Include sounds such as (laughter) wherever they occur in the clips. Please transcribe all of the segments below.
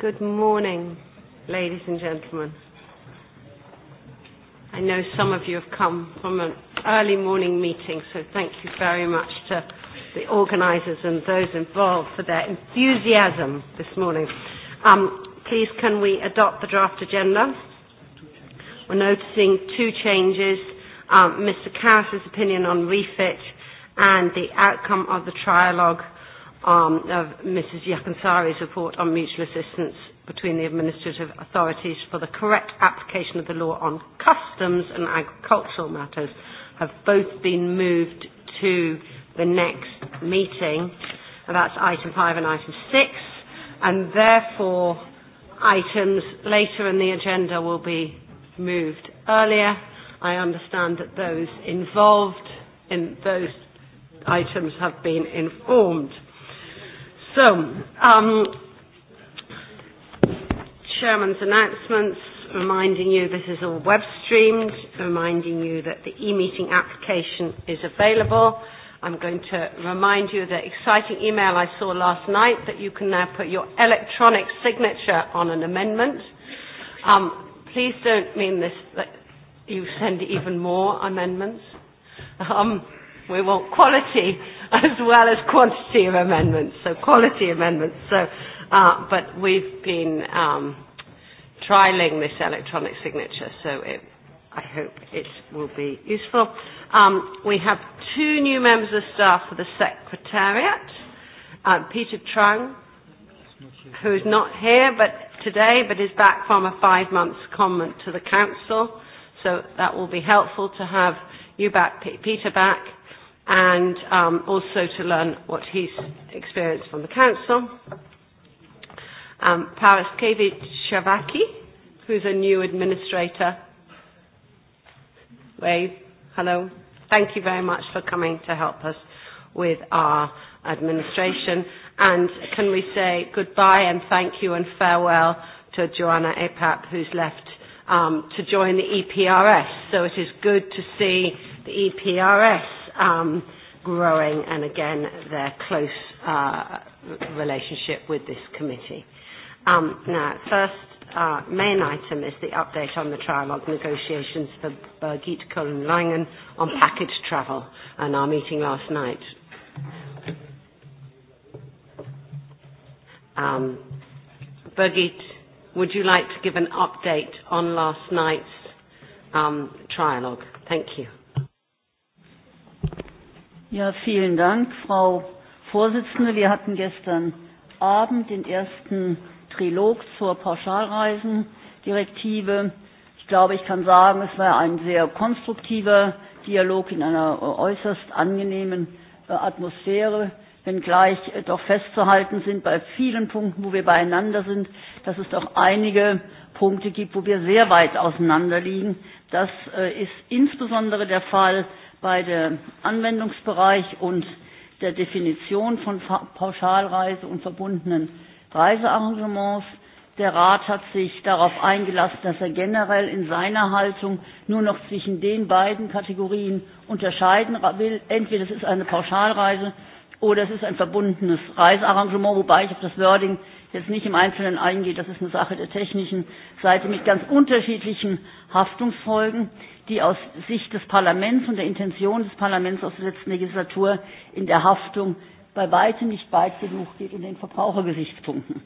Good morning, ladies and gentlemen. I know some of you have come from an early morning meeting, so thank you very much to the organisers and those involved for their enthusiasm this morning. Um, please, can we adopt the draft agenda? We're noticing two changes, um, Mr. Karras' opinion on refit and the outcome of the trialogue um of Mrs. Yakansari's report on mutual assistance between the administrative authorities for the correct application of the law on customs and agricultural matters have both been moved to the next meeting. And that's item five and item six. And therefore, items later in the agenda will be moved earlier. I understand that those involved in those items have been informed. So, um, Chairman's announcements, reminding you this is all web streamed, reminding you that the e-meeting application is available. I'm going to remind you of the exciting email I saw last night that you can now put your electronic signature on an amendment. Um, please don't mean this that you send even more amendments. Um, we want quality as well as quantity of amendments, so quality amendments. So, uh, but we've been um, trialing this electronic signature, so it, I hope it will be useful. Um, we have two new members of staff for the Secretariat, uh, Peter Trung, is not here but today, but is back from a five-month comment to the Council, so that will be helpful to have you back, Peter back, and um, also to learn what he's experienced from the council. Um, Paris Shavaki, who's a new administrator. Wave, hello. Thank you very much for coming to help us with our administration. And can we say goodbye and thank you and farewell to Joanna Apap, who's left um, to join the EPRS. So it is good to see the EPRS um, growing, and again, their close uh, relationship with this committee. Um, now, first uh, main item is the update on the trialogue negotiations for Birgit Cullen Langen on package travel and our meeting last night. Um, Birgit, would you like to give an update on last night's um, trialogue? Thank you. Ja, vielen Dank, Frau Vorsitzende. Wir hatten gestern Abend den ersten Trilog zur Pauschalreisendirektive. Ich glaube, ich kann sagen, es war ein sehr konstruktiver Dialog in einer äußerst angenehmen äh, Atmosphäre, wenngleich äh, doch festzuhalten sind bei vielen Punkten, wo wir beieinander sind, dass es doch einige Punkte gibt, wo wir sehr weit auseinander liegen. Das äh, ist insbesondere der Fall beide Anwendungsbereich und der Definition von Pauschalreise und verbundenen Reisearrangements. Der Rat hat sich darauf eingelassen, dass er generell in seiner Haltung nur noch zwischen den beiden Kategorien unterscheiden will. Entweder es ist eine Pauschalreise oder es ist ein verbundenes Reisearrangement, wobei ich auf das Wording jetzt nicht im Einzelnen eingehe. Das ist eine Sache der technischen Seite mit ganz unterschiedlichen Haftungsfolgen die aus Sicht des Parlaments und der Intention des Parlaments aus der letzten Legislatur in der Haftung bei weitem nicht weit genug geht und um den Verbrauchergesichtspunkten.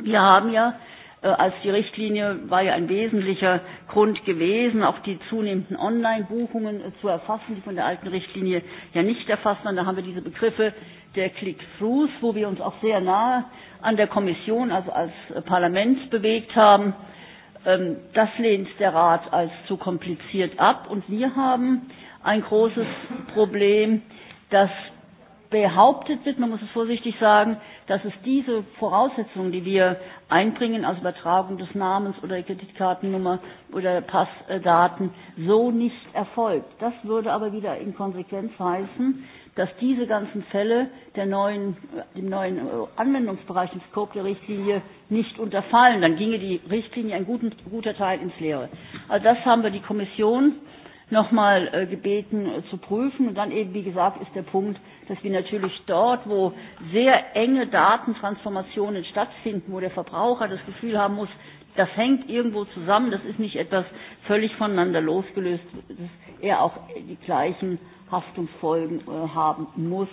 Wir haben ja, äh, als die Richtlinie war ja ein wesentlicher Grund gewesen, auch die zunehmenden Online-Buchungen äh, zu erfassen, die von der alten Richtlinie ja nicht erfasst waren. Da haben wir diese Begriffe der Click-Throughs, wo wir uns auch sehr nahe an der Kommission, also als äh, Parlament bewegt haben Ähm, das lehnt der Rat als zu kompliziert ab. Und wir haben ein großes Problem, dass behauptet wird, man muss es vorsichtig sagen, dass es diese Voraussetzungen, die wir einbringen, also Übertragung des Namens oder Kreditkartennummer oder Passdaten, so nicht erfolgt. Das würde aber wieder in Konsequenz heißen, dass diese ganzen Fälle der neuen, dem neuen äh, Anwendungsbereich im Scope der Richtlinie nicht unterfallen. Dann ginge die Richtlinie ein guten, guter Teil ins Leere. Also das haben wir die Kommission nochmal äh, gebeten äh, zu prüfen. Und dann eben, wie gesagt, ist der Punkt, dass wir natürlich dort, wo sehr enge Datentransformationen stattfinden, wo der Verbraucher das Gefühl haben muss, das hängt irgendwo zusammen, das ist nicht etwas völlig voneinander losgelöst, dass er auch die gleichen Haftungsfolgen äh, haben muss,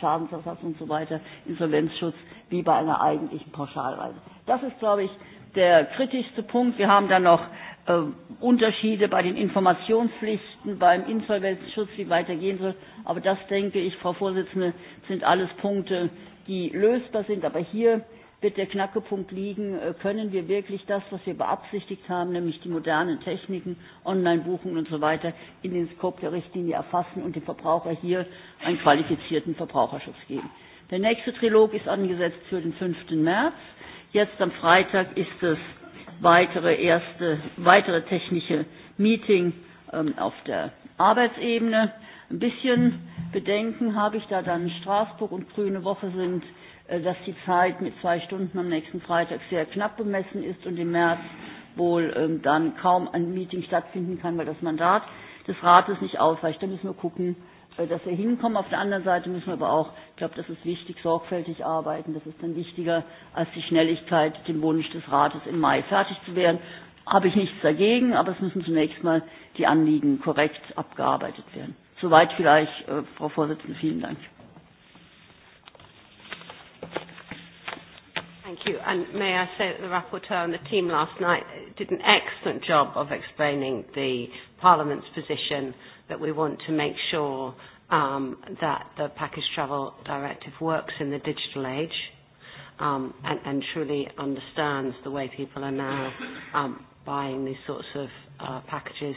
Schadensersatz und so weiter, Insolvenzschutz, wie bei einer eigentlichen Pauschalreise. Das ist, glaube ich, der kritischste Punkt. Wir haben dann noch äh, Unterschiede bei den Informationspflichten, beim Insolvenzschutz, wie weitergehen soll. Aber das, denke ich, Frau Vorsitzende, sind alles Punkte, die lösbar sind. Aber hier wird der Knackepunkt liegen, äh, können wir wirklich das, was wir beabsichtigt haben, nämlich die modernen Techniken, Online-Buchungen und so weiter, in den Scope der Richtlinie erfassen und dem Verbraucher hier einen qualifizierten Verbraucherschutz geben. Der nächste Trilog ist angesetzt für den 5. März. Jetzt am Freitag ist es weitere erste, weitere technische Meeting ähm, auf der Arbeitsebene. Ein bisschen Bedenken habe ich da dann Straßburg und Grüne Woche sind Äh, dass die Zeit mit zwei Stunden am nächsten Freitag sehr knapp bemessen ist und im März wohl ähm, dann kaum ein Meeting stattfinden kann, weil das Mandat des Rates nicht ausreicht. Da müssen wir gucken, äh, dass wir hinkommen. Auf der anderen Seite müssen wir aber auch, ich glaube, das ist wichtig, sorgfältig arbeiten. Das ist dann wichtiger als die Schnelligkeit, den Wunsch des Rates im Mai fertig zu werden. Habe ich nichts dagegen, aber es müssen zunächst mal die Anliegen korrekt abgearbeitet werden. Soweit vielleicht, äh, Frau Vorsitzende, vielen Dank. Thank you. And may I say that the rapporteur and the team last night did an excellent job of explaining the Parliament's position that we want to make sure um, that the package travel directive works in the digital age um, and, and truly understands the way people are now um, buying these sorts of uh, packages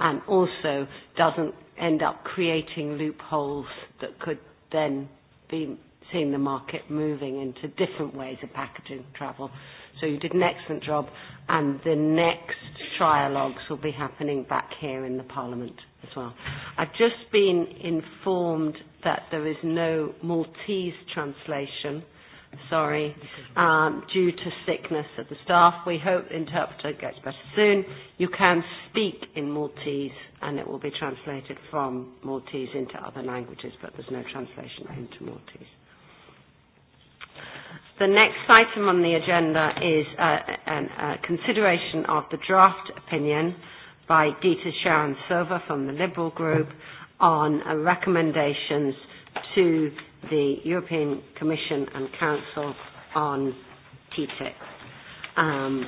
and also doesn't end up creating loopholes that could then be seeing the market moving into different ways of packaging travel. So you did an excellent job, and the next trialogues will be happening back here in the Parliament as well. I've just been informed that there is no Maltese translation, sorry, um, due to sickness of the staff. We hope the interpreter gets better soon. You can speak in Maltese, and it will be translated from Maltese into other languages, but there's no translation into Maltese. The next item on the agenda is a uh, a, a consideration of the draft opinion by Dita Sharon Silva from the Liberal Group on uh, recommendations to the European Commission and Council on TTIP, um,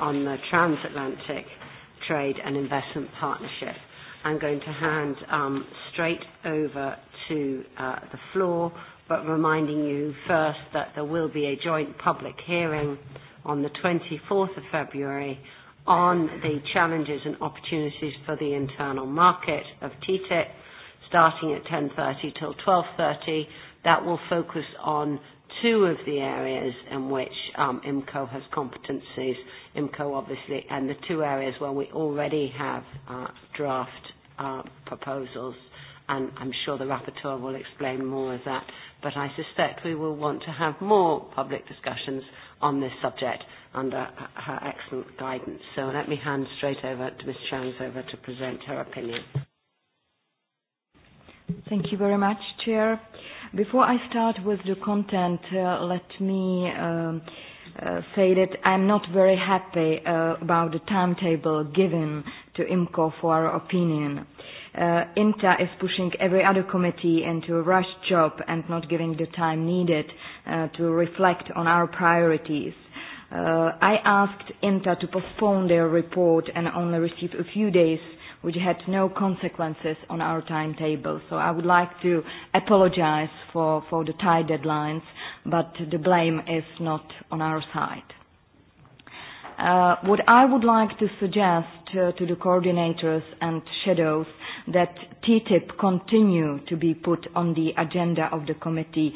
on the transatlantic trade and investment partnership. I'm going to hand um, straight over to uh, the floor but reminding you first that there will be a joint public hearing on the 24th of February on the challenges and opportunities for the internal market of TTIP, starting at 10.30 till 12.30. That will focus on two of the areas in which um, IMCO has competencies, IMCO obviously, and the two areas where we already have uh, draft uh, proposals and I'm sure the rapporteur will explain more of that. But I suspect we will want to have more public discussions on this subject under her excellent guidance. So let me hand straight over to Ms. over to present her opinion. Thank you very much, Chair. Before I start with the content, uh, let me um, uh, say that I'm not very happy uh, about the timetable given to IMCO for our opinion uh, INTA is pushing every other committee into a rush job and not giving the time needed uh, to reflect on our priorities. Uh, I asked INTA to postpone their report and only receive a few days which had no consequences on our timetable. So I would like to apologize for, for the tight deadlines, but the blame is not on our side. Uh, what I would like to suggest uh, to the coordinators and shadows that TTIP continue to be put on the agenda of the committee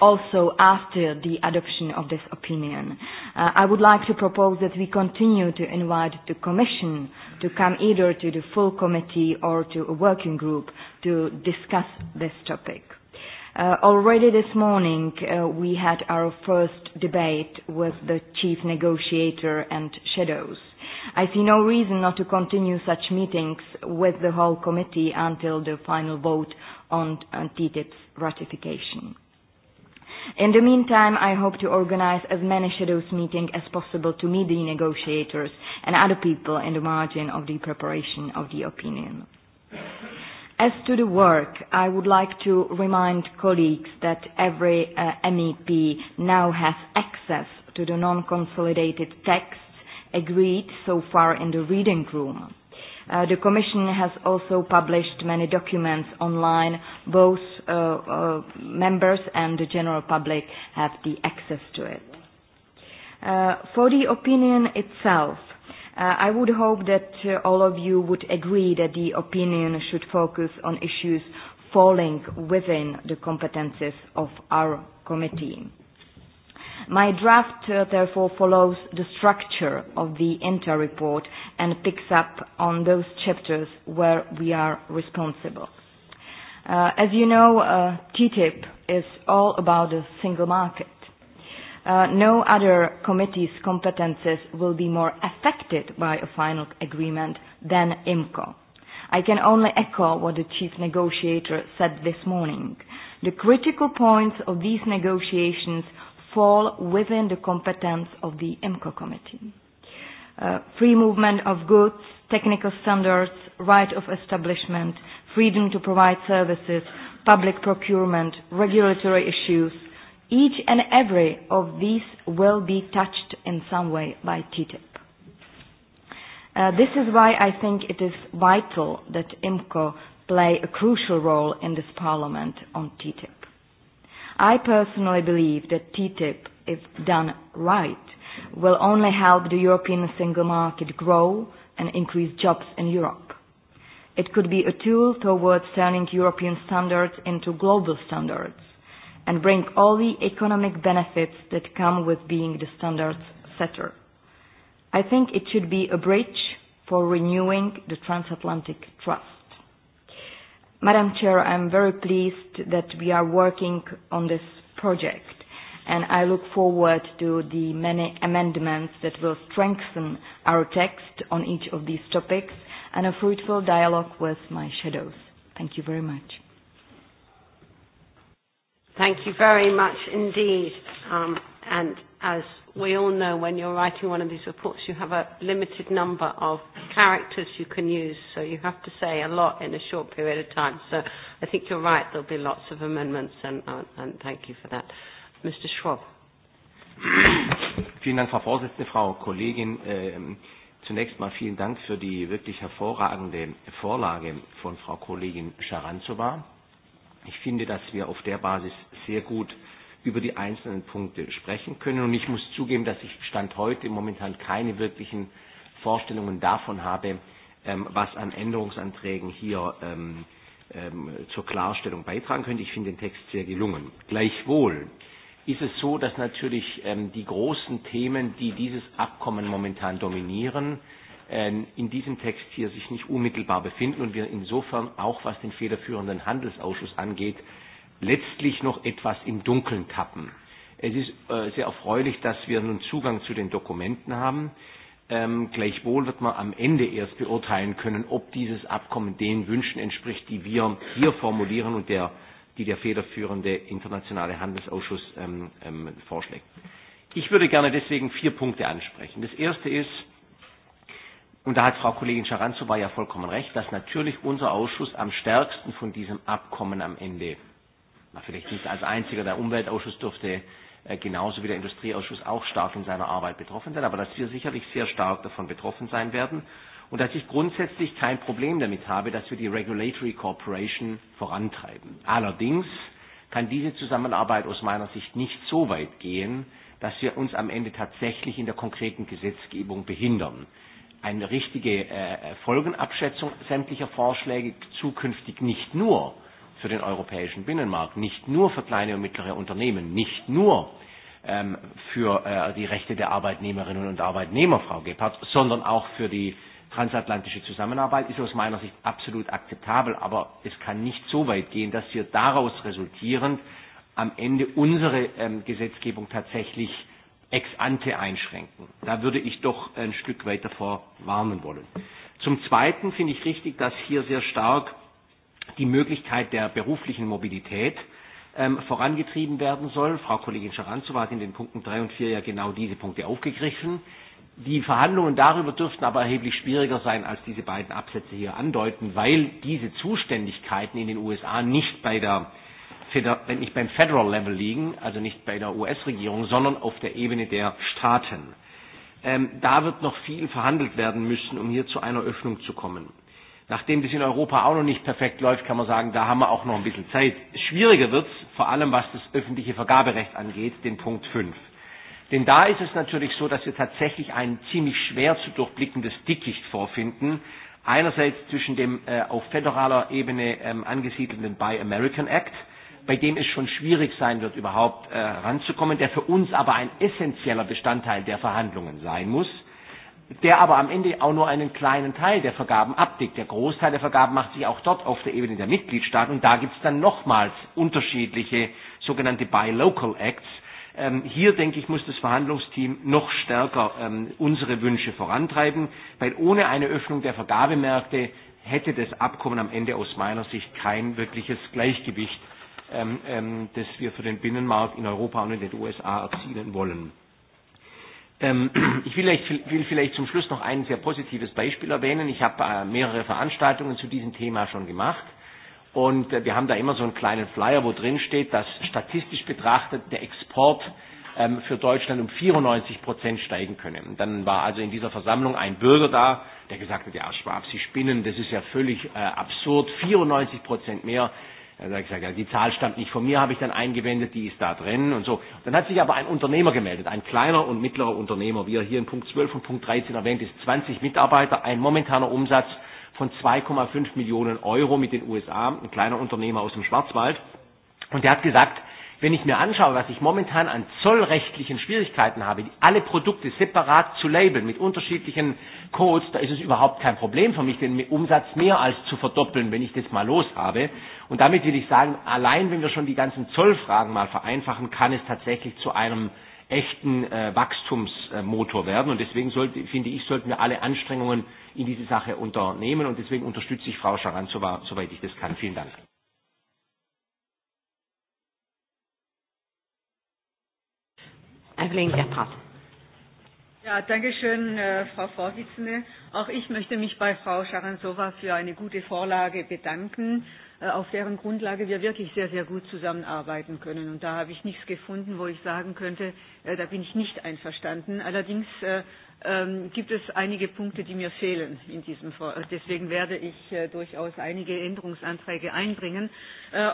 also after the adoption of this opinion. Uh, I would like to propose that we continue to invite the Commission to come either to the full committee or to a working group to discuss this topic. Uh, already this morning uh, we had our first debate with the chief negotiator and shadows. I see no reason not to continue such meetings with the whole committee until the final vote on, TTIP's ratification. In the meantime, I hope to organize as many shadows meetings as possible to meet the negotiators and other people in the margin of the preparation of the opinion. As to the work, I would like to remind colleagues that every uh, MEP now has access to the non-consolidated text agreed so far in the reading room. Uh, the Commission has also published many documents online. Both uh, uh, members and the general public have the access to it. Uh, for the opinion itself, uh, I would hope that uh, all of you would agree that the opinion should focus on issues falling within the competences of our committee. My draft, uh, therefore, follows the structure of the entire report and picks up on those chapters where we are responsible. Uh, as you know, uh, TTIP is all about the single market. Uh, no other committee's competences will be more affected by a final agreement than IMCO. I can only echo what the chief negotiator said this morning. The critical points of these negotiations fall within the competence of the IMCO committee. Uh, free movement of goods, technical standards, right of establishment, freedom to provide services, public procurement, regulatory issues, each and every of these will be touched in some way by TTIP. E uh, this is why I think it is vital that IMCO play a crucial role in this parliament on TTIP. E i personally believe that TTIP, if done right, will only help the European single market grow and increase jobs in Europe. It could be a tool towards turning European standards into global standards and bring all the economic benefits that come with being the standards setter. I think it should be a bridge for renewing the transatlantic trust. Madam Chair, am very pleased that we are working on this project and I look forward to the many amendments that will strengthen our text on each of these topics and a fruitful dialogue with my shadows. Thank you very much. Thank you very much indeed. Um, and as we all know when you're writing one of these reports, you have a limited number of characters you can use, so you have to say a lot in a short period of time. So I think you're right, there'll be lots of amendments, and, uh, and thank you for that. Mr. Schwab. Vielen Dank, Frau Vorsitzende, Frau Kollegin. Ähm, zunächst mal vielen Dank für die wirklich hervorragende Vorlage von Frau Kollegin Scharanzova. Ich finde, dass wir auf der Basis sehr gut über die einzelnen Punkte sprechen können. Und ich muss zugeben, dass ich Stand heute momentan keine wirklichen Vorstellungen davon habe, ähm, was an Änderungsanträgen hier ähm, ähm, zur Klarstellung beitragen könnte. Ich finde den Text sehr gelungen. Gleichwohl ist es so, dass natürlich die großen Themen, die dieses Abkommen momentan dominieren, in diesem Text hier sich nicht unmittelbar befinden und wir insofern auch, was den federführenden Handelsausschuss angeht, letztlich noch etwas im Dunkeln tappen. Es ist äh, sehr erfreulich, dass wir nun Zugang zu den Dokumenten haben. Ähm, gleichwohl wird man am Ende erst beurteilen können, ob dieses Abkommen den Wünschen entspricht, die wir hier formulieren und der, die der federführende internationale Handelsausschuss ähm, ähm, vorschlägt. Ich würde gerne deswegen vier Punkte ansprechen. Das erste ist, und da hat Frau Kollegin war ja vollkommen recht, dass natürlich unser Ausschuss am stärksten von diesem Abkommen am Ende vielleicht nicht als einziger, der Umweltausschuss dürfte äh, genauso wie der Industrieausschuss auch stark in seiner Arbeit betroffen sein, aber dass wir sicherlich sehr stark davon betroffen sein werden und dass ich grundsätzlich kein Problem damit habe, dass wir die Regulatory Corporation vorantreiben. Allerdings kann diese Zusammenarbeit aus meiner Sicht nicht so weit gehen, dass wir uns am Ende tatsächlich in der konkreten Gesetzgebung behindern. Eine richtige äh, Folgenabschätzung sämtlicher Vorschläge zukünftig nicht nur für den europäischen Binnenmarkt, nicht nur für kleine und mittlere Unternehmen, nicht nur ähm, für äh, die Rechte der Arbeitnehmerinnen und Arbeitnehmer, Frau Gebhardt, sondern auch für die transatlantische Zusammenarbeit ist aus meiner Sicht absolut akzeptabel, aber es kann nicht so weit gehen, dass wir daraus resultierend am Ende unsere ähm, Gesetzgebung tatsächlich ex ante einschränken. Da würde ich doch ein Stück weit davor warnen wollen. Zum Zweiten finde ich richtig, dass hier sehr stark die Möglichkeit der beruflichen Mobilität ähm, vorangetrieben werden soll. Frau Kollegin Scharanzo hat in den Punkten 3 und 4 ja genau diese Punkte aufgegriffen. Die Verhandlungen darüber dürften aber erheblich schwieriger sein, als diese beiden Absätze hier andeuten, weil diese Zuständigkeiten in den USA nicht bei der äh, nicht beim Federal Level liegen, also nicht bei der US-Regierung, sondern auf der Ebene der Staaten. Ähm, da wird noch viel verhandelt werden müssen, um hier zu einer Öffnung zu kommen. Nachdem das in Europa auch noch nicht perfekt läuft, kann man sagen, da haben wir auch noch ein bisschen Zeit. Schwieriger wird es, vor allem was das öffentliche Vergaberecht angeht, den Punkt 5. Denn da ist es natürlich so, dass wir tatsächlich ein ziemlich schwer zu durchblickendes Dickicht vorfinden. Einerseits zwischen dem äh, auf föderaler Ebene ähm, angesiedelten Buy American Act, bei dem es schon schwierig sein wird, überhaupt äh, ranzukommen, der für uns aber ein essentieller Bestandteil der Verhandlungen sein muss – der aber am Ende auch nur einen kleinen Teil der Vergaben abdeckt. Der Großteil der Vergaben macht sich auch dort auf der Ebene der Mitgliedstaaten und da gibt es dann nochmals unterschiedliche sogenannte Buy Local Acts. Ähm, hier, denke ich, muss das Verhandlungsteam noch stärker ähm, unsere Wünsche vorantreiben, weil ohne eine Öffnung der Vergabemärkte hätte das Abkommen am Ende aus meiner Sicht kein wirkliches Gleichgewicht, ähm, ähm, das wir für den Binnenmarkt in Europa und in den USA erzielen wollen. Ähm, (clears throat) ich will vielleicht zum Schluss noch ein sehr positives Beispiel erwähnen. Ich habe äh, mehrere Veranstaltungen zu diesem Thema schon gemacht. Und äh, wir haben da immer so einen kleinen Flyer, wo drin steht, dass statistisch betrachtet der Export ähm, für Deutschland um 94 Prozent steigen können. Dann war also in dieser Versammlung ein Bürger da, der gesagt hat, ja Schwab, Sie spinnen, das ist ja völlig äh, absurd, 94 Prozent mehr. Er äh, hat gesagt, ja, die Zahl stammt nicht von mir, habe ich dann eingewendet, die ist da drin und so. Dann hat sich aber ein Unternehmer gemeldet, ein kleiner und mittlerer Unternehmer, wie er hier in Punkt 12 und Punkt 13 erwähnt ist, 20 Mitarbeiter, ein momentaner Umsatz von 2,5 Millionen Euro mit den USA, ein kleiner Unternehmer aus dem Schwarzwald. Und der hat gesagt, wenn ich mir anschaue, was ich momentan an zollrechtlichen Schwierigkeiten habe, alle Produkte separat zu labeln mit unterschiedlichen Codes, da ist es überhaupt kein Problem für mich, den Umsatz mehr als zu verdoppeln, wenn ich das mal los habe. Und damit will ich sagen, allein wenn wir schon die ganzen Zollfragen mal vereinfachen, kann es tatsächlich zu einem echten äh, Wachstumsmotor werden. Und deswegen sollte, finde ich, sollten wir alle Anstrengungen in diese Sache unternehmen. Und deswegen unterstütze ich Frau Scharan, soweit ich das kann. Vielen Dank. Evelyn ja, danke schön, äh, Frau Vorsitzende. Auch ich möchte mich bei Frau Scharansova für eine gute Vorlage bedanken, äh, auf deren Grundlage wir wirklich sehr, sehr gut zusammenarbeiten können. Und da habe ich nichts gefunden, wo ich sagen könnte, äh, da bin ich nicht einverstanden. Allerdings äh, ähm, gibt es einige Punkte, die mir fehlen in diesem Vor äh, Deswegen werde ich äh, durchaus einige Änderungsanträge einbringen.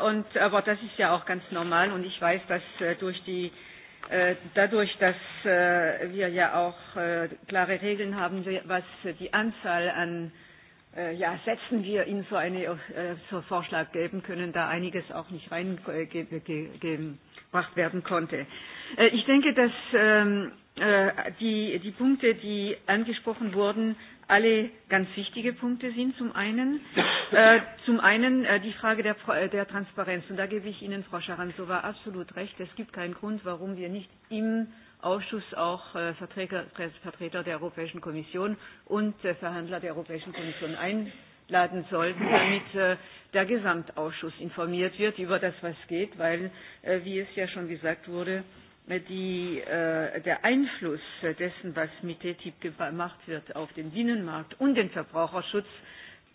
Und, aber das ist ja auch ganz normal und ich weiß, dass durch die Äh, dadurch, dass äh, wir ja auch äh, klare Regeln haben, was die Anzahl an ja, Sätzen wir Ihnen so eine, so Vorschlag geben können, da einiges auch nicht reingebracht werden konnte. Ich denke, dass ähm, die, die Punkte, die angesprochen wurden, alle ganz wichtige Punkte sind. Zum einen, (laughs) äh, zum einen äh, die Frage der, äh, der Transparenz. Und da gebe ich Ihnen, Frau Scharansova, absolut recht. Es gibt keinen Grund, warum wir nicht im Ausschuss auch äh, Vertreter, Vertreter der Europäischen Kommission und äh, Verhandler der Europäischen Kommission einladen sollten, damit äh, der Gesamtausschuss informiert wird über das, was geht, weil, äh, wie es ja schon gesagt wurde, die, äh, der Einfluss dessen, was mit TTIP gemacht wird, auf den Binnenmarkt und den Verbraucherschutz,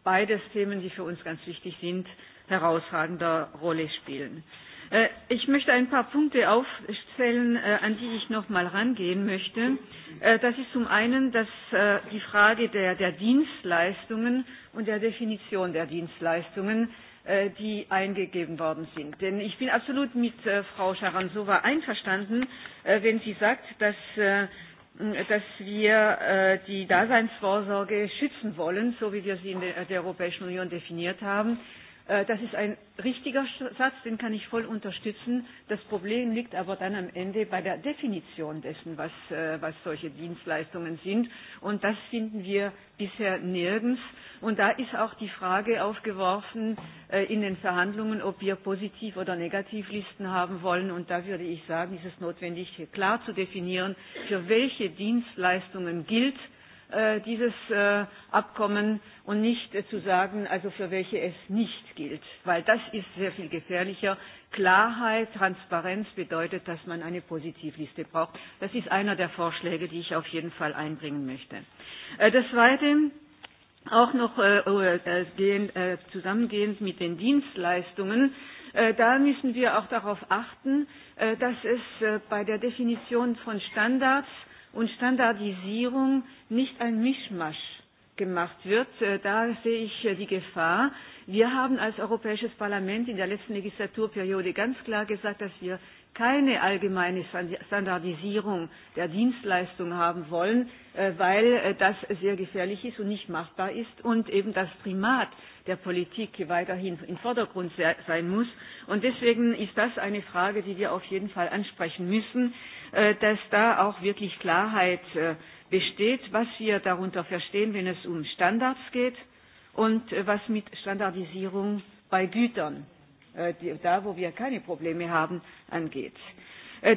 beides Themen, die für uns ganz wichtig sind, herausragender Rolle spielen. Äh, ich möchte ein paar Punkte aufstellen, äh, an die ich noch mal rangehen möchte. Äh, das ist zum einen dass, äh, die Frage der, der Dienstleistungen und der Definition der Dienstleistungen Äh, die eingegeben worden sind. Denn ich bin absolut mit äh, Frau Sharansova einverstanden, äh, wenn sie sagt, dass dass wir die Daseinsvorsorge schützen wollen, so wie wir sie in der Europäischen Union definiert haben Äh, das ist ein richtiger Satz, den kann ich voll unterstützen. Das Problem liegt aber dann am Ende bei der Definition dessen, was, äh, was solche Dienstleistungen sind. Und das finden wir bisher nirgends. Und da ist auch die Frage aufgeworfen äh, in den Verhandlungen, ob wir Positiv- oder Negativlisten haben wollen. Und da würde ich sagen, ist es notwendig, hier klar zu definieren, für welche Dienstleistungen gilt, Äh, dieses äh, Abkommen und nicht äh, zu sagen, also für welche es nicht gilt, weil das ist sehr viel gefährlicher. Klarheit, Transparenz bedeutet, dass man eine Positivliste braucht. Das ist einer der Vorschläge, die ich auf jeden Fall einbringen möchte. Das Zweite, auch noch zusammengehend mit den Dienstleistungen, da müssen wir auch darauf achten, dass es bei der Definition von Standards und Standardisierung nicht ein Mischmasch gemacht wird. Äh, da sehe ich äh, die Gefahr. Wir haben als Europäisches Parlament in der letzten Legislaturperiode ganz klar gesagt, dass wir keine allgemeine Standardisierung der Dienstleistung haben wollen, äh, weil das sehr gefährlich ist und nicht machbar ist und eben das Primat der Politik weiterhin im Vordergrund sein muss. Und deswegen ist das eine Frage, die wir auf jeden Fall ansprechen müssen. Äh, dass da auch wirklich Klarheit äh, besteht, was wir darunter verstehen, wenn es um Standards geht und äh, was mit Standardisierung bei Gütern, da wo wir keine Probleme haben, angeht.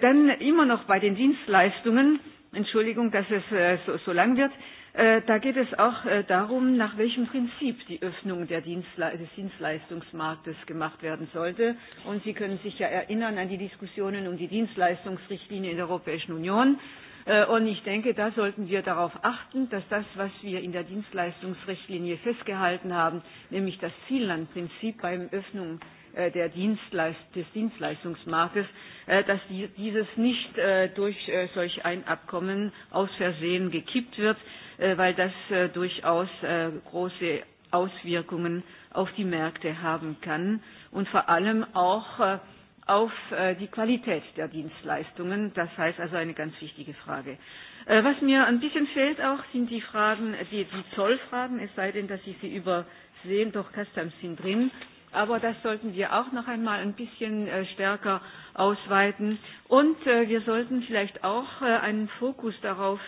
Dann immer noch bei den Dienstleistungen, Entschuldigung, dass es so, so lang wird, Äh, da geht es auch äh, darum, nach welchem Prinzip die Öffnung der Dienstle des Dienstleistungsmarktes gemacht werden sollte. Und Sie können sich ja erinnern an die Diskussionen um die Dienstleistungsrichtlinie in der Europäischen Union. Äh, und ich denke, da sollten wir darauf achten, dass das, was wir in der Dienstleistungsrichtlinie festgehalten haben, nämlich das Ziellandprinzip beim Öffnung Äh, der Dienstleist des Dienstleistungsmarktes, äh, dass dieses nicht äh, durch solch ein Abkommen aus Versehen gekippt wird, weil das durchaus große Auswirkungen auf die Märkte haben kann und vor allem auch auf die Qualität der Dienstleistungen. Das heißt also eine ganz wichtige Frage. Was mir ein bisschen fehlt auch, sind die Fragen, die, die Zollfragen, es sei denn, dass ich sie übersehen, doch Customs sind drin aber das sollten wir auch noch einmal ein bisschen äh, stärker ausweiten. Und äh, wir sollten vielleicht auch äh, einen Fokus darauf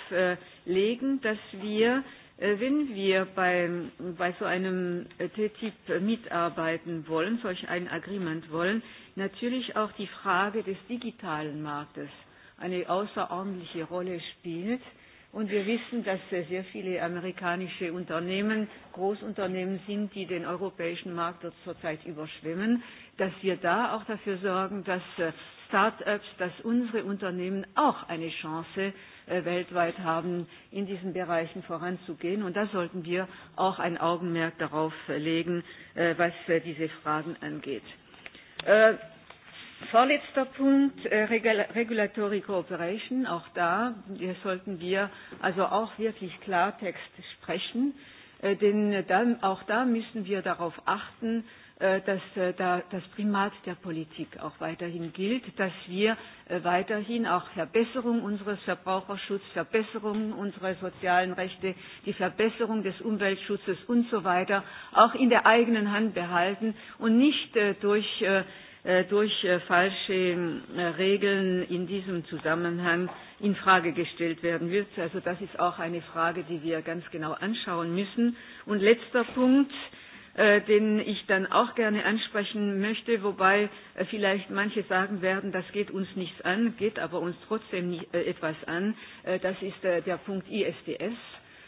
legen, dass wir, wenn wir bei, bei so einem TTIP mitarbeiten wollen, solch ein Agreement wollen, natürlich auch die Frage des digitalen Marktes eine außerordentliche Rolle spielt Und wir wissen, dass sehr viele amerikanische Unternehmen, Großunternehmen sind, die den europäischen Markt zurzeit überschwemmen, dass wir da auch dafür sorgen, dass äh, Start-ups, dass unsere Unternehmen auch eine Chance äh, weltweit haben, in diesen Bereichen voranzugehen. Und da sollten wir auch ein Augenmerk darauf äh, legen, was diese Fragen angeht. Vorletzter Punkt, äh, Regulatory Cooperation. Auch da hier sollten wir also auch wirklich Klartext sprechen, äh, denn äh, dann, auch da müssen wir darauf achten, dass da das Primat der Politik auch weiterhin gilt, dass wir weiterhin auch Verbesserung unseres Verbraucherschutzes, Verbesserung unserer sozialen Rechte, die Verbesserung des Umweltschutzes und so weiter auch in der eigenen Hand behalten und nicht durch Äh, durch äh, falsche äh, Regeln in diesem Zusammenhang in Frage gestellt werden wird. Also das ist auch eine Frage, die wir ganz genau anschauen müssen. Und letzter Punkt, den ich dann auch gerne ansprechen möchte, wobei vielleicht manche sagen werden, das geht uns nichts an, geht aber uns trotzdem etwas an. Das ist der Punkt ISDS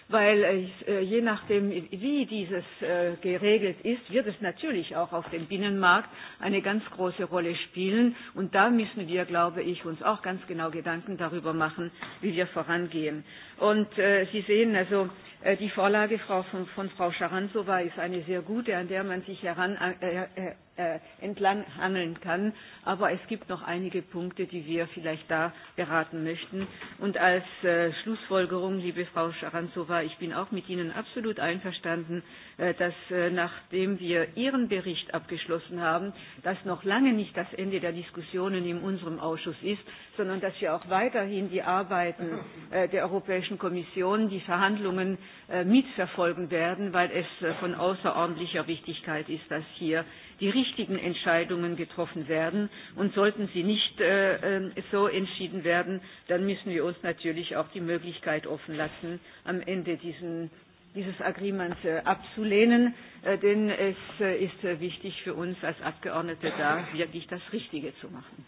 weil äh, je nachdem, wie dieses äh, geregelt ist, wird es natürlich auch auf dem Binnenmarkt eine ganz große Rolle spielen. Und da müssen wir, glaube ich, uns auch ganz genau Gedanken darüber machen, wie wir vorangehen. Und äh, Sie sehen also, äh, die Vorlage von, von Frau Scharanzowa ist eine sehr gute, an der man sich heran, äh, Äh, entlang handeln kann. Aber es gibt noch einige Punkte, die wir vielleicht da beraten möchten. Und als äh, Schlussfolgerung, liebe Frau Scharanzova, ich bin auch mit Ihnen absolut einverstanden, äh, dass nachdem wir Ihren Bericht abgeschlossen haben, das noch lange nicht das Ende der Diskussionen in unserem Ausschuss ist, sondern dass wir auch weiterhin die Arbeiten der Europäischen Kommission, die Verhandlungen mitverfolgen werden, weil es von außerordentlicher Wichtigkeit ist, dass hier die richtigen Entscheidungen getroffen werden. Und sollten sie nicht äh, äh, so entschieden werden, dann müssen wir uns natürlich auch die Möglichkeit offen lassen, am Ende diesen dieses Agreements äh, abzulehnen, äh, denn es ist wichtig für uns als Abgeordnete da wirklich das Richtige zu machen.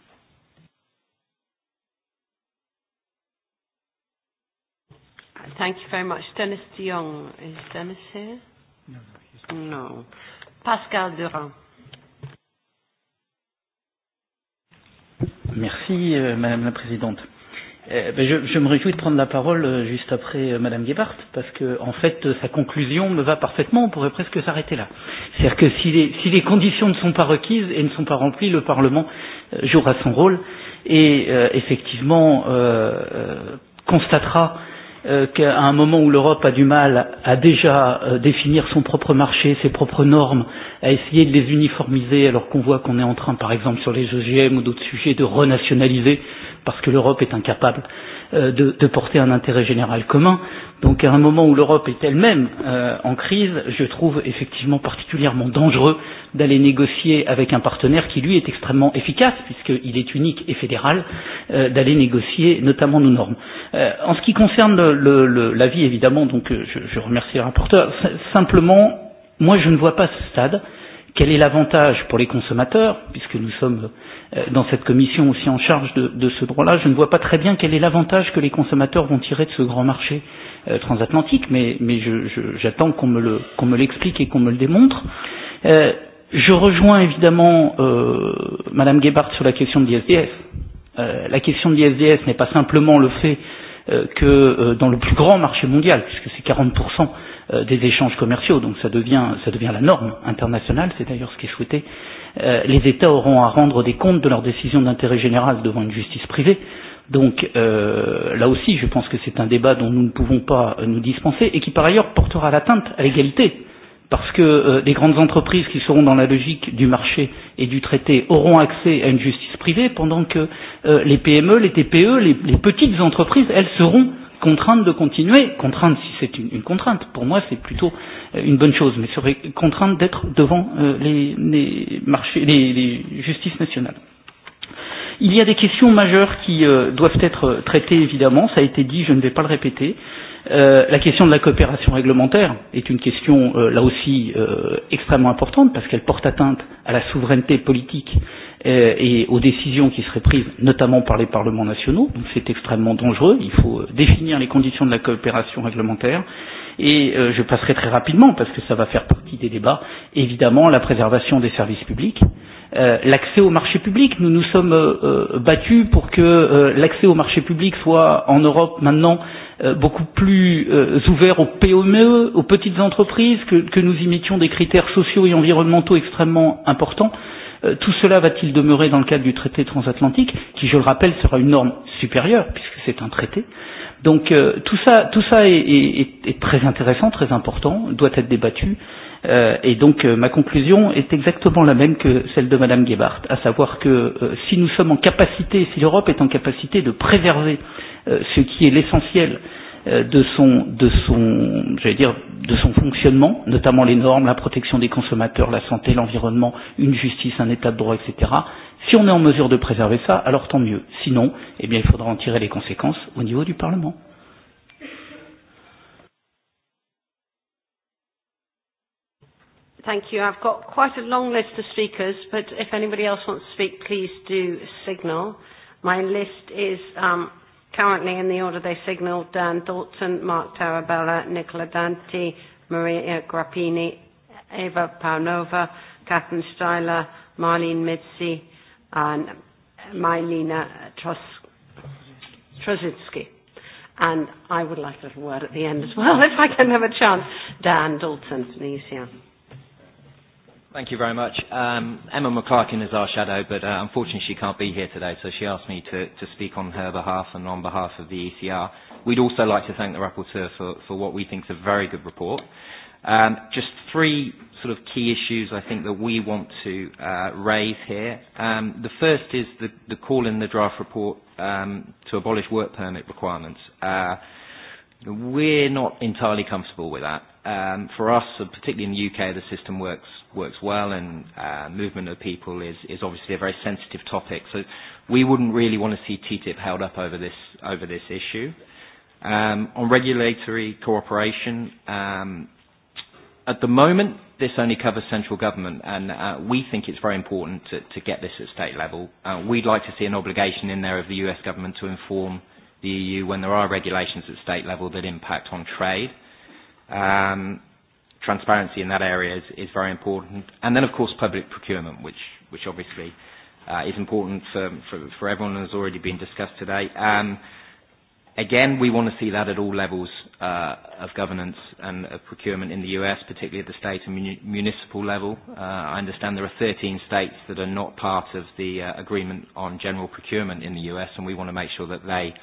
Thank you very much. Dennis de Is Dennis here? No. No. Pascal Durand. Merci, euh, Madame la Présidente. Euh, ben je, je me réjouis de prendre la parole euh, juste après euh, Madame Gebhardt, parce que, en fait, euh, sa conclusion me va parfaitement, on pourrait presque s'arrêter là. C'est-à-dire que si les, si les conditions ne sont pas requises et ne sont pas remplies, le Parlement euh, jouera son rôle et, effectivement, constatera Euh, qu'à un moment où l'Europe a du mal à déjà euh, définir son propre marché, ses propres normes, à essayer de les uniformiser, alors qu'on voit qu'on est en train, par exemple, sur les OGM ou d'autres sujets, de renationaliser, parce que l'Europe est incapable Euh, de, de porter un intérêt général commun. Donc à un moment où l'Europe est elle-même euh, en crise, je trouve effectivement particulièrement dangereux d'aller négocier avec un partenaire qui lui est extrêmement efficace, puisqu'il est unique et fédéral, euh, d'aller négocier notamment nos normes. Euh, en ce qui concerne le, le, évidemment, donc euh, je, je remercie le rapporteur, simplement, moi je ne vois pas ce stade Quel est l'avantage pour les consommateurs, puisque nous sommes euh, dans cette commission aussi en charge de, de ce droit-là, je ne vois pas très bien quel est l'avantage que les consommateurs vont tirer de ce grand marché euh, transatlantique, mais, mais j'attends je, je, qu'on me le qu'on l'explique et qu'on me le démontre. Euh, je rejoins évidemment euh, Madame Gebhardt sur la question de l'ISDS. Euh, la question de l'ISDS n'est pas simplement le fait euh, que euh, dans le plus grand marché mondial, puisque c'est 40% Euh, des échanges commerciaux, donc ça devient, ça devient la norme internationale, c'est d'ailleurs ce qui est souhaité. Euh, les États auront à rendre des comptes de leurs décisions d'intérêt général devant une justice privée, donc euh, là aussi, je pense que c'est un débat dont nous ne pouvons pas nous dispenser et qui par ailleurs portera l'atteinte à l'égalité. Parce que euh, les grandes entreprises qui seront dans la logique du marché et du traité auront accès à une justice privée, pendant que euh, les PME, les TPE, les, les petites entreprises, elles seront contrainte de continuer, contrainte si c'est une, une contrainte, pour moi c'est plutôt euh, une bonne chose, mais serait contrainte d'être devant euh, les, les marchés, les, les justices nationales. Il y a des questions majeures qui euh, doivent être traitées évidemment, ça a été dit, je ne vais pas le répéter. Euh, la question de la coopération réglementaire est une question euh, là aussi euh, extrêmement importante parce qu'elle porte atteinte à la souveraineté politique euh, et aux décisions qui seraient prises notamment par les parlements nationaux. Donc c'est extrêmement dangereux. Il faut euh, définir les conditions de la coopération réglementaire. Et euh, je passerai très rapidement, parce que ça va faire partie des débats, évidemment la préservation des services publics. Euh, l'accès au marché public, nous nous sommes euh, euh battus pour que euh, l'accès au marché public soit en Europe maintenant euh, beaucoup plus ouvert aux PME, aux petites entreprises, que, que nous y mettions des critères sociaux et environnementaux extrêmement importants. Euh, tout cela va-t-il demeurer dans le cadre du traité transatlantique, qui, je le rappelle, sera une norme supérieure, puisque c'est un traité Donc euh, tout ça, tout ça est, est, est, très intéressant, très important, doit être débattu. Euh, et donc euh, ma conclusion est exactement la même que celle de Madame Gebhardt, à savoir que euh, si nous sommes en capacité, si l'Europe est en capacité de préserver euh, ce qui est l'essentiel Euh, de son de son j'allais dire de son fonctionnement, notamment les normes, la protection des consommateurs, la santé, l'environnement, une justice, un état de droit, etc. Si on est en mesure de préserver ça, alors tant mieux. Sinon, eh bien, il faudra en tirer les conséquences au niveau du Parlement. Thank you. I've got quite a long list of speakers, but if anybody else wants to speak, please do signal. My list is um, currently in the order they signalled Dan Dalton, Mark Tarabella, Nicola Danti, Maria Grappini, Eva Paunova, Catherine Styler, Marlene Mitzi and Mylena Trozitsky. And I would like a little word at the end as well, (laughs) if I can have a chance. Dan Dalton, please, yeah. Thank you very much. Um, Emma McClarkin is our shadow, but uh, unfortunately she can't be here today, so she asked me to, to speak on her behalf and on behalf of the ECR. We'd also like to thank the rapporteur for, for what we think is a very good report. Um, just three sort of key issues I think that we want to uh, raise here. Um, the first is the, the call in the draft report um, to abolish work permit requirements. Uh, We're not entirely comfortable with that. Um, for us, particularly in the UK, the system works works well, and uh, movement of people is is obviously a very sensitive topic. So we wouldn't really want to see TTIP held up over this over this issue. Um, on regulatory cooperation, um, at the moment, this only covers central government, and uh, we think it's very important to, to get this at state level. Uh, we'd like to see an obligation in there of the US government to inform the EU when there are regulations at state level that impact on trade. Um, transparency in that area is, is very important. And then, of course, public procurement, which, which obviously uh, is important for, for, for everyone and has already been discussed today. Um, again, we want to see that at all levels uh, of governance and of procurement in the US, particularly at the state and muni municipal level. Uh, I understand there are 13 states that are not part of the uh, agreement on general procurement in the US, and we want to make sure that they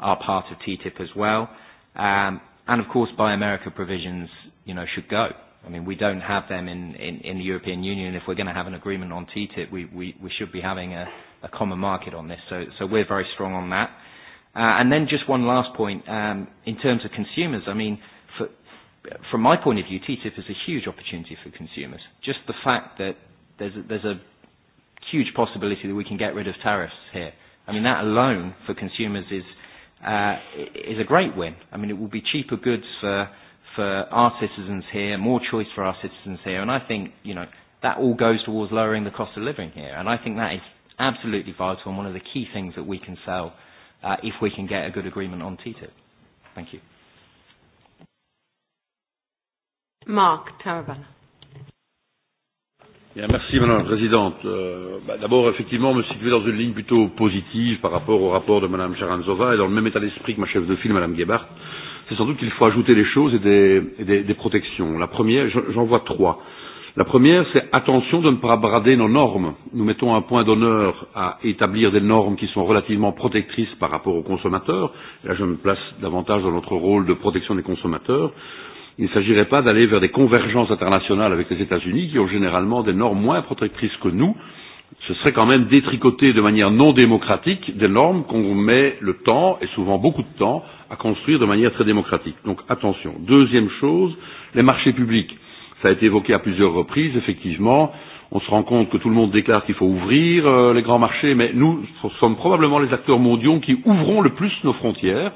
are part of TTIP as well. Um, and of course, Buy America provisions, you know, should go. I mean, we don't have them in, in, in the European Union. If we're going to have an agreement on TTIP, we, we, we should be having a, a common market on this. So, so we're very strong on that. Uh, and then just one last point, um, in terms of consumers, I mean, for, from my point of view, TTIP is a huge opportunity for consumers. Just the fact that there's a, there's a huge possibility that we can get rid of tariffs here. I mean, that alone for consumers is – uh, is a great win. I mean, it will be cheaper goods for, for our citizens here, more choice for our citizens here, and I think, you know, that all goes towards lowering the cost of living here, and I think that is absolutely vital and one of the key things that we can sell uh, if we can get a good agreement on TTIP. Thank you. Mark Tarabana merci Madame la Présidente. Euh, bah, D'abord, effectivement, me situer dans une ligne plutôt positive par rapport au rapport de Madame Charanzova et dans le même état d'esprit que ma chef de file, Madame Gebhardt, c'est sans doute qu'il faut ajouter des choses et des, et des, des protections. La première, j'en vois trois. La première, c'est attention de ne pas brader nos normes. Nous mettons un point d'honneur à établir des normes qui sont relativement protectrices par rapport aux consommateurs. Là, je me place davantage dans notre rôle de protection des consommateurs. Il ne s'agirait pas d'aller vers des convergences internationales avec les États-Unis, qui ont généralement des normes moins protectrices que nous. Ce serait quand même détricoter de manière non démocratique des normes qu'on met le temps, et souvent beaucoup de temps, à construire de manière très démocratique. Donc attention. Deuxième chose, les marchés publics. Ça a été évoqué à plusieurs reprises, effectivement. On se rend compte que tout le monde déclare qu'il faut ouvrir euh, les grands marchés, mais nous sommes probablement les acteurs mondiaux qui ouvrons le plus nos frontières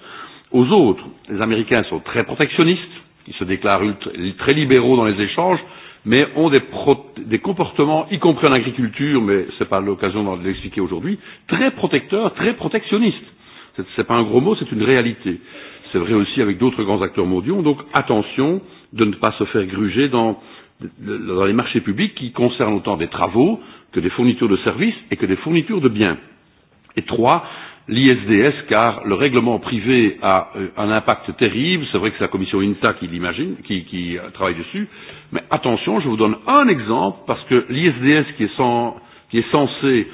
aux autres. Les Américains sont très protectionnistes, qui se déclarent ultra, très libéraux dans les échanges, mais ont des, pro, des comportements, y compris en agriculture, mais ce n'est pas l'occasion de l'expliquer aujourd'hui, très protecteurs, très protectionnistes. Ce n'est pas un gros mot, c'est une réalité. C'est vrai aussi avec d'autres grands acteurs mondiaux, donc attention de ne pas se faire gruger dans, dans les marchés publics qui concernent autant des travaux que des fournitures de services et que des fournitures de biens. Et trois, l'ISDS, car le règlement privé a euh, un impact terrible. C'est vrai que c'est la commission INTA qui l'imagine, qui, qui travaille dessus. Mais attention, je vous donne un exemple, parce que l'ISDS qui est, qui est censé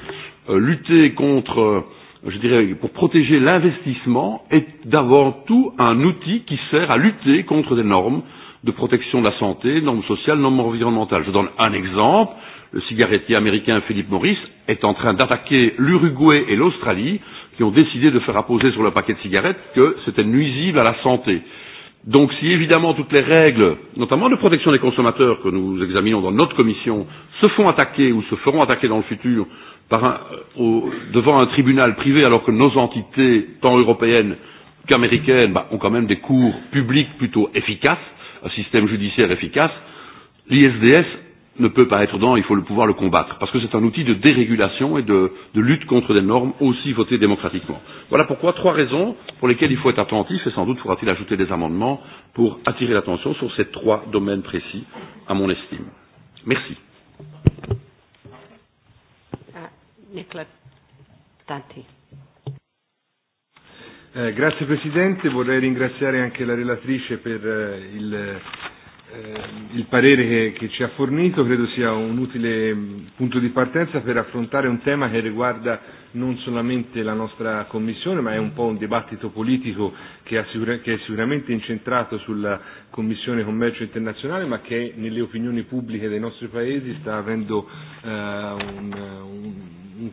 euh, lutter contre, euh, je dirais, pour protéger l'investissement, est d'avant tout un outil qui sert à lutter contre des normes de protection de la santé, normes sociales, normes environnementales. Je donne un exemple. Le cigarettier américain Philippe Morris est en train d'attaquer l'Uruguay et l'Australie qui ont décidé de faire apposer sur le paquet de cigarettes que c'était nuisible à la santé. Donc si évidemment toutes les règles, notamment de protection des consommateurs que nous examinons dans notre commission, se font attaquer ou se feront attaquer dans le futur par un, euh, au, devant un tribunal privé alors que nos entités, tant européennes qu'américaines, bah, ont quand même des cours publics plutôt efficaces, un système judiciaire efficace, l'ISDS ne peut pas être dans, il faut le pouvoir le combattre, parce que c'est un outil de dérégulation et de, de lutte contre des normes aussi votées démocratiquement. Voilà pourquoi trois raisons pour lesquelles il faut être attentif, et sans doute faudra-t-il ajouter des amendements pour attirer l'attention sur ces trois domaines précis, à mon estime. Merci. Ah, eh, grazie Presidente, vorrei ringraziare anche la relatrice per eh, il Eh, il parere che, che ci ha fornito credo sia un utile mm, punto di partenza per affrontare un tema che riguarda non solamente la nostra Commissione, ma è un po' un dibattito politico che, assicura, che è sicuramente incentrato sulla Commissione Commercio Internazionale, ma che nelle opinioni pubbliche dei nostri Paesi sta avendo eh, un, un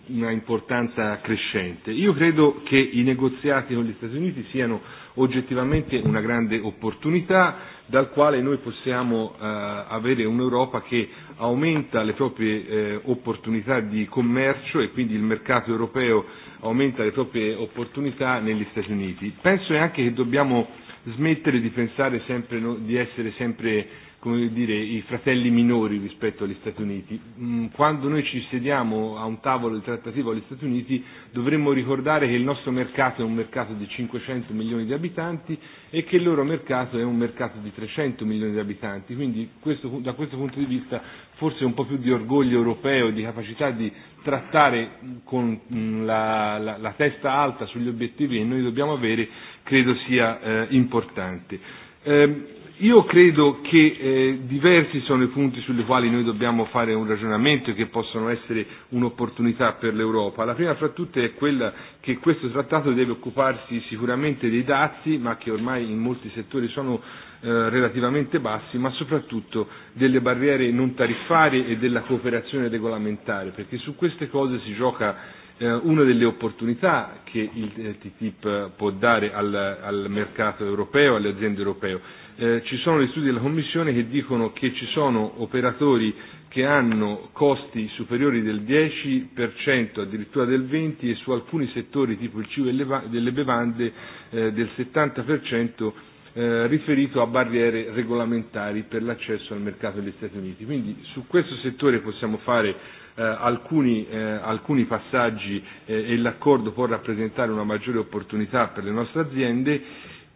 una importanza crescente. Io credo che i negoziati con gli Stati Uniti siano oggettivamente una grande opportunità dal quale noi possiamo eh, avere un'Europa che aumenta le proprie eh, opportunità di commercio e quindi il mercato europeo aumenta le proprie opportunità negli Stati Uniti. Penso anche che dobbiamo smettere di pensare sempre di essere sempre come dire, i fratelli minori rispetto agli Stati Uniti. Mm, quando noi ci sediamo a un tavolo di trattativa agli Stati Uniti dovremmo ricordare che il nostro mercato è un mercato di 500 milioni di abitanti e che il loro mercato è un mercato di 300 milioni di abitanti, quindi questo, da questo punto di vista forse un po' più di orgoglio europeo di capacità di trattare mm, con mm, la, la, testa alta sugli obiettivi che noi dobbiamo avere credo sia eh, importante. Ehm, Io credo che eh, diversi sono i punti sui quali noi dobbiamo fare un ragionamento e che possono essere un'opportunità per l'Europa. La prima fra tutte è quella che questo trattato deve occuparsi sicuramente dei dazi, ma che ormai in molti settori sono eh, relativamente bassi, ma soprattutto delle barriere non tariffarie e della cooperazione regolamentare, perché su queste cose si gioca eh, una delle opportunità che il TTIP può dare al, al mercato europeo, alle aziende europee eh, ci sono gli studi della Commissione che dicono che ci sono operatori che hanno costi superiori del 10%, addirittura del 20% e su alcuni settori tipo il cibo e delle bevande eh, del 70% eh, riferito a barriere regolamentari per l'accesso al mercato degli Stati Uniti. Quindi su questo settore possiamo fare eh, alcuni, eh, alcuni passaggi eh, e l'accordo può rappresentare una maggiore opportunità per le nostre aziende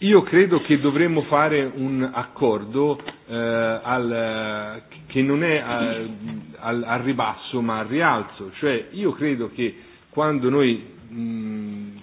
Io credo che dovremmo fare un accordo eh, al, che non è al, al, ribasso ma al rialzo, cioè io credo che quando noi mm,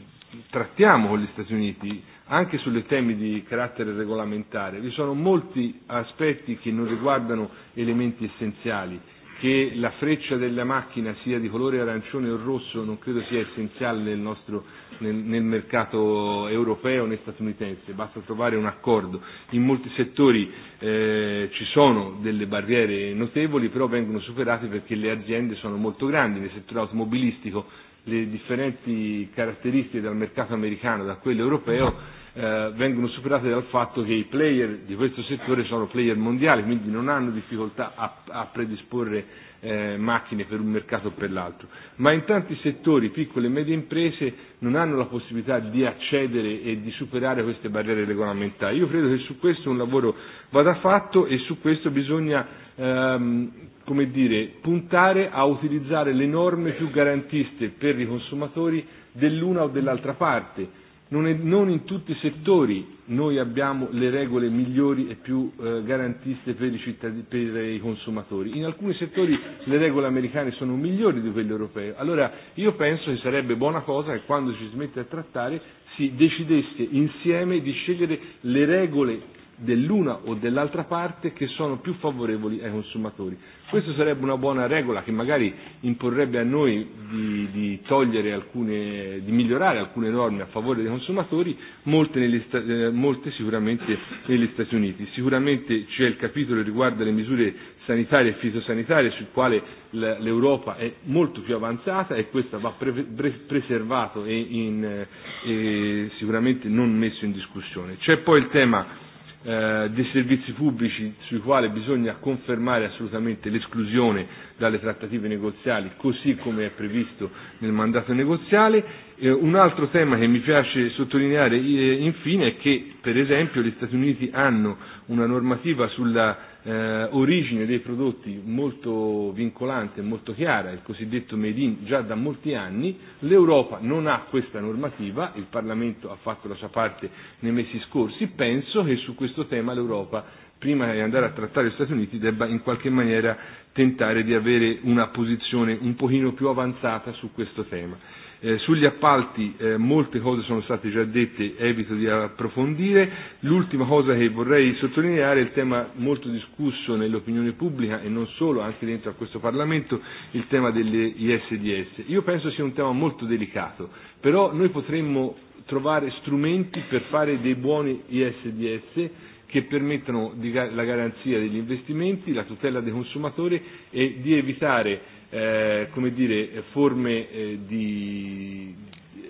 trattiamo con gli Stati Uniti anche sulle temi di carattere regolamentare vi sono molti aspetti che non riguardano elementi essenziali che la freccia della macchina sia di colore arancione o rosso non credo sia essenziale nel nostro nel, nel mercato europeo né statunitense, basta trovare un accordo. In molti settori eh, ci sono delle barriere notevoli, però vengono superate perché le aziende sono molto grandi, nel settore automobilistico le differenti caratteristiche dal mercato americano da quello europeo eh, vengono superate dal fatto che i player di questo settore sono player mondiali, quindi non hanno difficoltà a, predisporre eh, macchine per un mercato o per l'altro. Ma in tanti settori piccole e medie imprese non hanno la possibilità di accedere e di superare queste barriere regolamentari. Io credo che su questo un lavoro vada fatto e su questo bisogna ehm, come dire, puntare a utilizzare le norme più garantiste per i consumatori dell'una o dell'altra parte Non, è, non in tutti i settori noi abbiamo le regole migliori e più eh, garantiste per i, cittadini, per i consumatori. In alcuni settori le regole americane sono migliori di quelle europee. Allora io penso che sarebbe buona cosa che quando ci si mette a trattare si decidesse insieme di scegliere le regole dell'una o dell'altra parte che sono più favorevoli ai consumatori. Questa sarebbe una buona regola che magari imporrebbe a noi di, di togliere alcune, di migliorare alcune norme a favore dei consumatori, molte, negli, eh, molte sicuramente negli Stati Uniti. Sicuramente c'è il capitolo riguardo alle misure sanitarie e fitosanitarie sul quale l'Europa è molto più avanzata e questa va preservato e, in, eh, e sicuramente non messo in discussione. C'è poi il tema eh, dei servizi pubblici sui quali bisogna confermare assolutamente l'esclusione dalle trattative negoziali così come è previsto nel mandato negoziale. Eh, un altro tema che mi piace sottolineare eh, infine è che per esempio gli Stati Uniti hanno una normativa sulla eh, origine dei prodotti molto vincolante, e molto chiara, il cosiddetto made in già da molti anni, l'Europa non ha questa normativa, il Parlamento ha fatto la sua parte nei mesi scorsi, penso che su questo tema l'Europa prima di andare a trattare gli Stati Uniti debba in qualche maniera tentare di avere una posizione un pochino più avanzata su questo tema. Eh, sugli appalti eh, molte cose sono state già dette, evito di approfondire. L'ultima cosa che vorrei sottolineare è il tema molto discusso nell'opinione pubblica e non solo, anche dentro a questo Parlamento, il tema delle ISDS. Io penso sia un tema molto delicato, però noi potremmo trovare strumenti per fare dei buoni ISDS che permettono la garanzia degli investimenti, la tutela dei consumatori e di evitare Eh, come dire, forme eh, di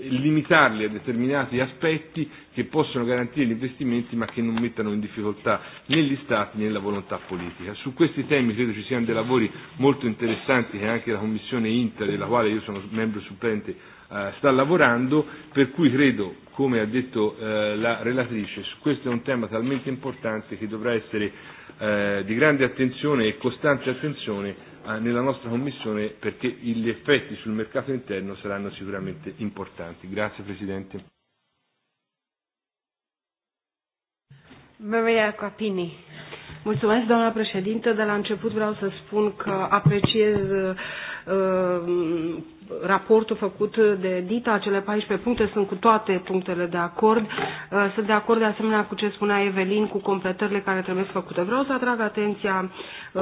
limitarli a determinati aspetti che possono garantire gli investimenti ma che non mettano in difficoltà né gli Stati né la volontà politica. Su questi temi credo ci siano dei lavori molto interessanti che anche la Commissione Inter, della quale io sono membro supplente, eh, sta lavorando, per cui credo, come ha detto la relatrice, su questo è un tema talmente importante che dovrà essere di grande attenzione e costante attenzione Ah, nella nostra Commissione perché gli effetti sul mercato interno saranno sicuramente importanti. Grazie Presidente. Maria Capini. Mulțumesc, doamna președintă. De la început vreau să spun că apreciez uh, Um, raportul făcut de Dita, cele 14 puncte sunt cu toate punctele de acord. Uh, sunt de acord de asemenea cu ce spunea Evelin, cu completările care trebuie făcute. Vreau să atrag atenția uh,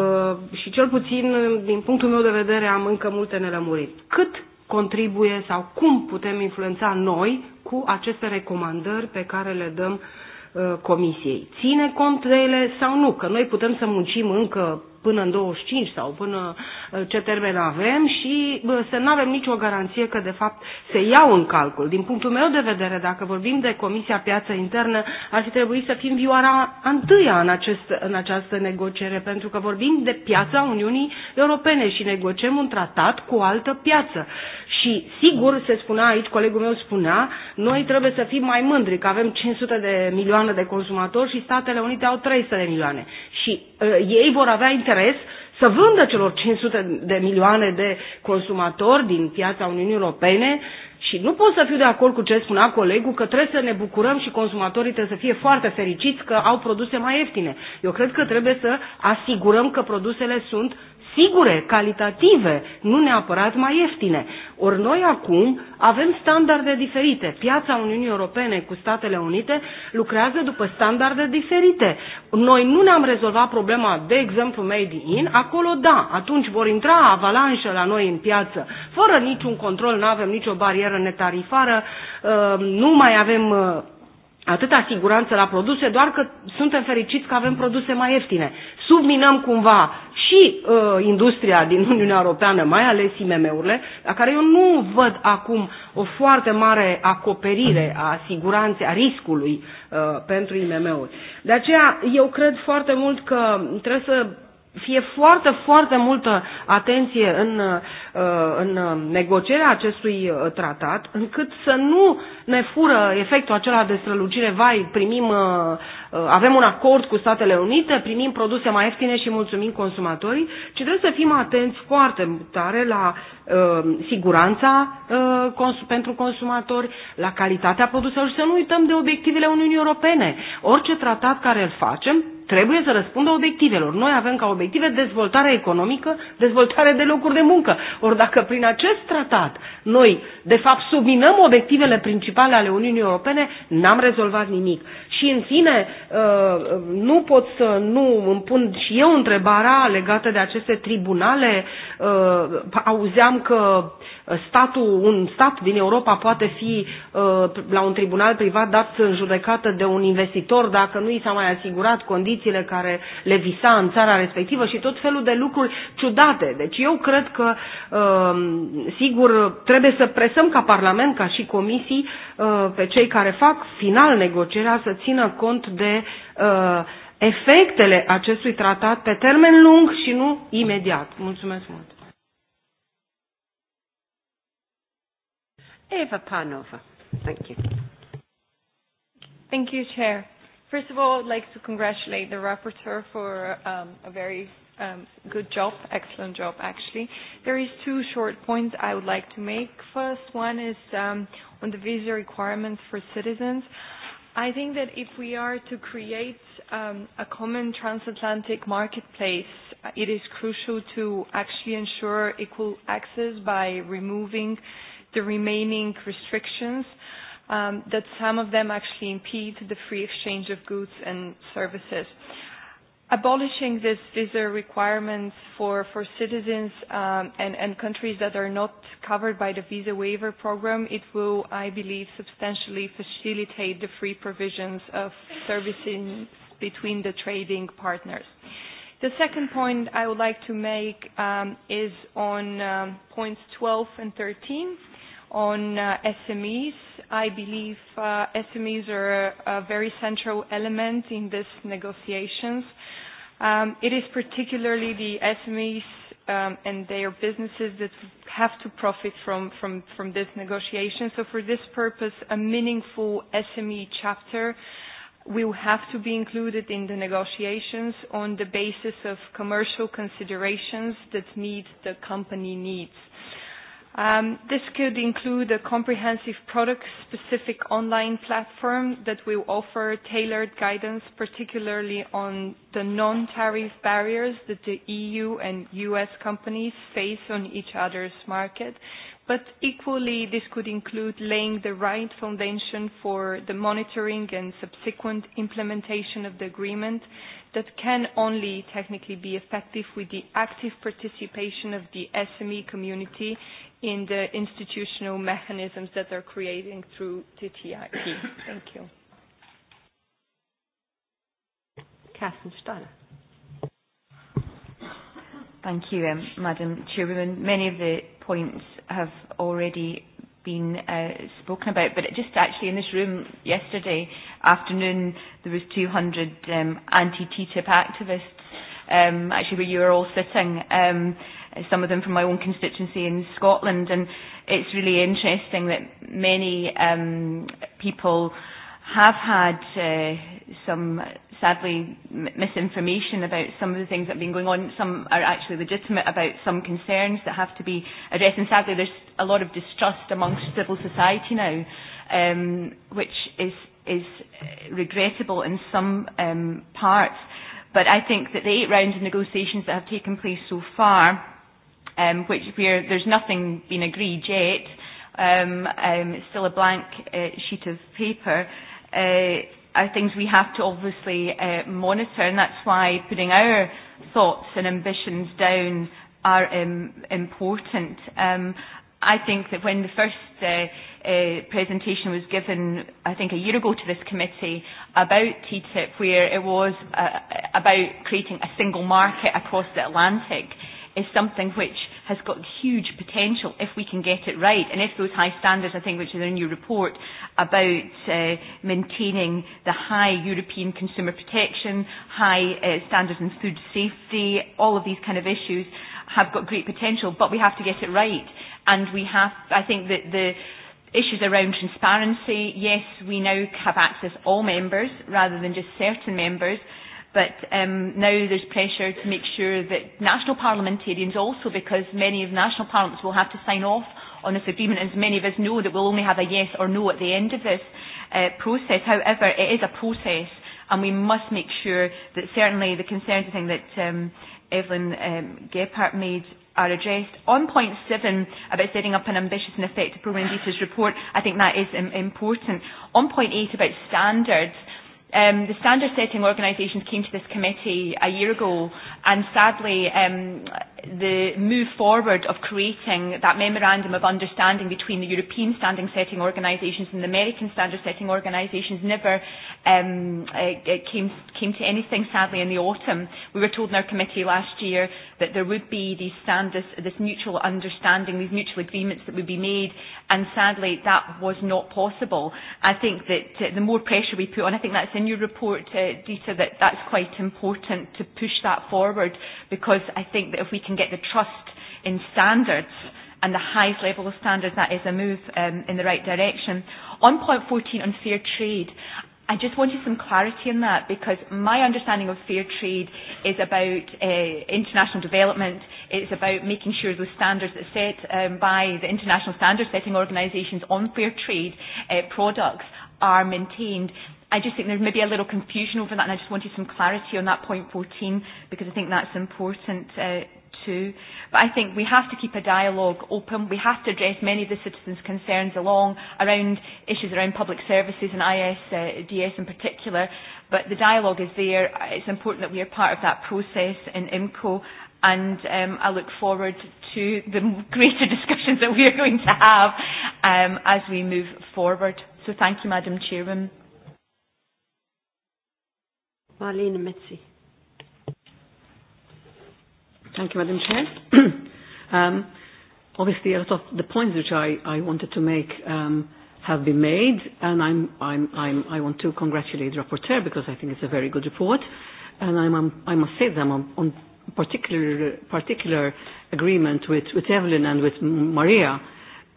și cel puțin din punctul meu de vedere am încă multe nelămuriri. Cât contribuie sau cum putem influența noi cu aceste recomandări pe care le dăm uh, comisiei. Ține cont de ele sau nu, că noi putem să muncim încă până în 25 sau până uh, ce termen avem și să nu avem nicio garanție că de fapt se iau în calcul. Din punctul meu de vedere, dacă vorbim de Comisia Piață Internă, ar fi trebuit să fim vioara întâia în, acest, în această negociere, pentru că vorbim de piața Uniunii Europene și negociem un tratat cu o altă piață. Și sigur, se spunea aici, colegul meu spunea, noi trebuie să fim mai mândri că avem 500 de milioane de consumatori și Statele Unite au 300 de milioane. Și uh, ei vor avea interes să vândă celor 500 de milioane de consumatori din piața Uniunii Europene și nu pot să fiu de acord cu ce spunea colegul că trebuie să ne bucurăm și consumatorii trebuie să fie foarte fericiți că au produse mai ieftine. Eu cred că trebuie să asigurăm că produsele sunt sigure, calitative, nu neapărat mai ieftine. Ori noi acum avem standarde diferite. Piața Uniunii Europene cu Statele Unite lucrează după standarde diferite. Noi nu ne-am rezolvat problema, de exemplu, made in, acolo da, atunci vor intra avalanșe la noi în piață, fără niciun control, nu avem nicio barieră netarifară, uh, nu mai avem uh, atâta siguranță la produse, doar că suntem fericiți că avem produse mai ieftine. Subminăm cumva și uh, industria din Uniunea Europeană, mai ales IMM-urile, la care eu nu văd acum o foarte mare acoperire a siguranței, a riscului uh, pentru IMM-uri. De aceea, eu cred foarte mult că trebuie să fie foarte, foarte multă atenție în, uh, în negocierea acestui uh, tratat, încât să nu ne fură efectul acela de strălucire, vai, primim, uh, avem un acord cu Statele Unite, primim produse mai ieftine și mulțumim consumatorii, ci trebuie să fim atenți foarte tare la siguranța pentru consumatori, la calitatea produselor și să nu uităm de obiectivele Uniunii Europene. Orice tratat care îl facem trebuie să răspundă obiectivelor. Noi avem ca obiective dezvoltarea economică, dezvoltarea de locuri de muncă. Ori dacă prin acest tratat noi, de fapt, subminăm obiectivele principale ale Uniunii Europene, n-am rezolvat nimic. Și, în fine, uh, nu pot să nu îmi pun și eu întrebarea legată de aceste tribunale. Uh, auzeam că statul, un stat din Europa poate fi uh, la un tribunal privat dat în judecată de un investitor dacă nu i s-a mai asigurat condiții investițiile care le visa în țara respectivă și tot felul de lucruri ciudate. Deci eu cred că, um, sigur, trebuie să presăm ca Parlament, ca și comisii, uh, pe cei care fac final negocierea să țină cont de uh, efectele acestui tratat pe termen lung și nu imediat. Mulțumesc mult! Eva Panova. Thank you. Thank you, Chair. First of all, I'd like to congratulate the rapporteur for um, a very um, good job, excellent job actually. There is two short points I would like to make. First one is um, on the visa requirements for citizens. I think that if we are to create um, a common transatlantic marketplace, it is crucial to actually ensure equal access by removing the remaining restrictions um, that some of them actually impede the free exchange of goods and services. Abolishing this visa requirements for, for citizens um, and, and countries that are not covered by the visa waiver program, it will, I believe, substantially facilitate the free provisions of services between the trading partners. The second point I would like to make um, is on um, points 12 and 13 on uh, SMEs i believe uh, SMEs are a very central element in these negotiations. Um, it is particularly the SMEs um, and their businesses that have to profit from, from, from this negotiation. So for this purpose, a meaningful SME chapter will have to be included in the negotiations on the basis of commercial considerations that meet the company needs. Um, this could include a comprehensive product-specific online platform that will offer tailored guidance, particularly on the non-tariff barriers that the EU and US companies face on each other's market. But equally, this could include laying the right foundation for the monitoring and subsequent implementation of the agreement that can only technically be effective with the active participation of the SME community in the institutional mechanisms that they're creating through TTIP. Thank you. Thank you, um, Madam Chairwoman. Many of the points have already been uh, spoken about, but just actually in this room yesterday afternoon there was 200 um, anti-TTIP activists um, actually where you were all sitting. Um, Uh, some of them from my own constituency in Scotland, and it's really interesting that many um, people have had uh, some sadly misinformation about some of the things that have been going on. Some are actually legitimate about some concerns that have to be addressed. And sadly, there's a lot of distrust amongst civil society now, um, which is, is regrettable in some um, parts. But I think that the eight rounds of negotiations that have taken place so far um, which where there's nothing been agreed yet, um, um, it's still a blank uh, sheet of paper, uh, are things we have to obviously uh, monitor, and that's why putting our thoughts and ambitions down are um, important. Um, I think that when the first uh, uh, presentation was given, I think a year ago to this committee about TTIP, where it was uh, about creating a single market across the Atlantic, is something which has got huge potential if we can get it right. And if those high standards, I think, which is in your report about uh, maintaining the high European consumer protection, high uh, standards in food safety, all of these kind of issues have got great potential, but we have to get it right. And we have, I think that the issues around transparency, yes, we now have access all members rather than just certain members. But um, now there's pressure to make sure that national parliamentarians also, because many of national parliaments will have to sign off on this agreement, as many of us know that we'll only have a yes or no at the end of this uh, process. However, it is a process, and we must make sure that certainly the concerns, I think, that um, Evelyn um, Gephardt made are addressed. On point seven about setting up an ambitious and effective program report, I think that is um, important. On point eight about standards, Um, the standard setting organisations came to this committee a year ago and sadly um, the move forward of creating that memorandum of understanding between the European standing setting organisations and the American standard setting organisations never um, uh, came, came to anything, sadly, in the autumn. We were told in our committee last year that there would be these standards, this mutual understanding, these mutual agreements that would be made, and sadly that was not possible. I think that uh, the more pressure we put on, I think that's in your report, uh, Dita, that that's quite important to push that forward because I think that if we can get the trust in standards and the highest level of standards, that is a move um, in the right direction. On point 14 on fair trade, I just wanted some clarity on that because my understanding of fair trade is about uh, international development. It's about making sure those standards that are set um, by the international standard setting organisations on fair trade uh, products are maintained. I just think there's maybe a little confusion over that and I just wanted some clarity on that point 14 because I think that's important uh, too. But I think we have to keep a dialogue open. We have to address many of the citizens' concerns along around issues around public services and ISDS uh, in particular. But the dialogue is there. It's important that we are part of that process in IMCO. And um, I look forward to the greater (laughs) discussions that we are going to have um, as we move forward. So thank you, Madam Chairman. Marlene Mitzi. Thank you, Madam Chair. (clears throat) um, obviously, a lot of the points which I, I wanted to make um, have been made, and I'm, I'm, I'm, I want to congratulate the rapporteur because I think it's a very good report. And I'm, I'm, I must say that I'm on, on particular, particular agreement with, with Evelyn and with Maria.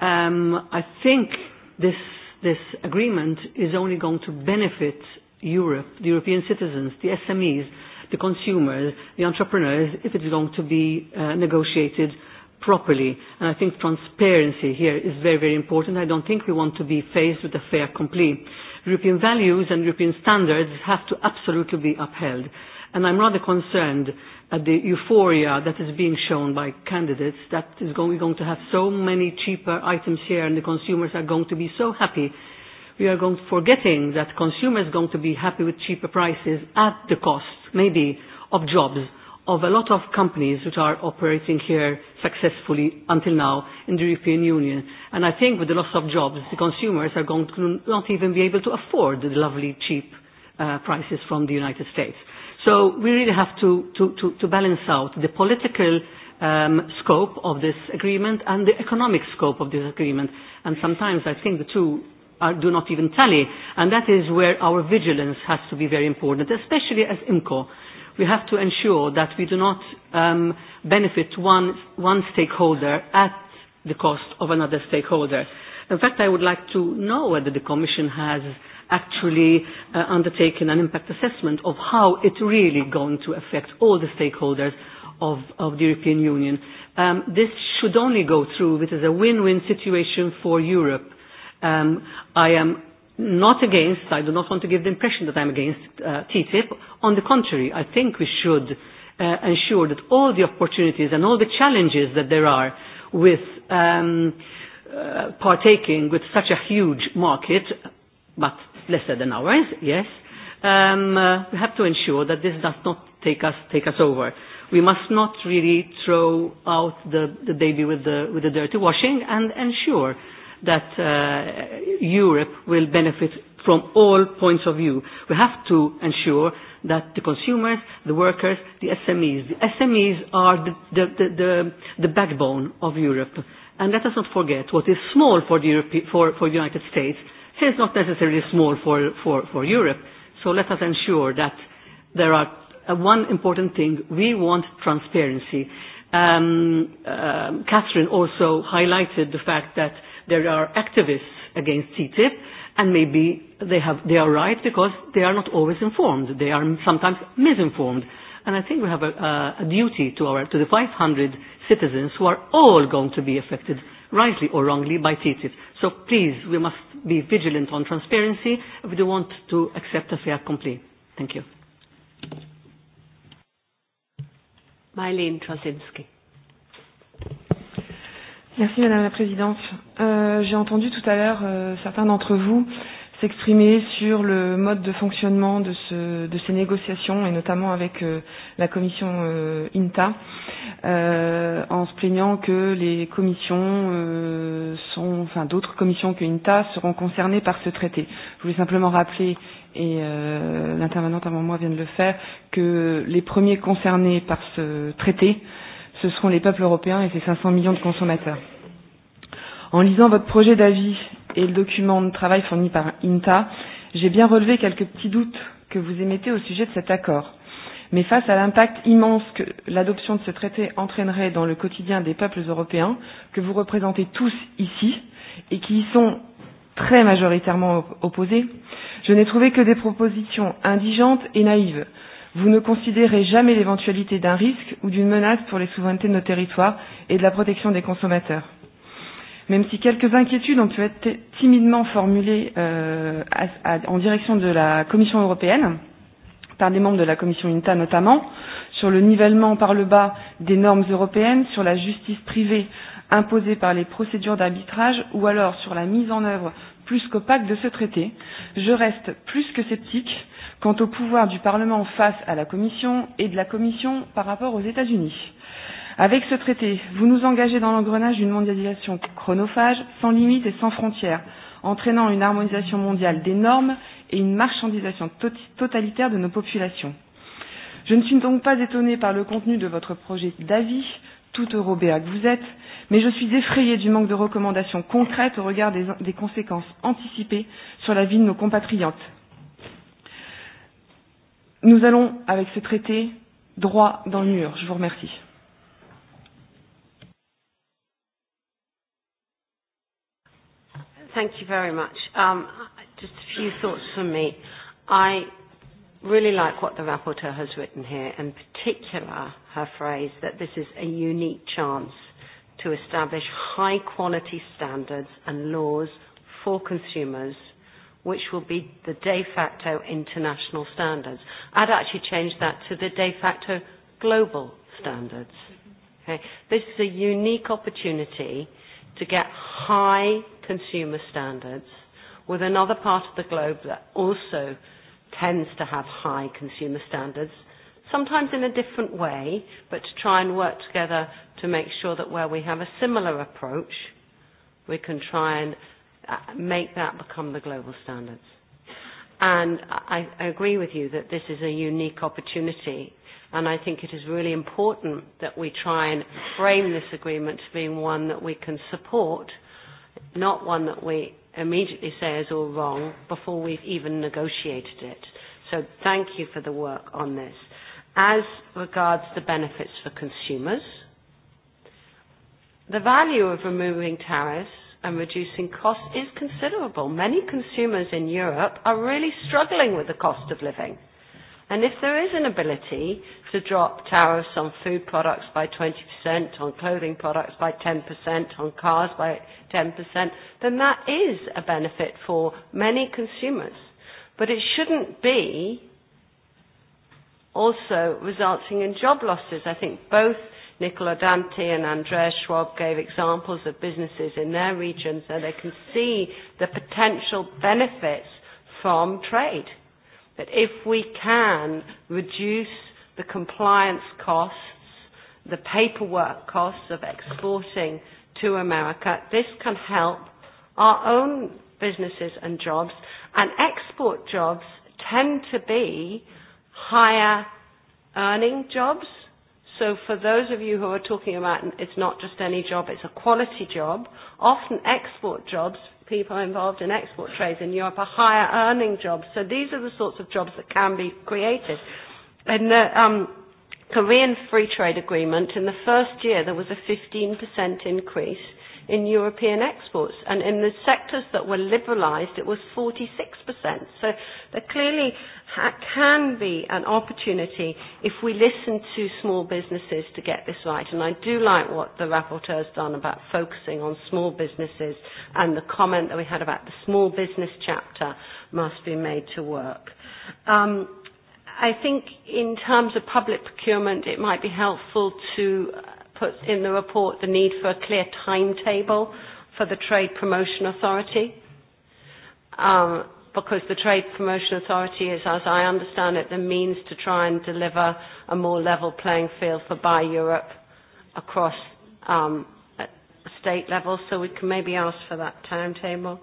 Um, I think this, this agreement is only going to benefit Europe, the European citizens, the SMEs, the consumers, the entrepreneurs, if it is going to be uh, negotiated properly. And I think transparency here is very, very important. I don't think we want to be faced with a fair complete. European values and European standards have to absolutely be upheld. And I'm rather concerned at the euphoria that is being shown by candidates that is going, going to have so many cheaper items here and the consumers are going to be so happy. We are going forgetting that consumers are going to be happy with cheaper prices at the cost maybe of jobs of a lot of companies which are operating here successfully until now in the European Union. And I think with the loss of jobs, the consumers are going to not even be able to afford the lovely cheap uh, prices from the United States. So we really have to, to, to, to balance out the political um, scope of this agreement and the economic scope of this agreement. And sometimes I think the two are, do not even tally. And that is where our vigilance has to be very important, especially as IMCO. We have to ensure that we do not um, benefit one, one stakeholder at the cost of another stakeholder. In fact, I would like to know whether the Commission has actually uh, undertaken an impact assessment of how it's really going to affect all the stakeholders of, of the European Union. Um, this should only go through. It is a win-win situation for Europe Um, I am not against, I do not want to give the impression that I'm against uh, TTIP. On the contrary, I think we should uh, ensure that all the opportunities and all the challenges that there are with um, uh, partaking with such a huge market, but lesser than ours, yes, um, uh, we have to ensure that this does not take us, take us over. We must not really throw out the, the baby with the, with the dirty washing and ensure that uh, Europe will benefit from all points of view. We have to ensure that the consumers, the workers, the SMEs, the SMEs are the, the, the, the, the backbone of Europe. And let us not forget what is small for the, Europe, for, for the United States is not necessarily small for, for, for Europe. So let us ensure that there are uh, one important thing, we want transparency. Um, um, Catherine also highlighted the fact that there are activists against TTIP, and maybe they, have, they are right because they are not always informed. They are sometimes misinformed. And I think we have a, a, a duty to, our, to the 500 citizens who are all going to be affected, rightly or wrongly, by TTIP. So please, we must be vigilant on transparency if we do want to accept a fair complaint. Thank you. Mylene Trosinski. Merci Madame la Présidente. Euh, J'ai entendu tout à l'heure euh, certains d'entre vous s'exprimer sur le mode de fonctionnement de, ce, de ces négociations et notamment avec euh, la commission euh, INTA euh, en se plaignant que les commissions euh, sont, enfin d'autres commissions que INTA seront concernées par ce traité. Je voulais simplement rappeler et euh, l'intervenante avant moi vient de le faire que les premiers concernés par ce traité euh, ce seront les peuples européens et ces 500 millions de consommateurs. En lisant votre projet d'avis et le document de travail fourni par INTA, j'ai bien relevé quelques petits doutes que vous émettez au sujet de cet accord. Mais face à l'impact immense que l'adoption de ce traité entraînerait dans le quotidien des peuples européens, que vous représentez tous ici, et qui y sont très majoritairement opposés, je n'ai trouvé que des propositions indigentes et naïves, Vous ne considérez jamais l'éventualité d'un risque ou d'une menace pour les souverainetés de nos territoires et de la protection des consommateurs. Même si quelques inquiétudes ont pu être timidement formulées euh, à, à, en direction de la Commission européenne, par des membres de la Commission INTA notamment, sur le nivellement par le bas des normes européennes, sur la justice privée imposée par les procédures d'arbitrage ou alors sur la mise en œuvre plus qu'opaque de ce traité, je reste plus que sceptique quant au pouvoir du Parlement face à la Commission et de la Commission par rapport aux États-Unis. Avec ce traité, vous nous engagez dans l'engrenage d'une mondialisation chronophage, sans limites et sans frontières, entraînant une harmonisation mondiale des normes et une marchandisation totalitaire de nos populations. Je ne suis donc pas étonnée par le contenu de votre projet d'avis, tout européen que vous êtes, mais je suis effrayée du manque de recommandations concrètes au regard des, des conséquences anticipées sur la vie de nos compatriotes, Nous allons, avec ce traité, droit dans le mur. Je vous remercie. Thank you very much. Um, just a few thoughts from me. I really like what the rapporteur has written here, in particular her phrase that this is a unique chance to establish high quality standards and laws for consumers which will be the de facto international standards. I'd actually change that to the de facto global standards. Okay? This is a unique opportunity to get high consumer standards with another part of the globe that also tends to have high consumer standards, sometimes in a different way, but to try and work together to make sure that where we have a similar approach, we can try and Uh, make that become the global standards. And I, I agree with you that this is a unique opportunity. And I think it is really important that we try and frame this agreement to being one that we can support, not one that we immediately say is all wrong before we've even negotiated it. So thank you for the work on this. As regards the benefits for consumers, the value of removing tariffs and reducing costs is considerable. Many consumers in Europe are really struggling with the cost of living. And if there is an ability to drop tariffs on food products by 20%, on clothing products by 10%, on cars by 10%, then that is a benefit for many consumers. But it shouldn't be also resulting in job losses. I think both Nicola Dante and Andrea Schwab gave examples of businesses in their region so they can see the potential benefits from trade. That if we can reduce the compliance costs, the paperwork costs of exporting to America, this can help our own businesses and jobs. And export jobs tend to be higher earning jobs So for those of you who are talking about it's not just any job, it's a quality job. Often export jobs, people involved in export trades in Europe are higher earning jobs. So these are the sorts of jobs that can be created. In the um, Korean Free Trade Agreement, in the first year there was a 15% increase in European exports. And in the sectors that were liberalised, it was 46%. So there clearly ha can be an opportunity if we listen to small businesses to get this right. And I do like what the rapporteur has done about focusing on small businesses and the comment that we had about the small business chapter must be made to work. Um, I think in terms of public procurement, it might be helpful to puts in the report the need for a clear timetable for the Trade Promotion Authority, um, because the Trade Promotion Authority is, as I understand it, the means to try and deliver a more level playing field for Buy Europe across um, at state level, so we can maybe ask for that timetable.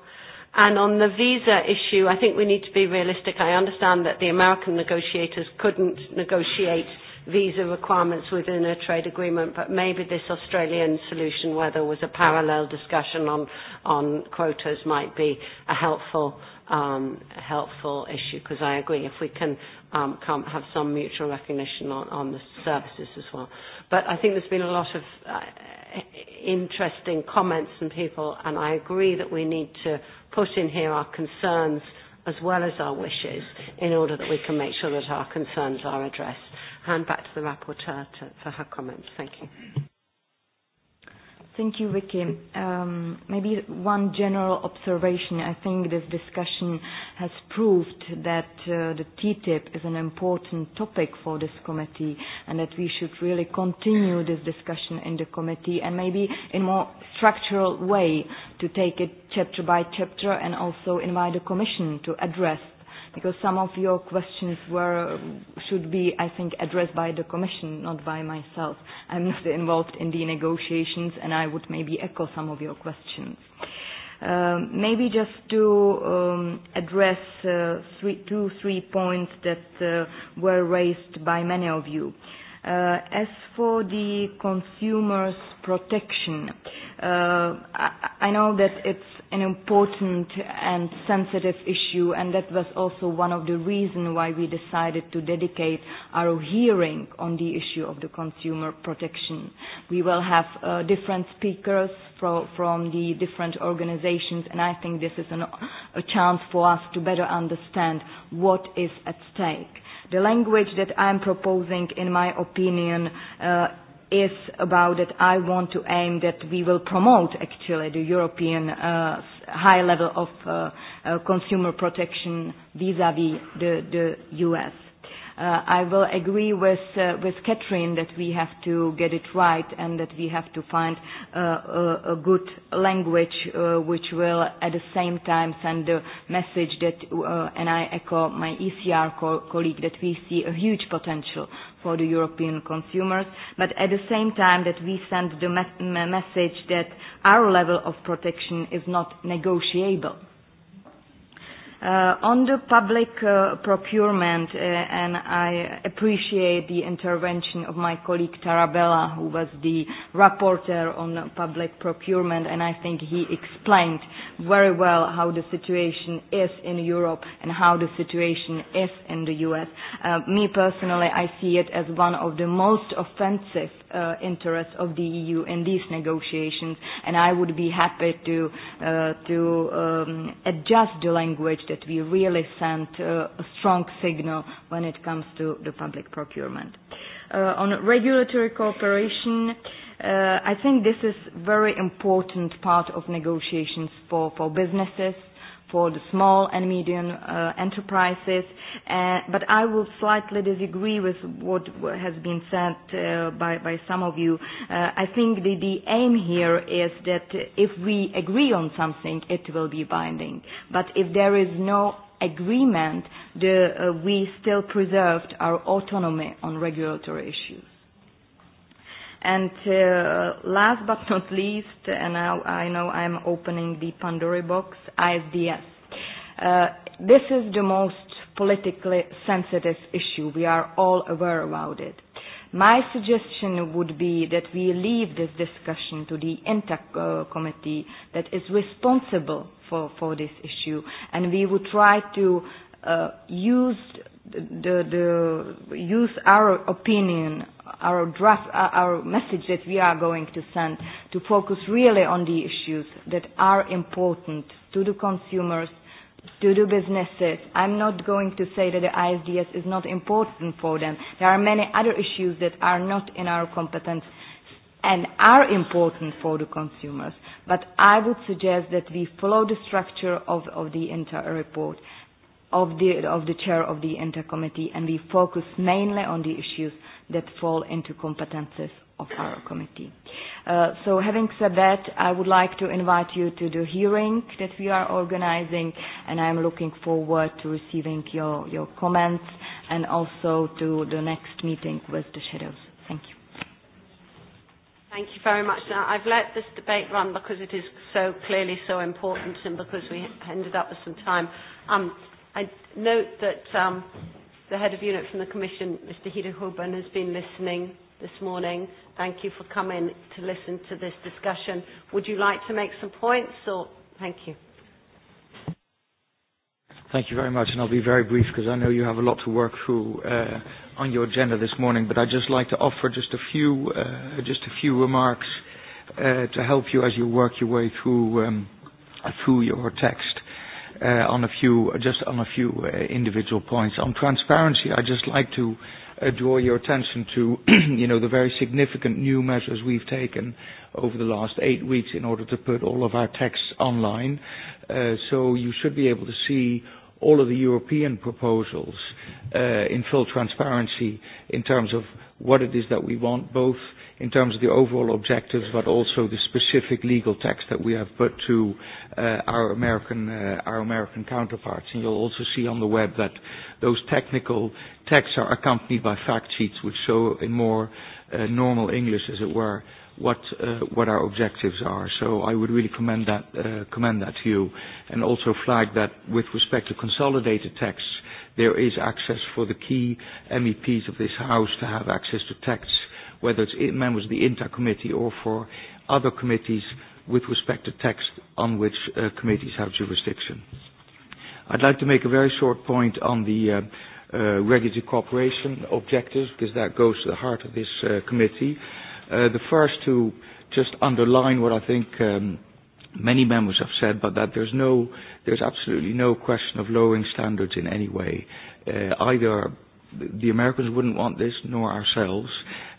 And on the visa issue, I think we need to be realistic. I understand that the American negotiators couldn't negotiate visa requirements within a trade agreement, but maybe this Australian solution where there was a parallel discussion on, on quotas might be a helpful um, helpful issue because I agree if we can um, come, have some mutual recognition on, on the services as well. But I think there's been a lot of uh, interesting comments from people and I agree that we need to put in here our concerns as well as our wishes in order that we can make sure that our concerns are addressed hand back to the rapporteur to, for her comments. Thank you. Thank you, Vicky. Um, maybe one general observation. I think this discussion has proved that uh, the TTIP is an important topic for this committee and that we should really continue this discussion in the committee and maybe in a more structural way to take it chapter by chapter and also invite the Commission to address because some of your questions were should be, I think, addressed by the Commission, not by myself. I'm not involved in the negotiations, and I would maybe echo some of your questions. Um, maybe just to um, address uh, three, two, three points that uh, were raised by many of you. Uh, Uh, as for the consumers' protection, uh, I, know that it's an important and sensitive issue, and that was also one of the reasons why we decided to dedicate our hearing on the issue of the consumer protection. We will have uh, different speakers from, from the different organizations, and I think this is a chance for us to better understand what is at stake. The language that I'm proposing, in my opinion, uh, is about that I want to aim that we will promote actually the European uh, high level of uh, uh, consumer protection vis-à-vis -vis the, the U.S. Uh, I will agree with, uh, with Catherine that we have to get it right and that we have to find uh, a, a good language uh, which will at the same time send the message that, uh, and I echo my ECR co colleague, that we see a huge potential for the European consumers, but at the same time that we send the message that our level of protection is not negotiable Uh, on the public uh, procurement, uh, and I appreciate the intervention of my colleague Tarabella, who was the rapporteur on public procurement, and I think he explained very well how the situation is in Europe and how the situation is in the U.S. Uh, me personally, I see it as one of the most offensive uh, interests of the EU in these negotiations, and I would be happy to uh, to um, adjust the language that we really send uh, a strong signal when it comes to the public procurement. Uh, on regulatory cooperation, uh, I think this is very important part of negotiations for, for businesses for the small and medium uh, enterprises. Uh, but I will slightly disagree with what has been said uh, by, by some of you. I think the, aim here is that if we agree on something, it will be binding. But if there is no agreement, the, we still preserved our autonomy on regulatory issues. And uh, last but not least, and I, I know I'm opening the Pandora box, ISDS. Uh, this is the most politically sensitive issue. We are all aware about it. My suggestion would be that we leave this discussion to the INTA uh, committee that is responsible for, for this issue, and we would try to uh, use, the, the, use our opinion our draft, uh, our message that we are going to send to focus really on the issues that are important to the consumers, to the businesses. I'm not going to say that the ISDS is not important for them. There are many other issues that are not in our competence and are important for the consumers. But I would suggest that we follow the structure of, of the inter report of the, of the chair of the inter committee and we focus mainly on the issues that fall into competences of our committee. Uh, so having said that, I would like to invite you to the hearing that we are organizing, and I'm looking forward to receiving your, your comments and also to the next meeting with the shadows. Thank you. Thank you very much. Now, I've let this debate run because it is so clearly so important and because we ended up with some time. Um, I note that um, The head of unit from the Commission, Mr. Hida Hoban, has been listening this morning. Thank you for coming to listen to this discussion. Would you like to make some points or thank you? Thank you very much, and I'll be very brief because I know you have a lot to work through uh, on your agenda this morning, but I'd just like to offer just a few, uh, just a few remarks uh, to help you as you work your way through, um, through your text uh, on a few, just on a few uh, individual points. On transparency, I'd just like to uh, draw your attention to, (clears throat) you know, the very significant new measures we've taken over the last eight weeks in order to put all of our texts online. Uh, so you should be able to see all of the European proposals uh, in full transparency in terms of what it is that we want, both in terms of the overall objectives, but also the specific legal text that we have put to uh, our American uh, our American counterparts. And you'll also see on the web that those technical texts are accompanied by fact sheets, which show in more uh, normal English, as it were, what uh, what our objectives are. So I would really commend that uh, commend that to you, and also flag that with respect to consolidated texts, there is access for the key MEPs of this House to have access to texts whether it's members of the INTA committee or for other committees with respect to text on which uh, committees have jurisdiction. I'd like to make a very short point on the uh, uh, regulatory cooperation objectives because that goes to the heart of this uh, committee. Uh, the first to just underline what I think um, many members have said, but that there's no, there's absolutely no question of lowering standards in any way, uh, either the Americans wouldn't want this, nor ourselves,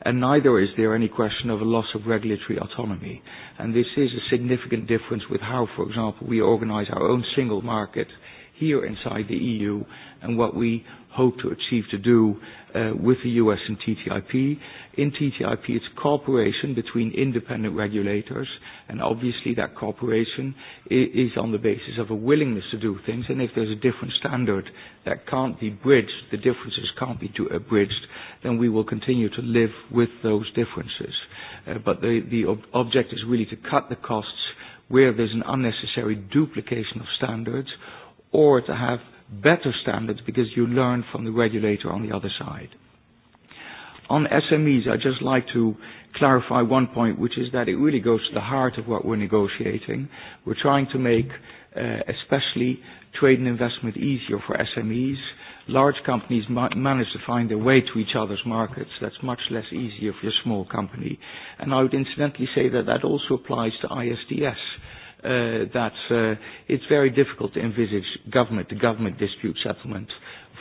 and neither is there any question of a loss of regulatory autonomy. And this is a significant difference with how, for example, we organize our own single market here inside the EU and what we hope to achieve to do uh, with the US and TTIP. In TTIP, it's cooperation between independent regulators, and obviously that cooperation is on the basis of a willingness to do things, and if there's a different standard that can't be bridged, the differences can't be uh, bridged, then we will continue to live with those differences. Uh, but the, the ob object is really to cut the costs where there's an unnecessary duplication of standards, or to have better standards because you learn from the regulator on the other side. On SMEs, I'd just like to clarify one point, which is that it really goes to the heart of what we're negotiating. We're trying to make, uh, especially trade and investment easier for SMEs. Large companies ma manage to find their way to each other's markets. That's much less easier for a small company. And I would incidentally say that that also applies to ISDS. Uh, that uh, it's very difficult to envisage government-to-government -government dispute settlement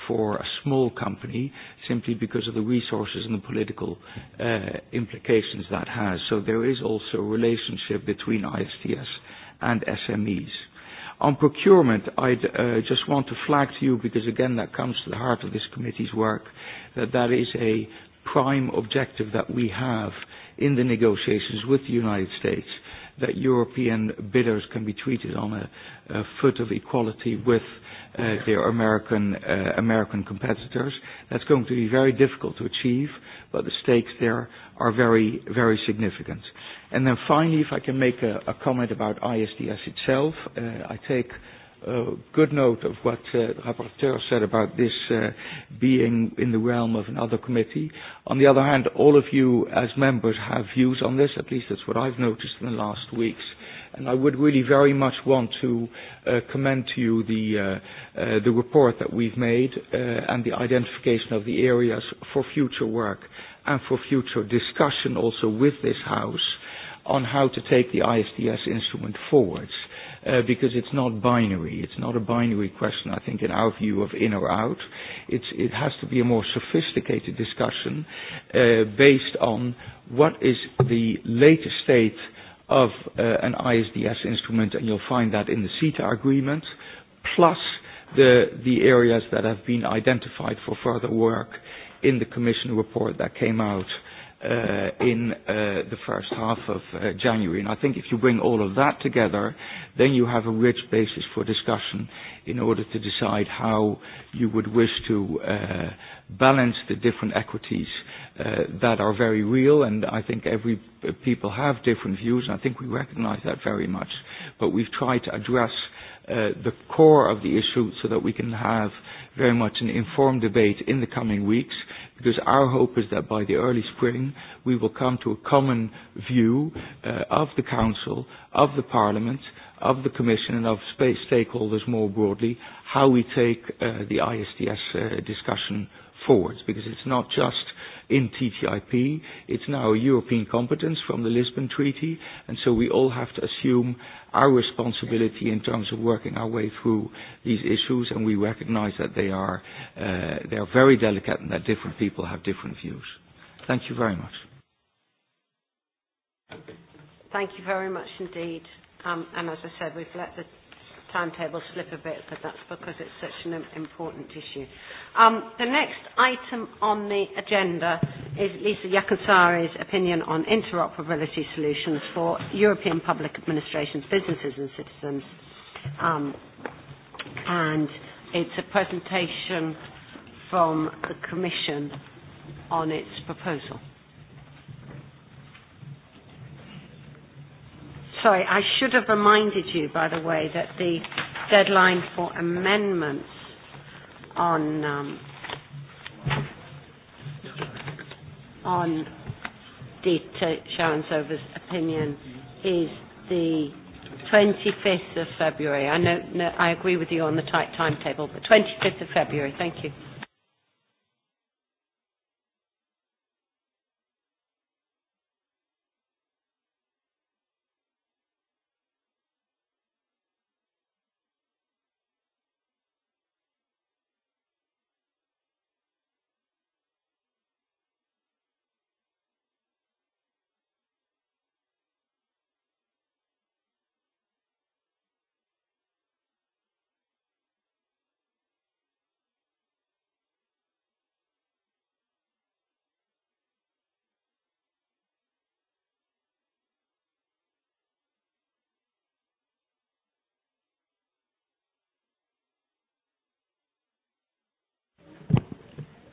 for a small company simply because of the resources and the political uh, implications that has. So there is also a relationship between ISTS and SMEs. On procurement, I uh, just want to flag to you, because again that comes to the heart of this committee's work, that that is a prime objective that we have in the negotiations with the United States that European bidders can be treated on a, a foot of equality with uh, their American, uh, American competitors. That's going to be very difficult to achieve, but the stakes there are very, very significant. And then finally, if I can make a, a comment about ISDS itself, uh, I take uh, good note of what uh, the rapporteur said about this uh, being in the realm of another committee. On the other hand, all of you as members have views on this, at least that's what I've noticed in the last weeks And I would really very much want to uh, commend to you the, uh, uh, the report that we've made uh, and the identification of the areas for future work and for future discussion also with this House on how to take the ISDS instrument forwards. Uh, because it's not binary. It's not a binary question, I think, in our view of in or out. It's, it has to be a more sophisticated discussion uh, based on what is the latest state of uh, an ISDS instrument, and you'll find that in the CETA agreement, plus the, the areas that have been identified for further work in the Commission report that came out uh, in uh, the first half of uh, January. And I think if you bring all of that together, then you have a rich basis for discussion in order to decide how you would wish to uh, balance the different equities uh, that are very real, and I think every uh, people have different views, and I think we recognize that very much. But we've tried to address uh, the core of the issue so that we can have very much an informed debate in the coming weeks, because our hope is that by the early spring we will come to a common view uh, of the Council, of the Parliament, of the Commission and of space stakeholders more broadly, how we take uh, the ISDS uh, discussion forward, because it's not just in TTIP. It's now a European competence from the Lisbon Treaty, and so we all have to assume our responsibility in terms of working our way through these issues, and we recognize that they are, uh, they are very delicate and that different people have different views. Thank you very much. Thank you very much indeed. Um, and as I said, we've let the timetable slip a bit, but that's because it's such an important issue. Um, the next item on the agenda is Lisa Yakasari's opinion on interoperability solutions for European public administrations, businesses and citizens. Um, and it's a presentation from the Commission on its proposal. Sorry, I should have reminded you, by the way, that the deadline for amendments on um, on Dieter Sharonsover's opinion is the 25th of February. I know, no, I agree with you on the tight timetable, but 25th of February. Thank you.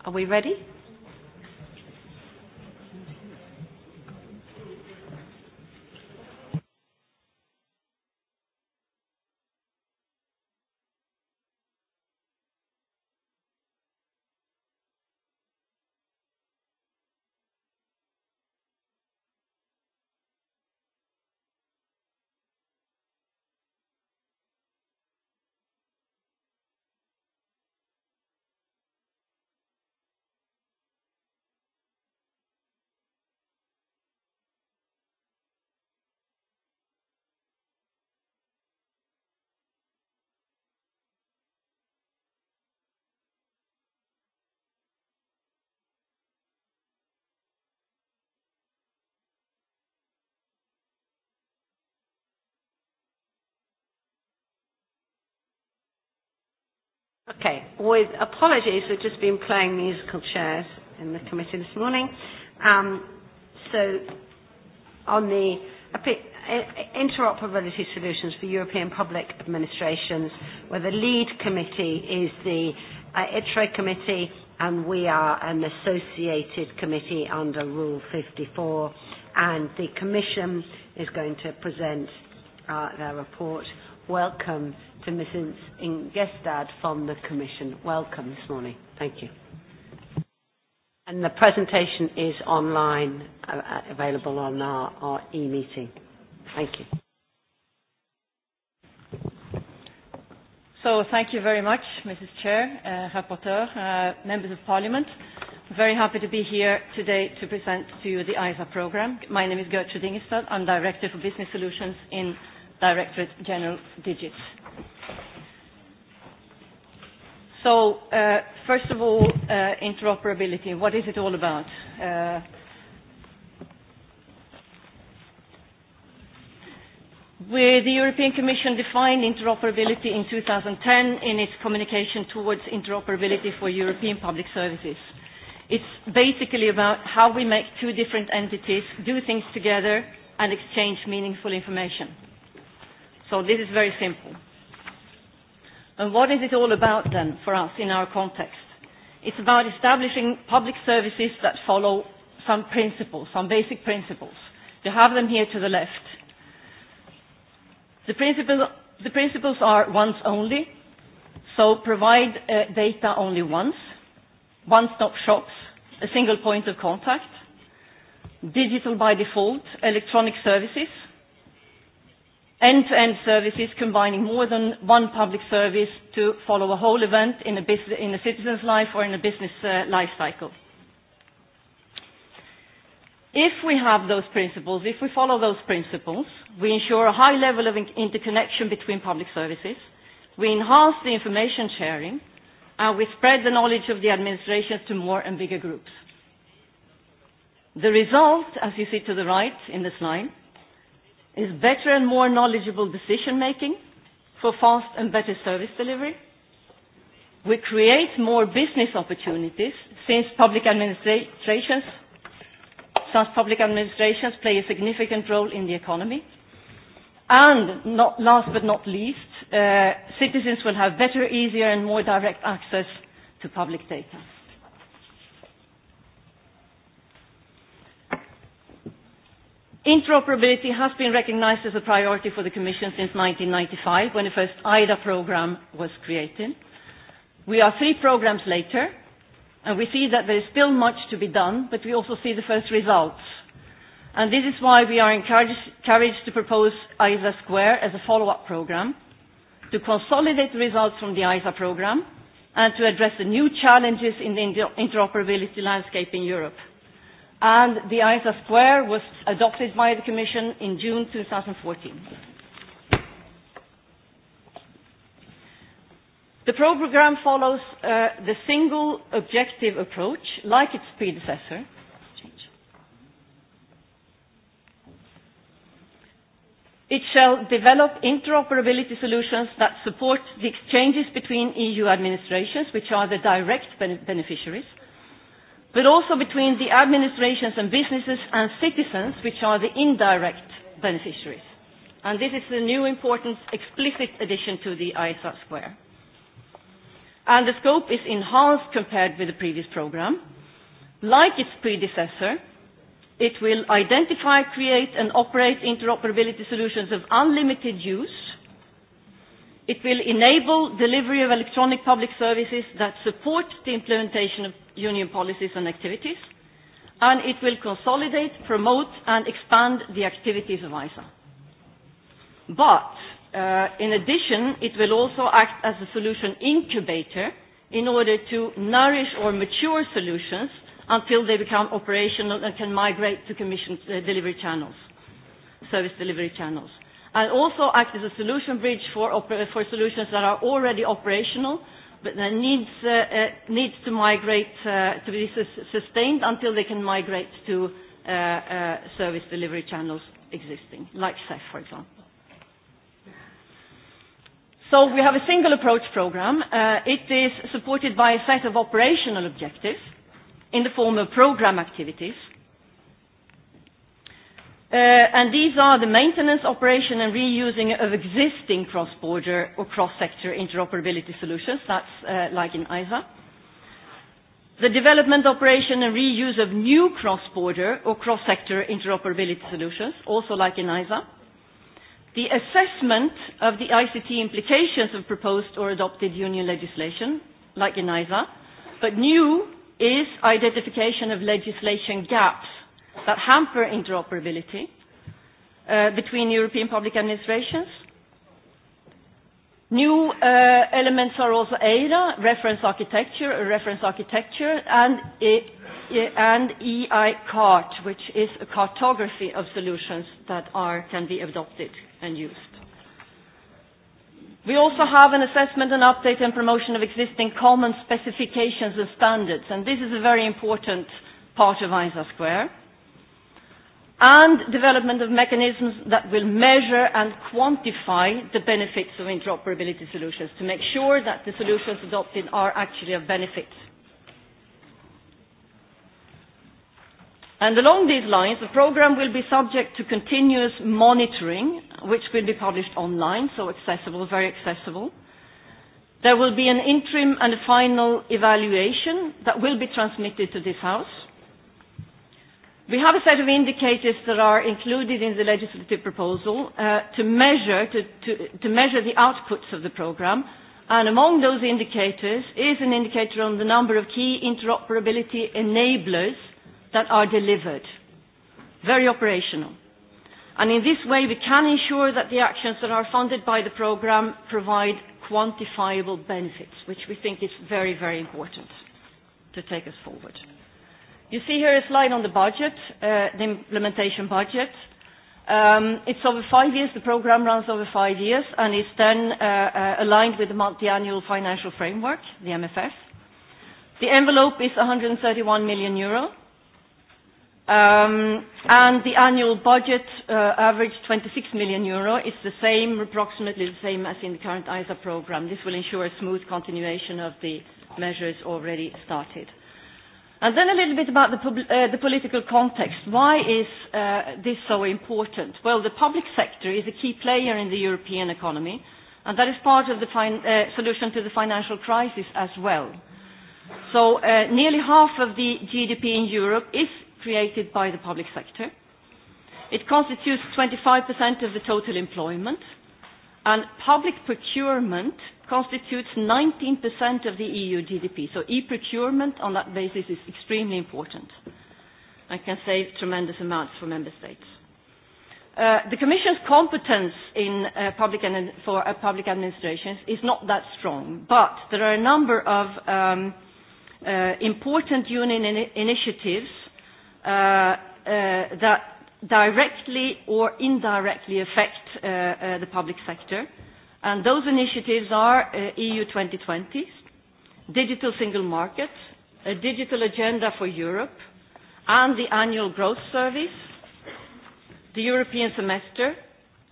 Are we ready? Okay, with apologies, we've just been playing musical chairs in the committee this morning. Um, so, on the interoperability solutions for European public administrations, where the lead committee is the uh, ITRE committee, and we are an associated committee under Rule 54, and the Commission is going to present uh, their report. Welcome to Mrs. Ingestad from the Commission. Welcome this morning. Thank you. And the presentation is online, uh, uh, available on our, our e-meeting. Thank you. So thank you very much, Mrs. Chair, uh, Rapporteur, uh, Members of Parliament. very happy to be here today to present to you the ISA program. My name is Gertrude Ingestad. I'm Director for Business Solutions in Directorate General Digits. So, uh, first of all, uh, interoperability. What is it all about? Uh, where the European Commission defined interoperability in 2010 in its communication towards interoperability for European public services. It's basically about how we make two different entities do things together and exchange meaningful information. So this is very simple. And what is it all about then for us in our context? It's about establishing public services that follow some principles, some basic principles. You have them here to the left. The, principle, the principles are once only, so provide uh, data only once, one-stop shops, a single point of contact, digital by default, electronic services, end-to-end services combining more than one public service to follow a whole event in a, in a citizen's life or in a business uh, life cycle. If we have those principles, if we follow those principles, we ensure a high level of interconnection between public services, we enhance the information sharing, and we spread the knowledge of the administration to more and bigger groups. The result, as you see to the right in the slide, is better and more knowledgeable decision making for fast and better service delivery. We create more business opportunities since public administrations since public administrations play a significant role in the economy. And not, last but not least, uh, citizens will have better, easier and more direct access to public data. Interoperability has been recognized as a priority for the Commission since 1995 when the first IDA program was created. We are three programs later and we see that there is still much to be done but we also see the first results. And this is why we are encouraged to propose ISA Square as a follow-up program to consolidate the results from the ISA program and to address the new challenges in the interoperability landscape in Europe and the ISA square was adopted by the Commission in June 2014. The program follows uh, the single objective approach, like its predecessor. It shall develop interoperability solutions that support the exchanges between EU administrations, which are the direct beneficiaries, but also between the administrations and businesses and citizens, which are the indirect beneficiaries. And this is the new important explicit addition to the ISA square. And the scope is enhanced compared with the previous program. Like its predecessor, it will identify, create and operate interoperability solutions of unlimited use It will enable delivery of electronic public services that support the implementation of union policies and activities, and it will consolidate, promote, and expand the activities of ISA. But, uh, in addition, it will also act as a solution incubator in order to nourish or mature solutions until they become operational and can migrate to commission uh, delivery channels, service delivery channels and also act as a solution bridge for, for solutions that are already operational but that needs, uh, uh, needs to migrate, uh, to be sustained until they can migrate to uh, uh, service delivery channels existing, like CEF, for example. So we have a single approach program. Uh, it is supported by a set of operational objectives in the form of program activities Uh, and these are the maintenance, operation and reusing of existing cross-border or cross-sector interoperability solutions. That's uh, like in ISA. The development, operation and reuse of new cross-border or cross-sector interoperability solutions, also like in ISA. The assessment of the ICT implications of proposed or adopted union legislation, like in ISA. But new is identification of legislation gaps that hamper interoperability uh, between European public administrations. New uh, elements are also ADA, reference architecture, reference architecture, and, EI e, and EICART, which is a cartography of solutions that are, can be adopted and used. We also have an assessment and update and promotion of existing common specifications and standards, and this is a very important part of ISA Square and development of mechanisms that will measure and quantify the benefits of interoperability solutions to make sure that the solutions adopted are actually of benefit. And along these lines, the program will be subject to continuous monitoring, which will be published online, so accessible, very accessible. There will be an interim and a final evaluation that will be transmitted to this House We have a set of indicators that are included in the legislative proposal uh, to, measure, to, to, to measure the outputs of the programme, and among those indicators is an indicator on the number of key interoperability enablers that are delivered, very operational. And in this way, we can ensure that the actions that are funded by the programme provide quantifiable benefits, which we think is very, very important to take us forward. You see here a slide on the budget, uh, the implementation budget. Um, it's over five years, the program runs over five years, and it's then uh, uh aligned with the multi-annual financial framework, the MFF. The envelope is 131 million euro, um, and the annual budget uh, average 26 million euro is the same, approximately the same as in the current ISA program. This will ensure a smooth continuation of the measures already started. And then a little bit about the, uh, the political context. Why is uh, this so important? Well, the public sector is a key player in the European economy, and that is part of the uh, solution to the financial crisis as well. So uh, nearly half of the GDP in Europe is created by the public sector. It constitutes 25% of the total employment, and public procurement constitutes 19% of the EU GDP. So e-procurement on that basis is extremely important and can save tremendous amounts for member states. Uh, the Commission's competence in uh, public and for uh, public administrations is not that strong, but there are a number of um, uh, important union in initiatives uh, uh, that directly or indirectly affect uh, uh, the public sector. And those initiatives are uh, EU 2020, Digital Single Market, a Digital Agenda for Europe, and the Annual Growth Service, the European Semester,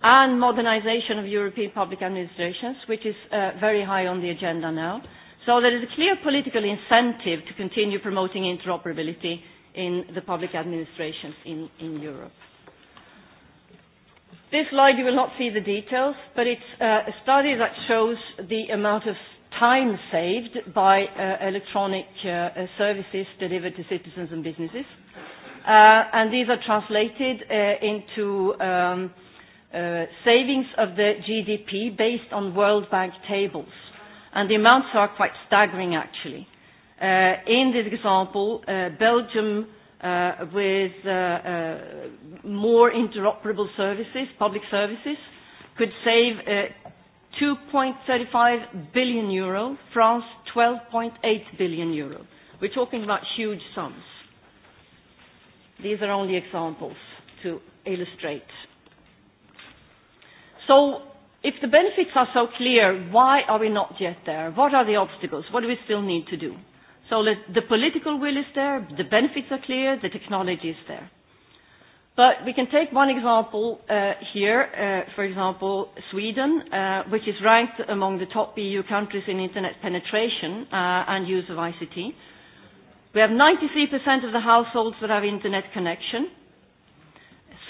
and modernization of European public administrations, which is uh, very high on the agenda now. So there is a clear political incentive to continue promoting interoperability in the public administrations in, in Europe. This slide you will not see the details, but it's uh, a study that shows the amount of time saved by uh, electronic uh, uh, services delivered to citizens and businesses. Uh, and these are translated uh, into um, uh, savings of the GDP based on World Bank tables. And the amounts are quite staggering, actually. Uh, in this example, uh, Belgium Uh, with uh, uh, more interoperable services, public services, could save 2.35 billion euro, France 12.8 billion euro. We're talking about huge sums. These are only examples to illustrate. So if the benefits are so clear, why are we not yet there? What are the obstacles? What do we still need to do? So let, the political will is there, the benefits are clear, the technology is there. But we can take one example uh, here, uh, for example, Sweden, uh, which is ranked among the top EU countries in internet penetration uh, and use of ICT. We have 93% of the households that have internet connection.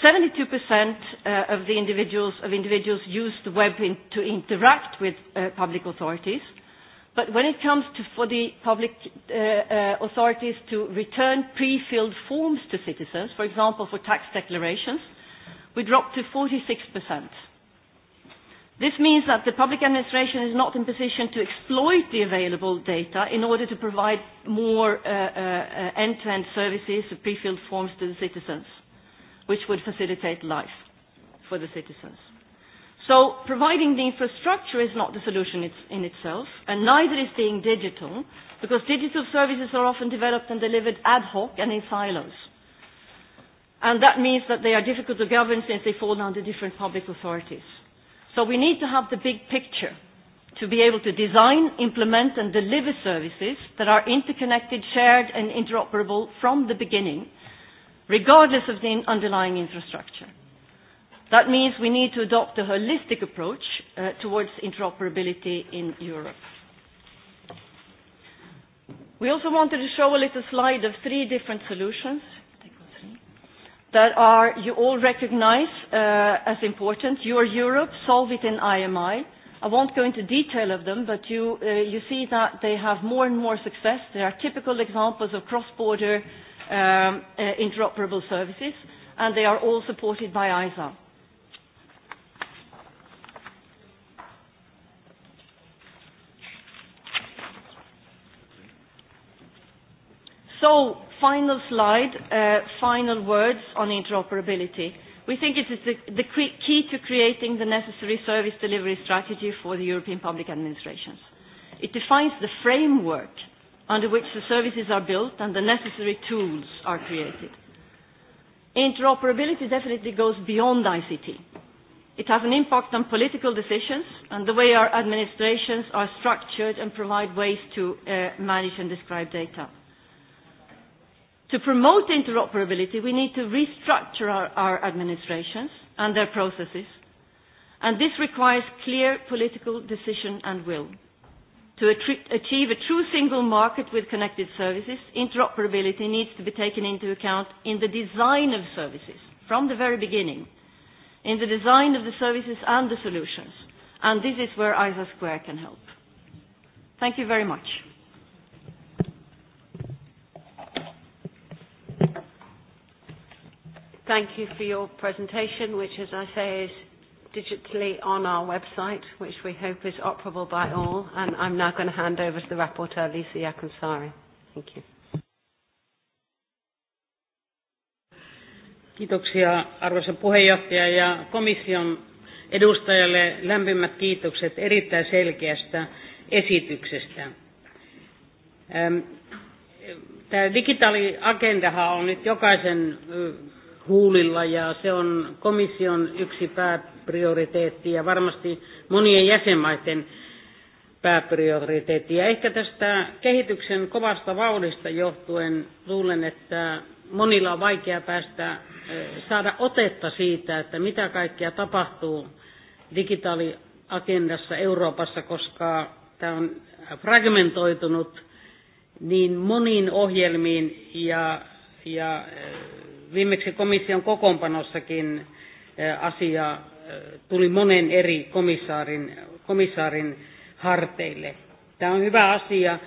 72% uh, of the individuals of individuals use the web in, to interact with uh, public authorities. But when it comes to for the public uh, uh, authorities to return pre-filled forms to citizens, for example, for tax declarations, we dropped to 46%. This means that the public administration is not in position to exploit the available data in order to provide more uh, uh, end-to-end -end services of pre-filled forms to the citizens, which would facilitate life for the citizens. So providing the infrastructure is not the solution in itself, and neither is being digital, because digital services are often developed and delivered ad hoc and in silos. And that means that they are difficult to govern since they fall under different public authorities. So we need to have the big picture to be able to design, implement and deliver services that are interconnected, shared and interoperable from the beginning, regardless of the underlying infrastructure. That means we need to adopt a holistic approach uh, towards interoperability in Europe. We also wanted to show a little slide of three different solutions that are you all recognize uh, as important. Your Europe, Solve It in IMI. I won't go into detail of them, but you, uh, you see that they have more and more success. They are typical examples of cross-border um, uh, interoperable services, and they are all supported by ISA. So, final slide, uh, final words on interoperability. We think it is the, the key to creating the necessary service delivery strategy for the European public administrations. It defines the framework under which the services are built and the necessary tools are created. Interoperability definitely goes beyond ICT. It has an impact on political decisions and the way our administrations are structured and provide ways to uh, manage and describe data. To promote interoperability, we need to restructure our, our administrations and their processes, and this requires clear political decision and will. To achieve a true single market with connected services, interoperability needs to be taken into account in the design of services from the very beginning, in the design of the services and the solutions, and this is where ISA Square can help. Thank you very much. Thank you for your presentation, which, as I say, is digitally on our website, which we hope is operable by all. And I'm now going to hand over to the rapporteur, Lisa Jakansari. Thank you. Kiitoksia arvoisa puheenjohtaja ja komission edustajalle lämpimät kiitokset erittäin selkeästä esityksestä. Ehm, Tämä digitaaliagendahan on nyt jokaisen huulilla ja se on komission yksi pääprioriteetti ja varmasti monien jäsenmaiden pääprioriteetti. Ja ehkä tästä kehityksen kovasta vauhdista johtuen luulen, että monilla on vaikea päästä saada otetta siitä, että mitä kaikkea tapahtuu digitaaliagendassa Euroopassa, koska tämä on fragmentoitunut niin moniin ohjelmiin ja, ja viimeksi komission kokoonpanossakin eh, asia eh, tuli monen eri komissaarin, komissaarin harteille. Tämä on hyvä asia,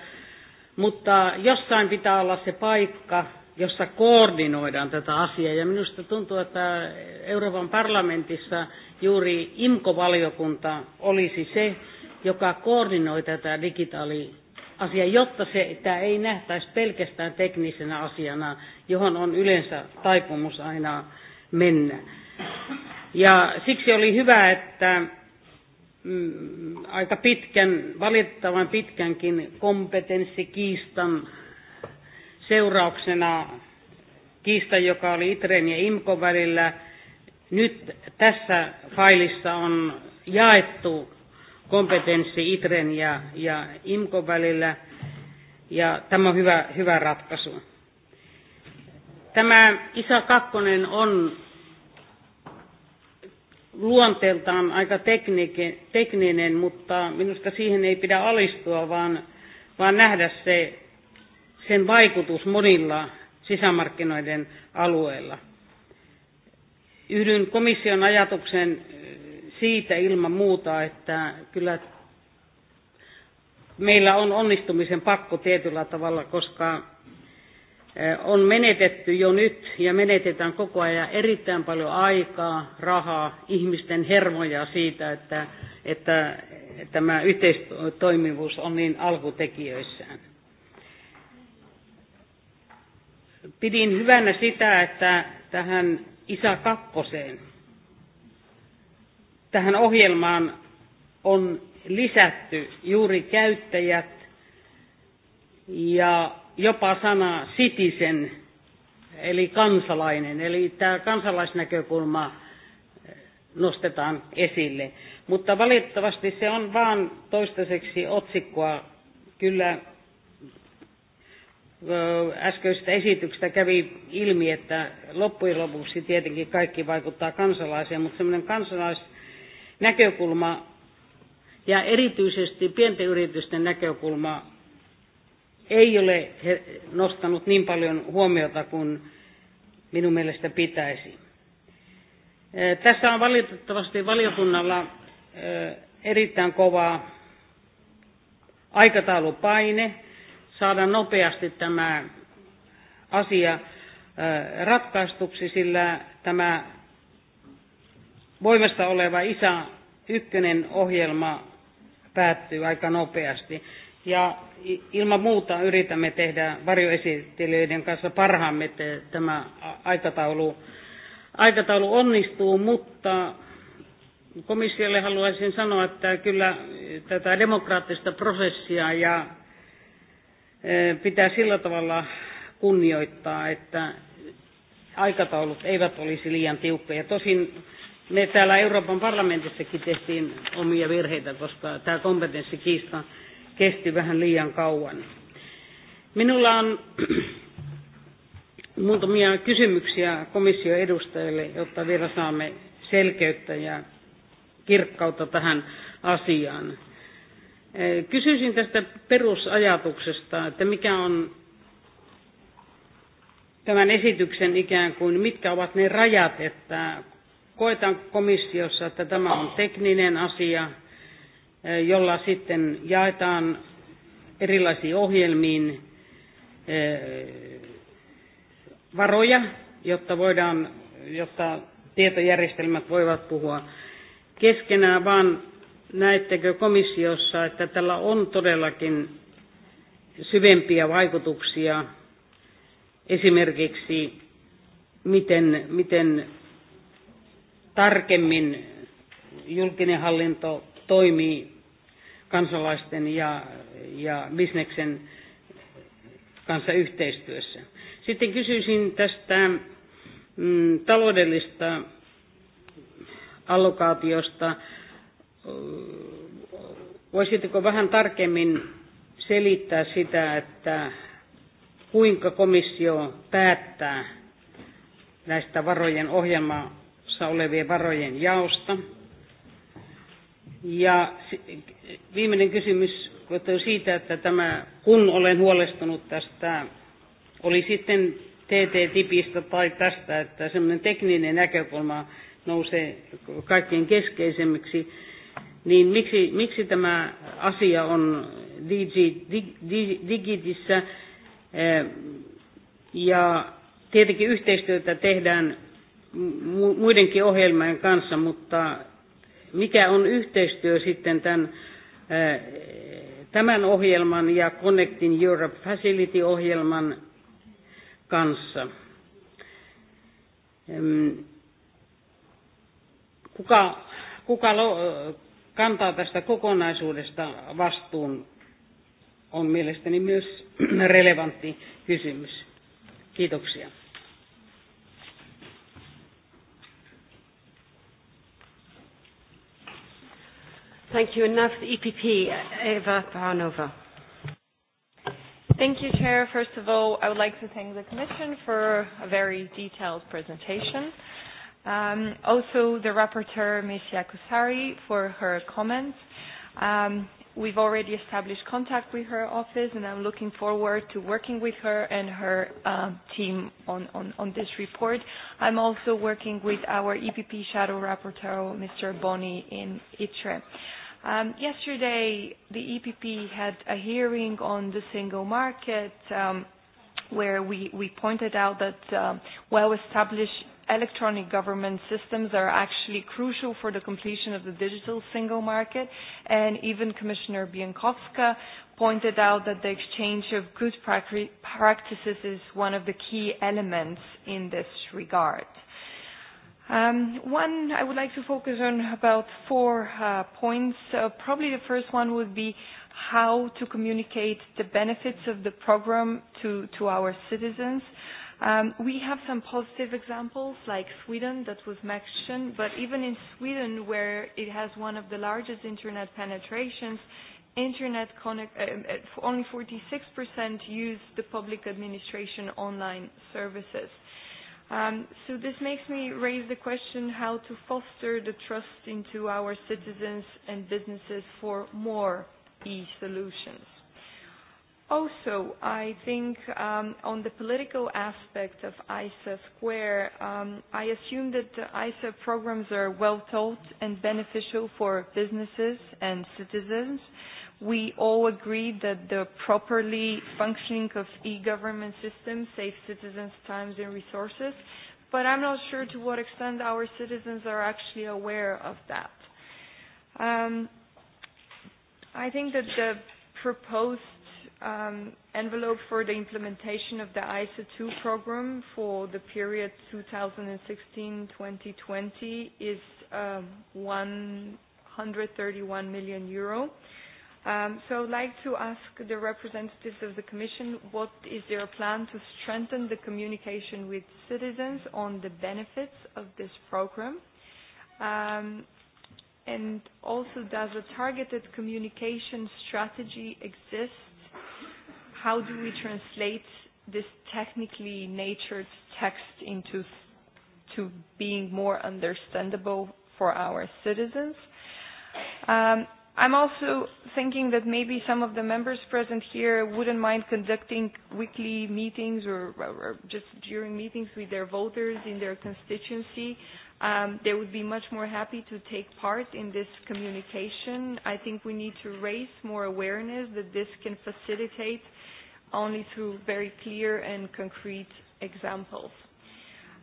mutta jossain pitää olla se paikka, jossa koordinoidaan tätä asiaa. Ja minusta tuntuu, että Euroopan parlamentissa juuri IMKO-valiokunta olisi se, joka koordinoi tätä digitaaliasiaa, jotta se, tämä ei nähtäisi pelkästään teknisenä asiana johon on yleensä taipumus aina mennä. Ja siksi oli hyvä, että mm, aika pitkän, valitettavan pitkänkin kompetenssikiistan seurauksena kiista, joka oli ITREN ja IMKO välillä, nyt tässä failissa on jaettu kompetenssi ITREN ja, ja IMKO välillä, ja tämä on hyvä, hyvä ratkaisu. Tämä ISA kakkonen on luonteeltaan aika tekninen, mutta minusta siihen ei pidä alistua, vaan, vaan nähdä se, sen vaikutus monilla sisämarkkinoiden alueilla. Yhdyn komission ajatuksen siitä ilman muuta, että kyllä meillä on onnistumisen pakko tietyllä tavalla, koska on menetetty jo nyt ja menetetään koko ajan erittäin paljon aikaa, rahaa, ihmisten hermoja siitä, että, että tämä yhteistoimivuus on niin alkutekijöissään. Pidin hyvänä sitä, että tähän isä kakkoseen, tähän ohjelmaan on lisätty juuri käyttäjät ja jopa sana citizen, eli kansalainen, eli tämä kansalaisnäkökulma eh, nostetaan esille. Mutta valitettavasti se on vain toistaiseksi otsikkoa. Kyllä eh, äskeisestä esityksestä kävi ilmi, että loppujen lopuksi tietenkin kaikki vaikuttaa kansalaiseen, mutta semmoinen kansalaisnäkökulma ja erityisesti pienten yritysten näkökulma ei ole nostanut niin paljon huomiota kuin minun mielestä pitäisi. Tässä on valitettavasti valiokunnalla erittäin kova aikataulupaine saada nopeasti tämä asia ratkaistuksi, sillä tämä voimassa oleva isä ykkönen ohjelma päättyy aika nopeasti. Ja ilman muuta yritämme tehdä varjoesittelijöiden kanssa parhaamme, tämä aikataulu, aikataulu onnistuu, mutta komissiolle haluaisin sanoa, että kyllä tätä demokraattista prosessia ja e, pitää sillä tavalla kunnioittaa, että aikataulut eivät olisi liian tiukkoja. Tosin me täällä Euroopan parlamentissakin tehtiin omia virheitä, koska tämä kompetenssikiista kesti vähän liian kauan. Minulla on (clears throat) muutamia kysymyksiä komission edustajille, jotta vielä saamme selkeyttä ja kirkkautta tähän asiaan. E, kysyisin tästä perusajatuksesta, että mikä on tämän esityksen ikään kuin, mitkä ovat ne rajat, että koetaan komissiossa, että tämä on tekninen asia, Eh, jolla sitten jaetaan erilaisiin ohjelmiin eh, varoja, jotta voidaan, jotta tietojärjestelmät voivat puhua keskenään, vaan näettekö komissiossa, että tällä on todellakin syvempiä vaikutuksia esimerkiksi miten, miten tarkemmin julkinen hallinto toimii kansalaisten ja, ja bisneksen kanssa yhteistyössä. Sitten kysyisin tästä mm, taloudellista allokaatiosta. Voisitteko vähän tarkemmin selittää sitä, että kuinka komissio päättää näistä varojen ohjelmassa olevien varojen jaosta? Ja viimeinen kysymys kertoo siitä, että tämä, kun olen huolestunut tästä, oli sitten TT-tipistä tai tästä, että semmoinen tekninen näkökulma nousee kaikkein keskeisemmiksi, niin miksi, miksi tämä asia on Digitissä eh, ja tietenkin yhteistyötä tehdään muidenkin ohjelmien kanssa, mutta mikä on yhteistyö sitten tämän, äh, tämän ohjelman ja Connecting Europe Facility-ohjelman kanssa? Ähm, kuka, kuka kantaa tästä kokonaisuudesta vastuun on mielestäni myös (clears throat) relevantti kysymys. Kiitoksia. Thank you. And now for the EPP, Eva Paranova. Thank you, Chair. First of all, I would like to thank the Commission for a very detailed presentation. Um, also, the rapporteur, Ms. Yakusari, for her comments. Um, we've already established contact with her office, and I'm looking forward to working with her and her um, team on, on, on this report. I'm also working with our EPP shadow rapporteur, Mr. Boni, in ITRE. Um, yesterday, the EPP had a hearing on the single market um, where we, we pointed out that um, well-established electronic government systems are actually crucial for the completion of the digital single market. And even Commissioner Biankowska pointed out that the exchange of good practices is one of the key elements in this regard. Um, one, I would like to focus on about four uh, points. Uh, probably the first one would be how to communicate the benefits of the program to, to our citizens. Um, we have some positive examples like Sweden that was mentioned, but even in Sweden where it has one of the largest internet penetrations, internet connect, uh, um, uh only 46% use the public administration online services. Um, so this makes me raise the question how to foster the trust into our citizens and businesses for more e-solutions. Also, I think um, on the political aspect of ISA Square, um, I assume that the ISA programs are well taught and beneficial for businesses and citizens. We all agree that the properly functioning of e-government systems saves citizens time and resources, but I'm not sure to what extent our citizens are actually aware of that. Um, I think that the proposed um, envelope for the implementation of the ISA 2 program for the period 2016-2020 is um, 131 million euro. Um, so I like to ask the representatives of the Commission what is their plan to strengthen the communication with citizens on the benefits of this program? Um, and also, does a targeted communication strategy exist? How do we translate this technically natured text into to being more understandable for our citizens? Um, I'm also thinking that maybe some of the members present here wouldn't mind conducting weekly meetings or, or just during meetings with their voters in their constituency. Um, they would be much more happy to take part in this communication. I think we need to raise more awareness that this can facilitate only through very clear and concrete examples.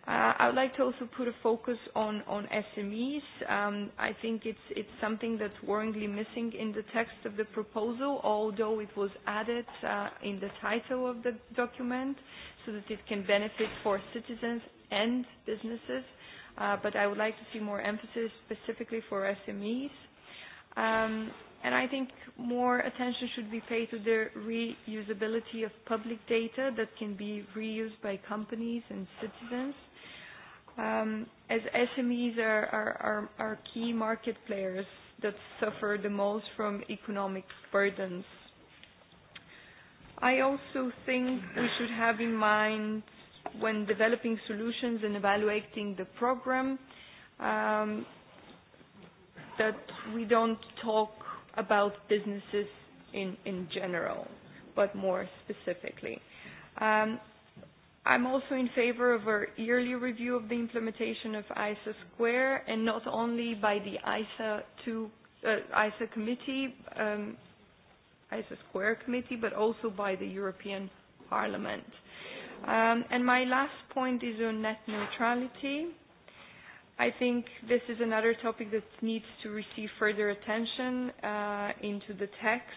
Uh, I would like to also put a focus on, on SMEs. Um, I think it's, it's something that's worryingly missing in the text of the proposal, although it was added uh, in the title of the document so that it can benefit for citizens and businesses. Uh, but I would like to see more emphasis specifically for SMEs. Um, and I think more attention should be paid to the reusability of public data that can be reused by companies and citizens um, as SMEs are, are, are, are key market players that suffer the most from economic burdens. I also think we should have in mind when developing solutions and evaluating the program um, that we don't talk about businesses in, in general, but more specifically. Um, I'm also in favor of a yearly review of the implementation of ISA Square and not only by the ISA, two, uh, ISA Committee, um, ISA Square Committee, but also by the European Parliament. Um, and my last point is on net neutrality. I think this is another topic that needs to receive further attention uh, into the text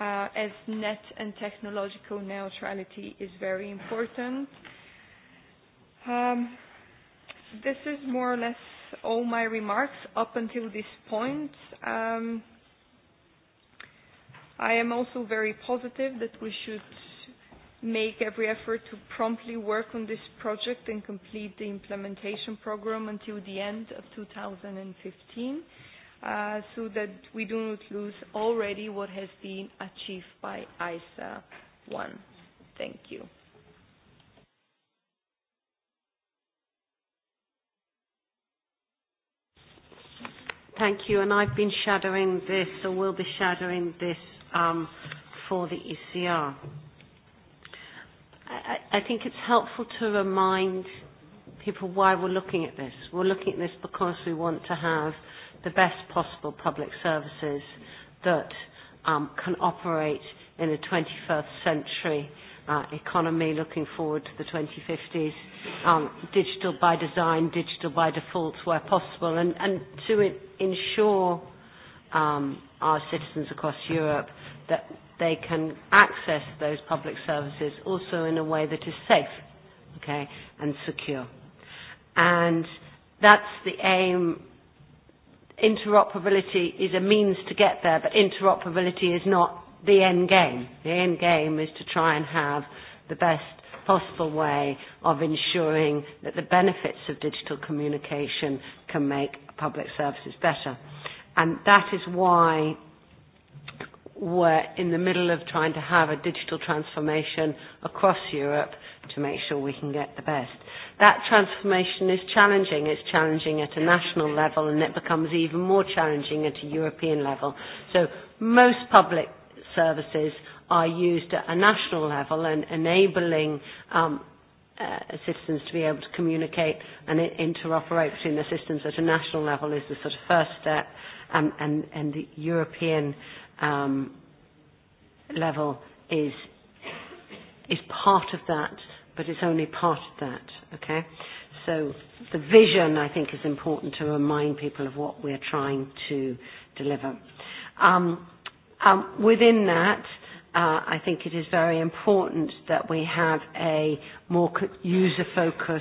uh, as net and technological neutrality is very important. Um, this is more or less all my remarks up until this point. Um, I am also very positive that we should make every effort to promptly work on this project and complete the implementation program until the end of 2015 uh, so that we do not lose already what has been achieved by ISA 1. Thank you. Thank you, and I've been shadowing this, or will be shadowing this, um, for the ECR. I, I think it's helpful to remind people why we're looking at this. We're looking at this because we want to have the best possible public services that um, can operate in a 21st century uh, economy looking forward to the 2050s, um, digital by design, digital by default where possible, and, and to ensure um, our citizens across Europe that they can access those public services also in a way that is safe okay, and secure and that's the aim. Interoperability is a means to get there, but interoperability is not the end game. The end game is to try and have the best possible way of ensuring that the benefits of digital communication can make public services better. And that is why we're in the middle of trying to have a digital transformation across Europe to make sure we can get the best. That transformation is challenging. It's challenging at a national level and it becomes even more challenging at a European level. So most public services are used at a national level and enabling um, uh, systems to be able to communicate and interoperate between the systems at a national level is the sort of first step and um, and, and the European um, level is is part of that, but it's only part of that. Okay, so the vision I think is important to remind people of what we are trying to deliver. Um, um, within that, uh, I think it is very important that we have a more user-focused,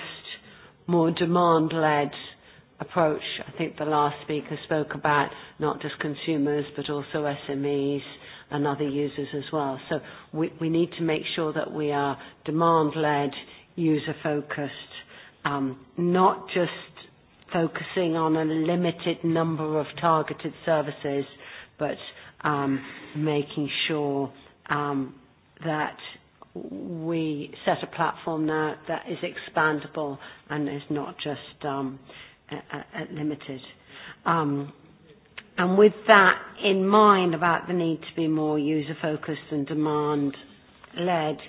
more demand-led approach. I think the last speaker spoke about not just consumers, but also SMEs and other users as well. So we, we need to make sure that we are demand-led, user-focused, um, not just focusing on a limited number of targeted services, but um, making sure um, that we set a platform now that is expandable and is not just um, at Limited. Um, and with that in mind about the need to be more user-focused and demand-led,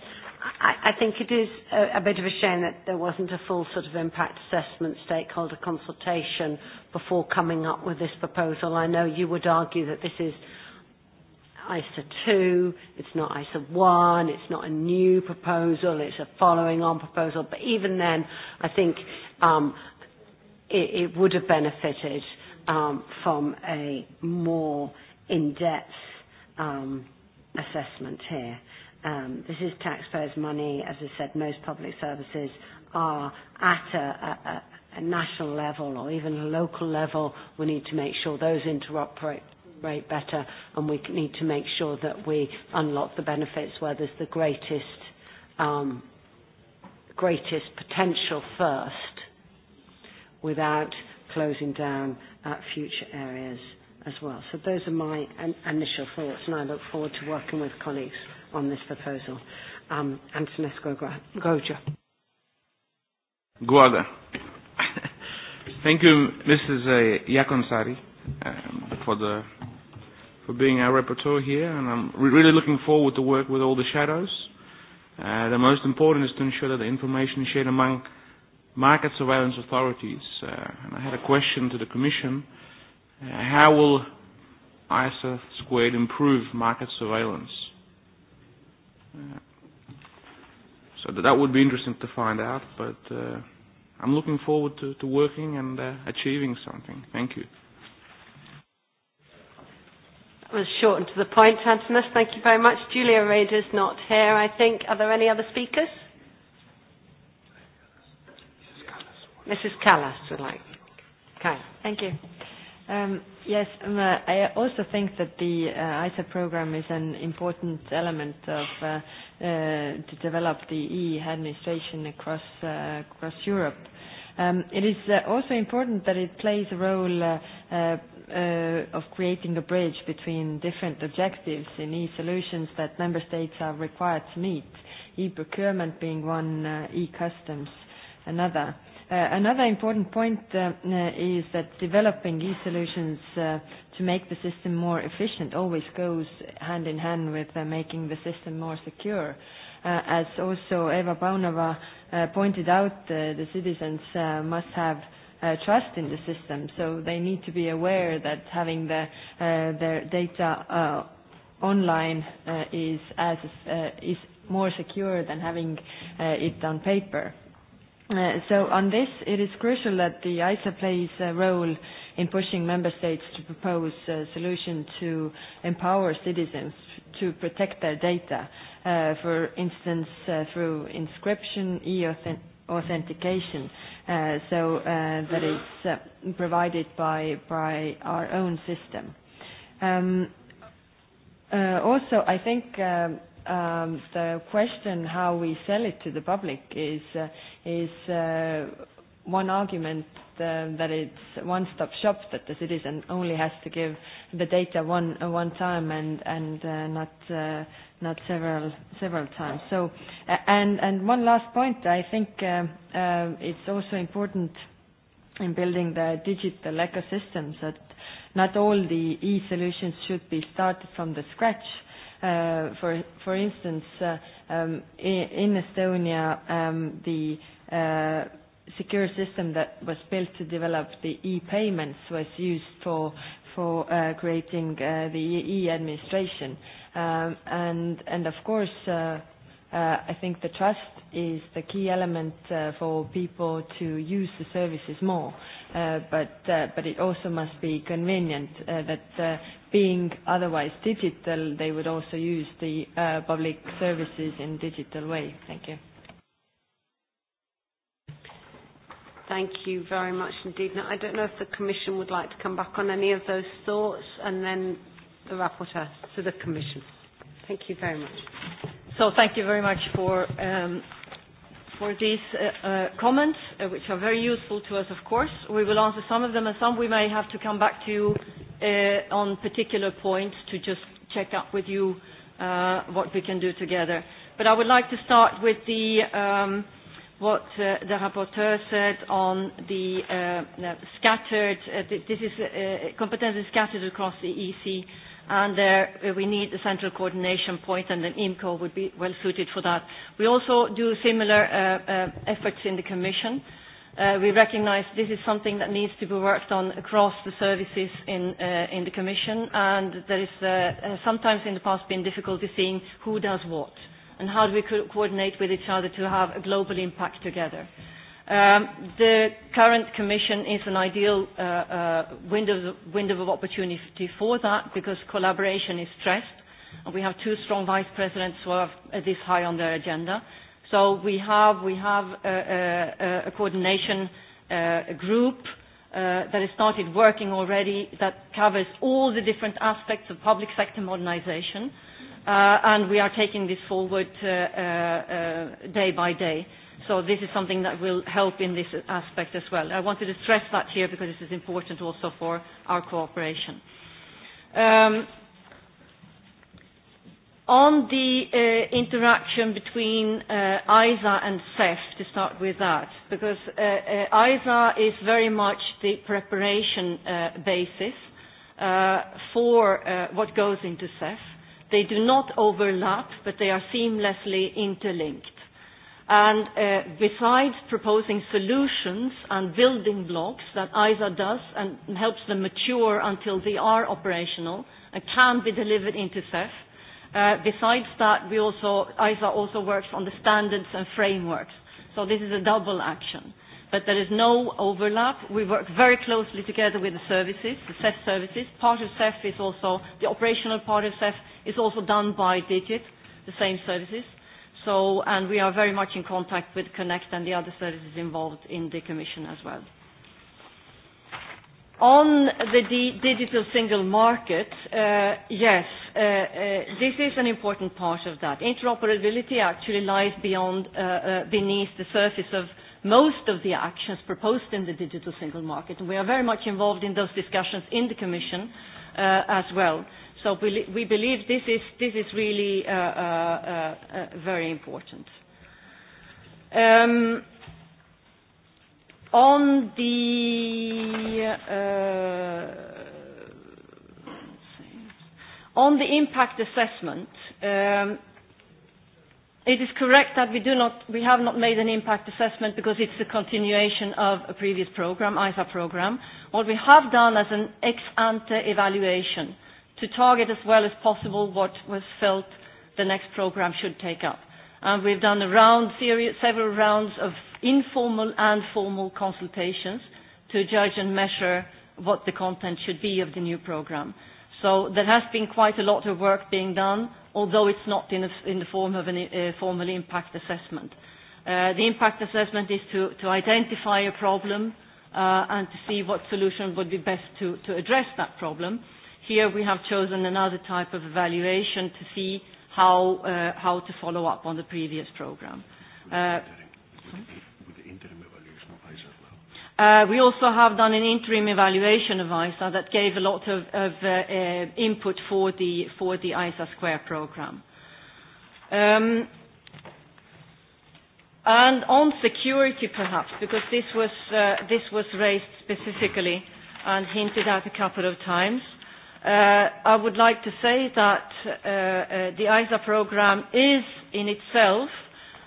I, I think it is a, a bit of a shame that there wasn't a full sort of impact assessment stakeholder consultation before coming up with this proposal. I know you would argue that this is ISA 2, it's not ISA 1, it's not a new proposal, it's a following on proposal. But even then, I think um, it, it would have benefited um, from a more in-depth um, assessment here. Um, this is taxpayers' money. As I said, most public services are at a, a, a national level or even a local level. We need to make sure those interoperate better, and we need to make sure that we unlock the benefits where there's the greatest um, greatest potential first without closing down uh, future areas as well. So those are my initial thoughts, and I look forward to working with colleagues on this proposal. Um, Antonesco Goja. Guada. Thank you, Mrs. Uh, um, for the for being our rapporteur here, and I'm really looking forward to work with all the shadows. Uh, the most important is to ensure that the information shared among market surveillance authorities. Uh, and I had a question to the Commission. Uh, how will ISA squared improve market surveillance? Uh, so that, that would be interesting to find out, but uh, I'm looking forward to, to working and uh, achieving something. Thank you. That was short and to the point, Antonis. Thank you very much. Julia is not here, I think. Are there any other speakers? Mrs. Callas would like. Thank you. Um, yes, um, I also think that the uh, ISA program is an important element of uh, uh, to develop the E administration across uh, across Europe. Um, it is uh, also important that it plays a role uh, uh, uh, of creating a bridge between different objectives in e-solutions that member states are required to meet, e-procurement being one, uh, e-customs another. Uh, another important point uh, uh, is that developing e-solutions to make the system more efficient always goes hand in hand with making the system more secure. As also Eva Paunova pointed out, the citizens must have trust in the system, so they need to be aware that having the their data online is as is more secure than having it on paper. Uh, so on this, it is crucial that the ISA plays a role in pushing member states to propose a solution to empower citizens to protect their data, uh, for instance, uh, through inscription, e-authentication, uh, so uh, that is uh, provided by by our own system. Um, uh, also, I think um, um, the question how we sell it to the public is uh, is uh, one argument um, that it's one stop shop that the citizen only has to give the data one uh, one time and and uh, not uh, not several several times so and and one last point i think uh, uh it's also important in building the digital ecosystems that not all the e solutions should be started from the scratch Uh, for, for instance, uh, um, in, in Estonia, um, the uh, secure system that was built to develop the e-payments was used for, for uh, creating uh, the e-administration. E um, and, and of course, uh, uh, I think the trust is the key element uh, for people to use the services more. Uh, but, uh, but it also must be convenient uh, that uh, being otherwise digital, they would also use the uh, public services in digital way. Thank you. Thank you very much indeed. Now, I don't know if the Commission would like to come back on any of those thoughts, and then the rapporteur to the Commission. Thank you very much. So thank you very much for um, for these uh, uh, comments, uh, which are very useful to us, of course. We will answer some of them, and some we may have to come back to you uh, on particular points to just check up with you uh, what we can do together. But I would like to start with the, um, what uh, the rapporteur said on the uh, scattered, uh, this is, uh, competence is scattered across the EC and there uh, we need a central coordination point and then IMCO would be well suited for that. We also do similar uh, uh efforts in the Commission Uh, we recognize this is something that needs to be worked on across the services in, uh, in the Commission, and there is uh, uh, sometimes in the past been difficulty seeing who does what and how do we co coordinate with each other to have a global impact together. Um, the current Commission is an ideal uh, uh, window, window of opportunity for that because collaboration is stressed, and we have two strong Vice Presidents who are uh, this high on their agenda So we have we have a, a, a coordination uh, group uh, that has started working already that covers all the different aspects of public sector modernization, uh, and we are taking this forward uh, uh, uh, day by day. So this is something that will help in this aspect as well. I wanted to stress that here because this is important also for our cooperation. Um, on the uh, interaction between uh, ISA and CEF, to start with that, because uh, uh, ISA is very much the preparation uh, basis uh, for uh, what goes into CEF. They do not overlap, but they are seamlessly interlinked. And uh, besides proposing solutions and building blocks that ISA does and helps them mature until they are operational and can be delivered into CEF, Uh, besides that, we also, ISA also works on the standards and frameworks. So this is a double action. But there is no overlap. We work very closely together with the services, the CEF services. Part of CEF is also, the operational part of CEF is also done by Digit, the same services. So, and we are very much in contact with Connect and the other services involved in the Commission as well. On the digital single market, uh, yes, uh, uh, this is an important part of that. Interoperability actually lies beyond, uh, uh, beneath the surface of most of the actions proposed in the digital single market. And we are very much involved in those discussions in the Commission uh, as well. So we, we believe this is, this is really very important. Um, Uh, on the impact assessment, um, it is correct that we do not we have not made an impact assessment because it's a continuation of a previous program, ISA program. What we have done as an ex ante evaluation to target as well as possible what was felt the next program should take up. And we've done a round, several rounds of informal and formal consultations to judge and measure what the content should be of the new program. So there has been quite a lot of work being done, although it's not in, a, in the form of a uh, formal impact assessment. Uh, the impact assessment is to, to identify a problem uh, and to see what solution would be best to, to address that problem. Here we have chosen another type of evaluation to see how, uh, how to follow up on the previous program. Uh, Uh, we also have done an interim evaluation of ISA that gave a lot of, of uh, uh, input for the, for the ISA Square program. Um, and on security perhaps, because this was, uh, this was raised specifically and hinted at a couple of times, uh, I would like to say that uh, uh, the ISA program is in itself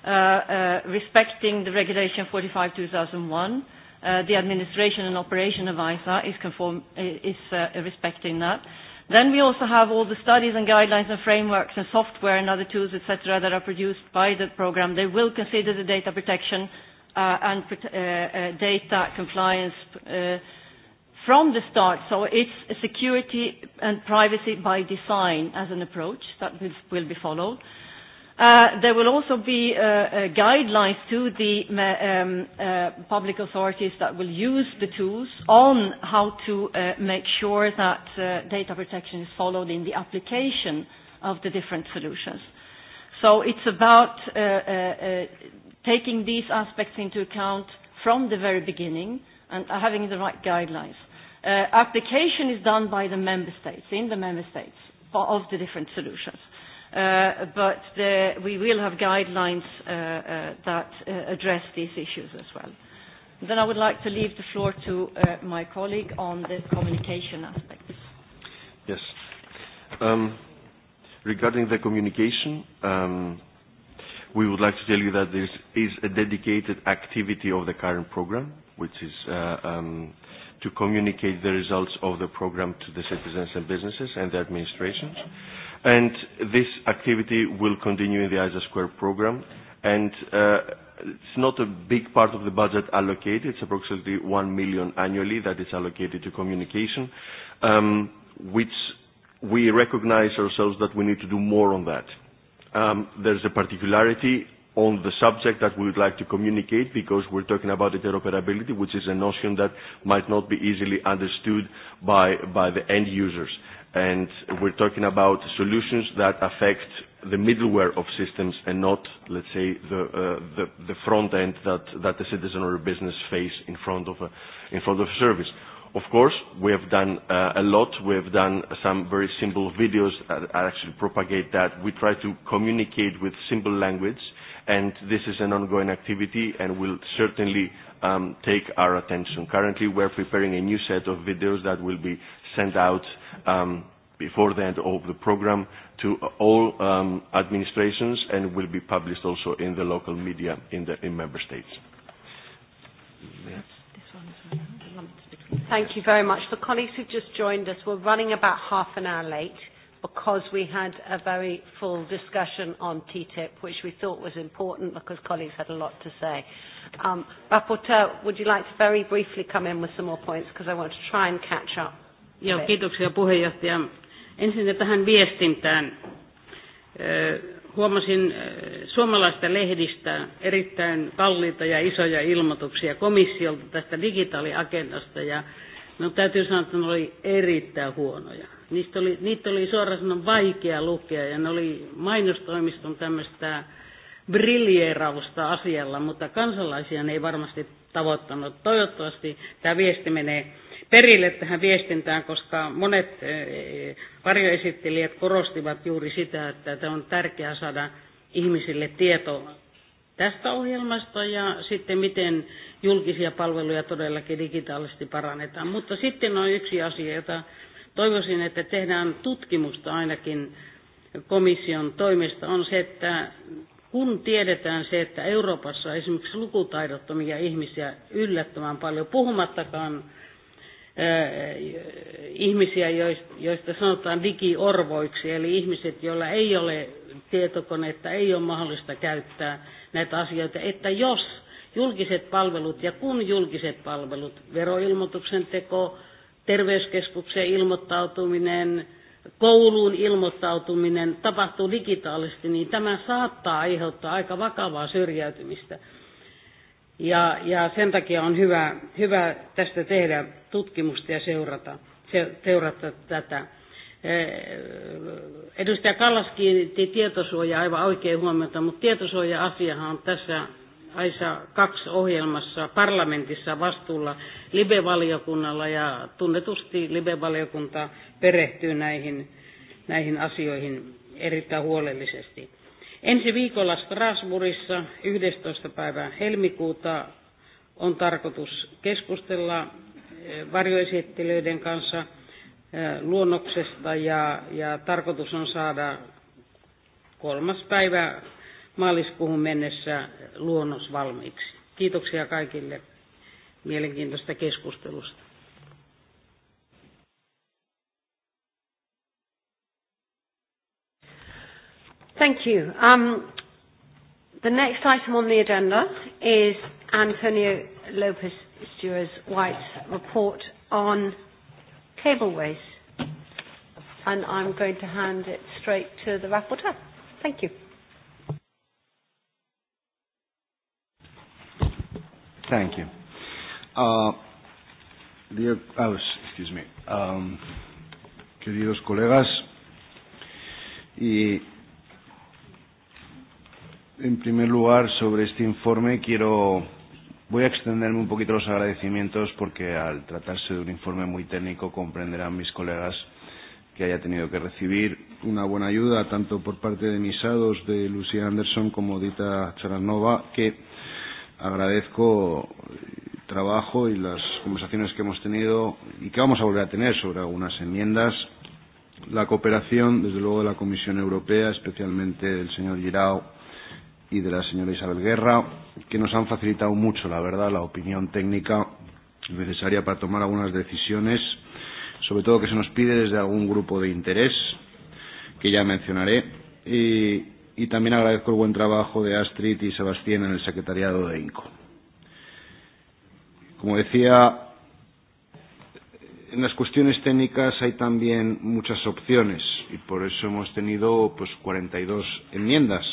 uh, uh, respecting the regulation 45-2001 Uh, the administration and operation of ISA is, conform, uh, is uh, respecting that. Then we also have all the studies and guidelines and frameworks and software and other tools, etc., that are produced by the program. They will consider the data protection uh, and uh, uh, data compliance uh, from the start. So it's security and privacy by design as an approach that will be followed. Uh, there will also be uh, uh guidelines to the um, uh, public authorities that will use the tools on how to uh, make sure that data protection is followed in the application of the different solutions. So it's about taking these aspects into account from the very beginning and having the right guidelines. Application is done by the member states, in the member states, of the different solutions. Uh, but the, we will have guidelines uh, uh, that uh, address these issues as well. Then I would like to leave the floor to uh, my colleague on the communication aspects. Yes. Um, regarding the communication, um, we would like to tell you that this is a dedicated activity of the current program, which is uh, um, to communicate the results of the program to the citizens and businesses and the administrations and this activity will continue in the ISA Square program. And uh, it's not a big part of the budget allocated. It's approximately 1 million annually that is allocated to communication, um, which we recognize ourselves that we need to do more on that. Um, there's a particularity on the subject that we would like to communicate because we're talking about interoperability, which is a notion that might not be easily understood by, by the end users and we're talking about solutions that affect the middleware of systems and not, let's say, the, uh, the, the front end that, that the citizen or a business face in front of a, in front of a service. Of course, we have done uh, a lot. We have done some very simple videos that actually propagate that. We try to communicate with simple language, and this is an ongoing activity and will certainly um, take our attention. Currently, we're preparing a new set of videos that will be sent out um, before the end of the program to all um, administrations and will be published also in the local media in the in member states. Thank you very much. The colleagues who just joined us, we're running about half an hour late because we had a very full discussion on TTIP, which we thought was important because colleagues had a lot to say. Um, Rapporteur, would you like to very briefly come in with some more points because I want to try and catch up Joo, kiitoksia puheenjohtaja. Ensin tähän viestintään. Huomasin suomalaista lehdistä erittäin kalliita ja isoja ilmoituksia komissiolta tästä digitaaliagendasta ja no, täytyy sanoa, että ne oli erittäin huonoja. Niistä oli, niitä oli suoraan sanon vaikea lukea ja ne oli mainostoimiston tämmöistä briljeerausta asialla, mutta kansalaisia ne ei varmasti tavoittanut. Toivottavasti tämä viesti menee perille tähän viestintään, koska monet eh, varjoesittelijät korostivat juuri sitä, että on tärkeää saada ihmisille tietoa tästä ohjelmasta ja sitten miten julkisia palveluja todellakin digitaalisesti parannetaan. Mutta sitten on yksi asia, jota toivoisin, että tehdään tutkimusta ainakin komission toimesta, on se, että kun tiedetään se, että Euroopassa esimerkiksi lukutaidottomia ihmisiä yllättävän paljon, puhumattakaan Eh, ihmisiä, joista sanotaan digiorvoiksi, eli ihmiset, joilla ei ole tietokonetta, ei ole mahdollista käyttää näitä asioita, että jos julkiset palvelut ja kun julkiset palvelut, veroilmoituksen teko, terveyskeskuksen ilmoittautuminen, kouluun ilmoittautuminen tapahtuu digitaalisesti, niin tämä saattaa aiheuttaa aika vakavaa syrjäytymistä. Ja, ja sen takia on hyvä, hyvä tästä tehdä tutkimusta ja seurata, seurata tätä. E, edustaja Kallas kiinnitti tietosuojaa aivan oikein huomiota, mutta tietosuoja-asiahan on tässä AISA 2 ohjelmassa parlamentissa vastuulla Libe valiokunnalla ja tunnetusti Libe valiokunta perehtyy näihin, näihin asioihin erittäin huolellisesti. Ensi viikolla Strasbourgissa 11. päivää helmikuuta on tarkoitus keskustella eh, varjoesittelyiden kanssa eh, luonnoksesta ja, ja tarkoitus on saada kolmas päivä maaliskuuhun mennessä luonnos valmiiksi. Kiitoksia kaikille mielenkiintoista keskustelusta. Thank you. Um, the next item on the agenda is Antonio Lopez Stewart's White's report on cableways. And I'm going to hand it straight to the rapporteur. Thank you. Thank you. Uh, dear, oh, excuse me. Um, queridos colegas, y En primer lugar, sobre este informe quiero voy a extenderme un poquito los agradecimientos porque al tratarse de un informe muy técnico comprenderán mis colegas que haya tenido que recibir una buena ayuda tanto por parte de mis ados de Lucía Anderson como de Ita Charanova que agradezco el trabajo y las conversaciones que hemos tenido y que vamos a volver a tener sobre algunas enmiendas la cooperación desde luego de la Comisión Europea especialmente del señor Girao y de la señora Isabel Guerra, que nos han facilitado mucho, la verdad, la opinión técnica necesaria para tomar algunas decisiones, sobre todo que se nos pide desde algún grupo de interés, que ya mencionaré, y, y también agradezco el buen trabajo de Astrid y Sebastián en el secretariado de INCO. Como decía, en las cuestiones técnicas hay también muchas opciones y por eso hemos tenido pues 42 enmiendas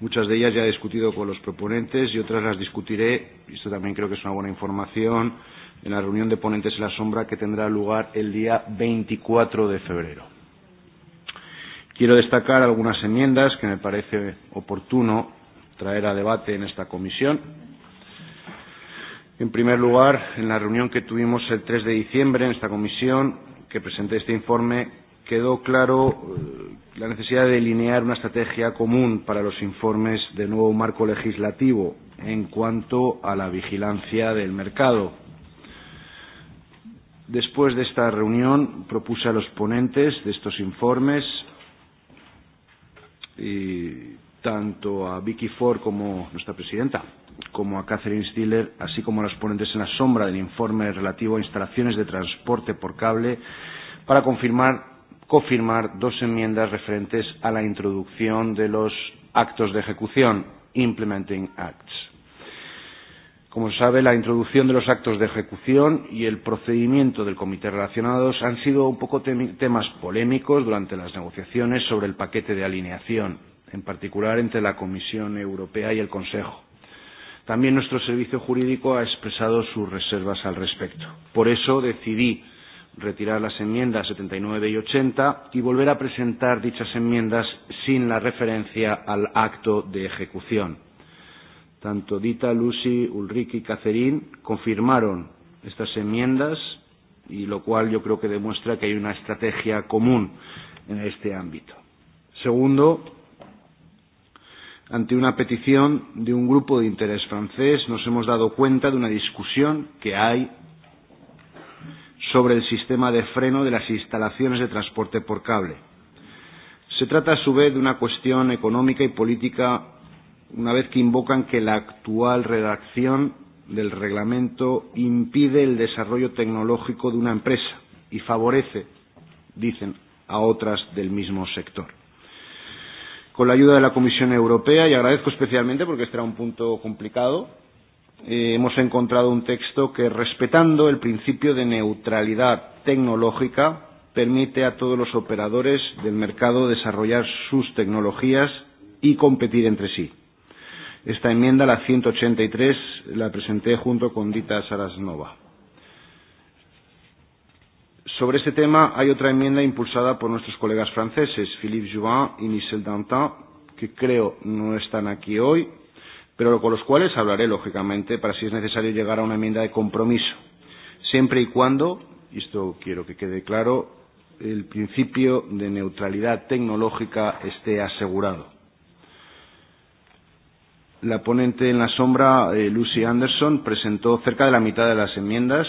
Muchas de ellas ya he discutido con los proponentes y otras las discutiré, y esto también creo que es una buena información, en la reunión de ponentes en la sombra que tendrá lugar el día 24 de febrero. Quiero destacar algunas enmiendas que me parece oportuno traer a debate en esta comisión. En primer lugar, en la reunión que tuvimos el 3 de diciembre en esta comisión, que presenté este informe, quedó claro eh, la necesidad de delinear una estrategia común para los informes de nuevo marco legislativo en cuanto a la vigilancia del mercado. Después de esta reunión propuse a los ponentes de estos informes y tanto a Vicky Ford como nuestra presidenta, como a Catherine Stiller, así como a los ponentes en la sombra del informe relativo a instalaciones de transporte por cable, para confirmar cofirmar dos enmiendas referentes a la introducción de los actos de ejecución, Implementing Acts. Como se sabe, la introducción de los actos de ejecución y el procedimiento del comité relacionados han sido un poco temas polémicos durante las negociaciones sobre el paquete de alineación, en particular entre la Comisión Europea y el Consejo. También nuestro servicio jurídico ha expresado sus reservas al respecto. Por eso decidí retirar las enmiendas 79 y 80 y volver a presentar dichas enmiendas sin la referencia al acto de ejecución. Tanto Dita, Lucy, Ulrich y Cacerín confirmaron estas enmiendas y lo cual yo creo que demuestra que hay una estrategia común en este ámbito. Segundo, ante una petición de un grupo de interés francés nos hemos dado cuenta de una discusión que hay sobre el sistema de freno de las instalaciones de transporte por cable. Se trata a su vez de una cuestión económica y política una vez que invocan que la actual redacción del reglamento impide el desarrollo tecnológico de una empresa y favorece, dicen, a otras del mismo sector. Con la ayuda de la Comisión Europea, y agradezco especialmente porque este era un punto complicado, eh, hemos encontrado un texto que, respetando el principio de neutralidad tecnológica, permite a todos los operadores del mercado desarrollar sus tecnologías y competir entre sí. Esta enmienda, la 183, la presenté junto con Dita Sarasnova. Sobre este tema hay otra enmienda impulsada por nuestros colegas franceses, Philippe Jouin y Michel Dantin, que creo no están aquí hoy, pero con los cuales hablaré, lógicamente, para si es necesario llegar a una enmienda de compromiso, siempre y cuando, esto quiero que quede claro, el principio de neutralidad tecnológica esté asegurado. La ponente en la sombra, eh, Lucy Anderson, presentó cerca de la mitad de las enmiendas.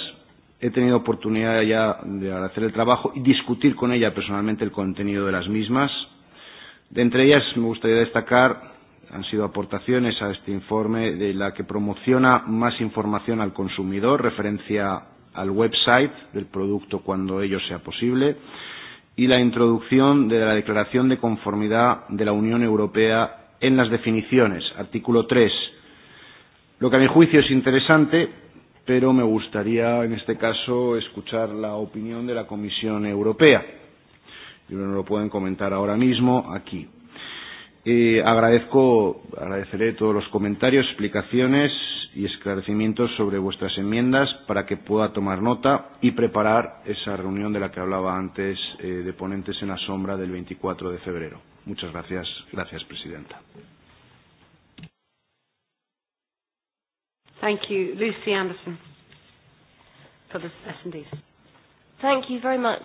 He tenido oportunidad ya de hacer el trabajo y discutir con ella personalmente el contenido de las mismas. De entre ellas me gustaría destacar han sido aportaciones a este informe de la que promociona más información al consumidor, referencia al website del producto cuando ello sea posible y la introducción de la declaración de conformidad de la Unión Europea en las definiciones, artículo 3. Lo que a mi juicio es interesante, pero me gustaría en este caso escuchar la opinión de la Comisión Europea. Yo no lo pueden comentar ahora mismo aquí. Eh, agradezco, agradeceré todos los comentarios, explicaciones y esclarecimientos sobre vuestras enmiendas para que pueda tomar nota y preparar esa reunión de la que hablaba antes eh, de ponentes en la sombra del 24 de febrero. Muchas gracias. Gracias, Presidenta. Thank you. Lucy Anderson for the Thank you very much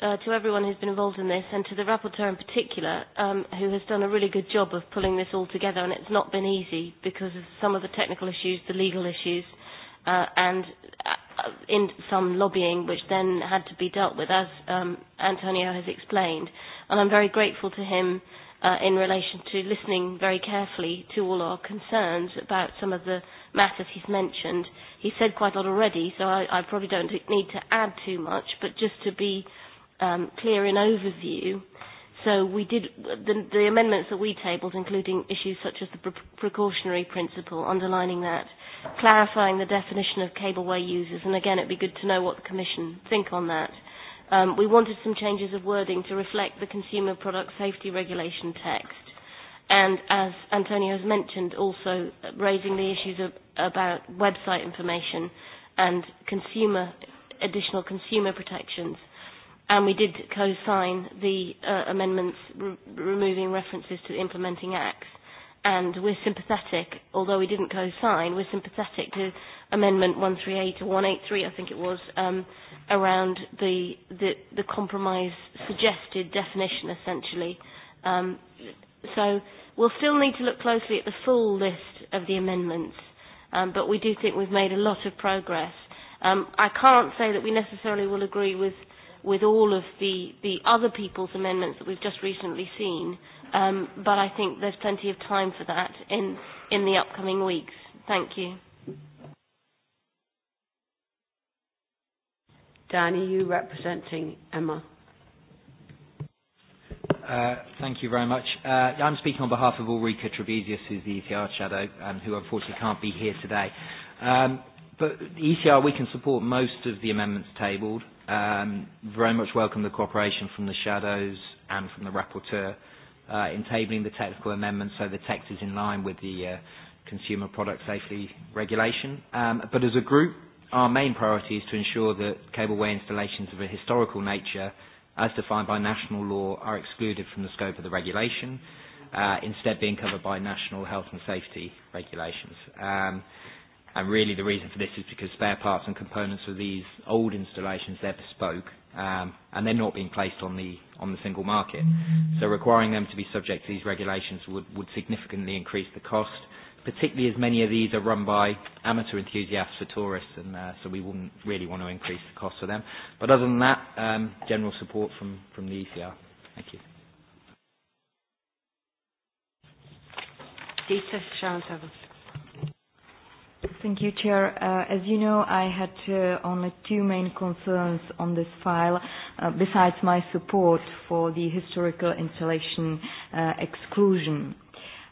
uh, to everyone who's been involved in this and to the rapporteur in particular um, who has done a really good job of pulling this all together and it's not been easy because of some of the technical issues, the legal issues uh, and uh, in some lobbying which then had to be dealt with as um, Antonio has explained and I'm very grateful to him uh, in relation to listening very carefully to all our concerns about some of the matters he's mentioned. He said quite a lot already, so I, I probably don't need to add too much, but just to be um, clear in overview. So we did the, the amendments that we tabled, including issues such as the pre precautionary principle, underlining that, clarifying the definition of cableway users, and again, it'd be good to know what the Commission think on that. Um, we wanted some changes of wording to reflect the Consumer Product Safety Regulation text, and as Antonio has mentioned, also raising the issues of, about website information and consumer additional consumer protections and we did co-sign the uh, amendments re removing references to implementing acts. And we're sympathetic, although we didn't co-sign, we're sympathetic to Amendment 138 or 183, I think it was, um, around the, the, the compromise suggested definition, essentially. Um, so we'll still need to look closely at the full list of the amendments, um, but we do think we've made a lot of progress. Um, I can't say that we necessarily will agree with with all of the, the other people's amendments that we've just recently seen, um, but I think there's plenty of time for that in, in the upcoming weeks. Thank you. Danny, you representing Emma. Uh, thank you very much. Uh, I'm speaking on behalf of Ulrika Trebesius, who's the ECR shadow, um, who unfortunately can't be here today. Um, but the ECR, we can support most of the amendments tabled. Um, very much welcome the cooperation from the shadows and from the rapporteur uh, in tabling the technical amendments so the text is in line with the uh, consumer product safety regulation. Um, but as a group, our main priority is to ensure that cableway installations of a historical nature, as defined by national law, are excluded from the scope of the regulation, uh, instead being covered by national health and safety regulations. Um, And really the reason for this is because spare parts and components of these old installations, they're bespoke um, and they're not being placed on the, on the single market. So requiring them to be subject to these regulations would, would significantly increase the cost, particularly as many of these are run by amateur enthusiasts for tourists and uh, so we wouldn't really want to increase the cost for them. But other than that, um, general support from, from the ECR. Thank you. Dieter Schanzhausen. Thank you, Chair. Uh, as you know, I had uh, only two main concerns on this file, uh, besides my support for the historical installation uh, exclusion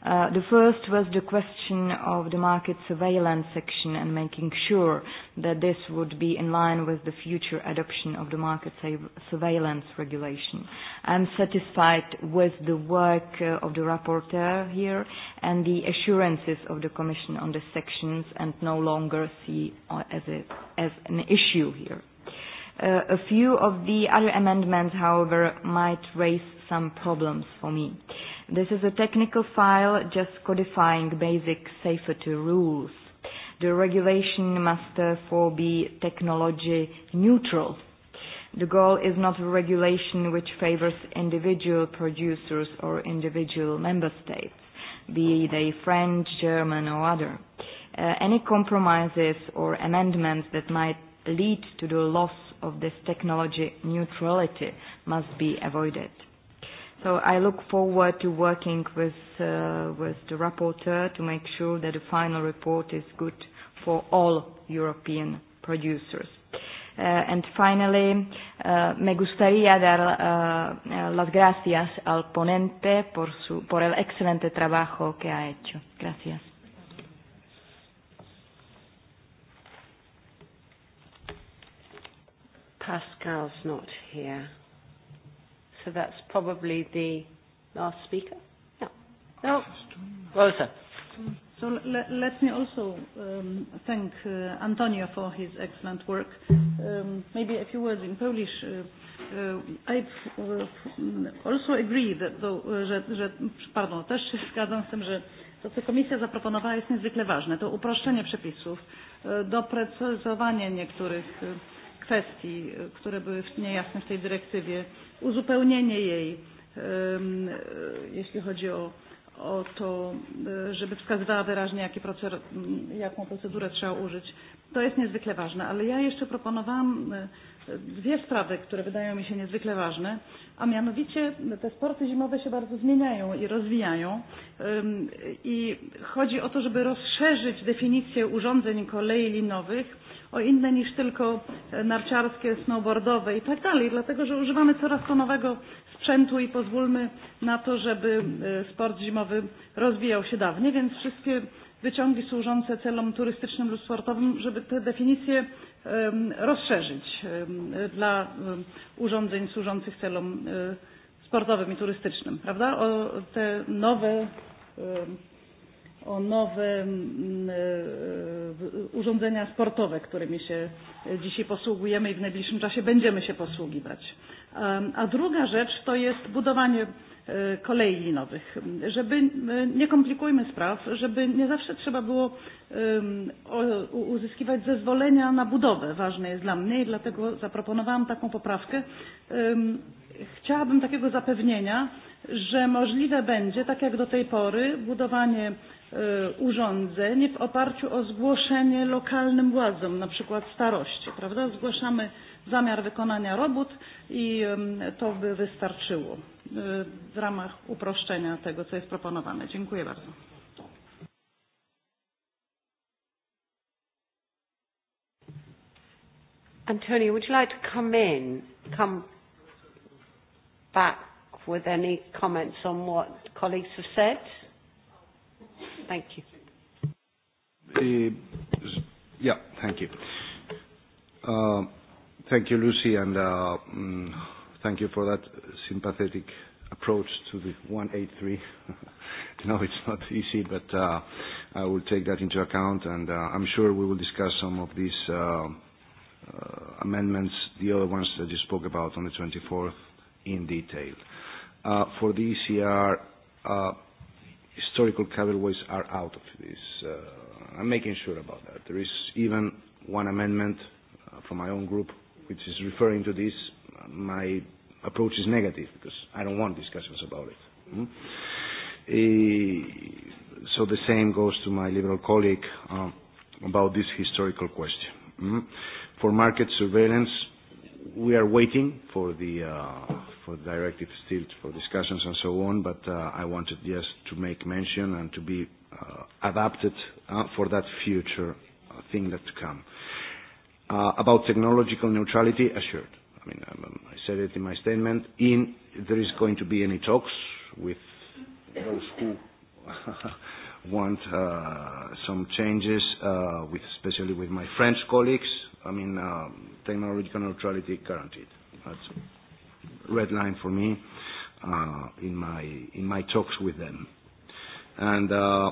Uh, the first was the question of the market surveillance section and making sure that this would be in line with the future adoption of the market surveillance regulation. I'm satisfied with the work uh, of the rapporteur here and the assurances of the Commission on the sections and no longer see uh, as, a, as an issue here. Uh, a few of the other amendments, however, might raise some problems for me. Uh, This is a technical file just codifying basic safety rules. The regulation must therefore uh, be technology neutral. The goal is not a regulation which favors individual producers or individual member states, be they French, German or other. Uh, any compromises or amendments that might lead to the loss of this technology neutrality must be avoided. So I look forward to working with, uh, with the rapporteur to make sure that the final report is good for all European producers. Uh, and finally, uh, me gustaría dar uh, uh las gracias al ponente por, su, por el excelente trabajo que ha hecho. Gracias. Pascal's not here so that's probably the last speaker. No. No. Rosa. So let, let me also um, thank uh, Antonio for his excellent work. Um, maybe a few words in Polish. Uh, uh, I uh, also agree that, though, że, że, pardon, też się zgadzam z tym, że to, co Komisja zaproponowała jest niezwykle ważne. To uproszczenie przepisów, e, doprecyzowanie niektórych uh, kwestii, e, które były niejasne w tej dyrektywie, uzupełnienie jej, e, jeśli chodzi o, o to, e, żeby wskazywała wyraźnie, jakie proced jaką procedurę trzeba użyć. To jest niezwykle ważne, ale ja jeszcze proponowałam dwie sprawy, które wydają mi się niezwykle ważne, a mianowicie te sporty zimowe się bardzo zmieniają i rozwijają i chodzi o to, żeby rozszerzyć definicję urządzeń kolei linowych o inne niż tylko e, narciarskie, snowboardowe i tak dalej, dlatego że używamy coraz to nowego sprzętu i pozwólmy na to, żeby e, sport zimowy rozwijał się dawniej, więc wszystkie wyciągi służące celom turystycznym lub sportowym, żeby te definicje rozszerzyć dla urządzeń służących celom e, sportowym i turystycznym, prawda? O te nowe o nowe mm, e, e, urządzenia sportowe, którymi się dzisiaj posługujemy i w najbliższym czasie będziemy się posługiwać. A druga rzecz to jest budowanie e, kolei linowych. Żeby, nie komplikujmy spraw, żeby nie zawsze trzeba było uzyskiwać zezwolenia na budowę. Ważne jest dla mnie i dlatego zaproponowałam taką poprawkę. Chciałabym takiego zapewnienia, że możliwe będzie, tak jak do tej pory, budowanie E, urządzeń w oparciu o zgłoszenie lokalnym władzom, na przykład starości, prawda? Zgłaszamy zamiar wykonania robót i to by wystarczyło e, w ramach uproszczenia tego, co jest proponowane. Dziękuję bardzo. Antonio, would you like to come in, come back with any comments on what colleagues have said? Thank you. Uh, yeah, thank you. thank you, Lucy, and uh, mm, thank you for that sympathetic approach to the 183. (laughs) no, it's not easy, but uh, I will take that into account, and uh, I'm sure we will discuss some of these uh, uh, amendments, the other ones that you spoke about on the 24th, in detail. Uh, for the ECR, uh, historical cavalways are out of this. Uh, I'm making sure about that. There is even one amendment uh, from my own group which is referring to this. My approach is negative because I don't want discussions about it. Mm? Uh, so the same goes to my liberal colleague uh, about this historical question. Mm? For market surveillance, we are waiting for the uh, for the directive still for discussions and so on, but uh, I wanted just to make mention and to be uh, adapted uh, for that future uh, thing that to come. Uh, about technological neutrality, assured. I mean, um, um, I said it in my statement. In there is going to be any talks with those who (laughs) want uh, some changes, uh, with, especially with my French colleagues. I mean, um, technological neutrality guaranteed. That's red line for me uh, in my in my talks with them. And uh,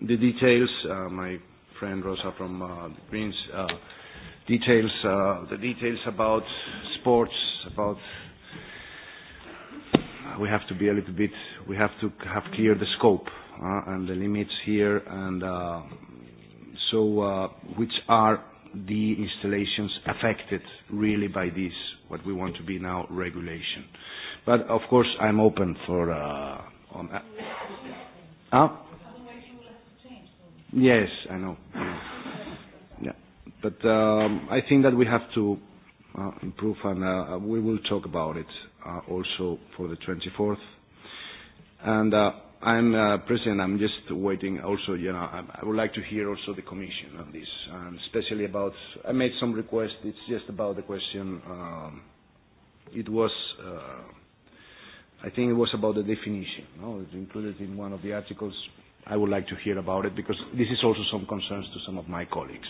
the details, uh, my friend Rosa from uh, Greens uh, details uh, the details about sports, about uh, we have to be a little bit, we have to have clear the scope uh, and the limits here, and uh, so uh, which are the installations affected really by this what we want to be now regulation. But of course, I'm open for uh, on. Uh, uh? Yes, I know. Yeah, but um, I think that we have to uh, improve, and uh, we will talk about it uh, also for the 24th. And uh, I'm uh, President. I'm just waiting. Also, you know, I, I would like to hear also the Commission on this, and um, especially about. I made some requests. It's just about the question. Um, it was. Uh, I think it was about the definition. No, it's included in one of the articles. I would like to hear about it because this is also some concerns to some of my colleagues.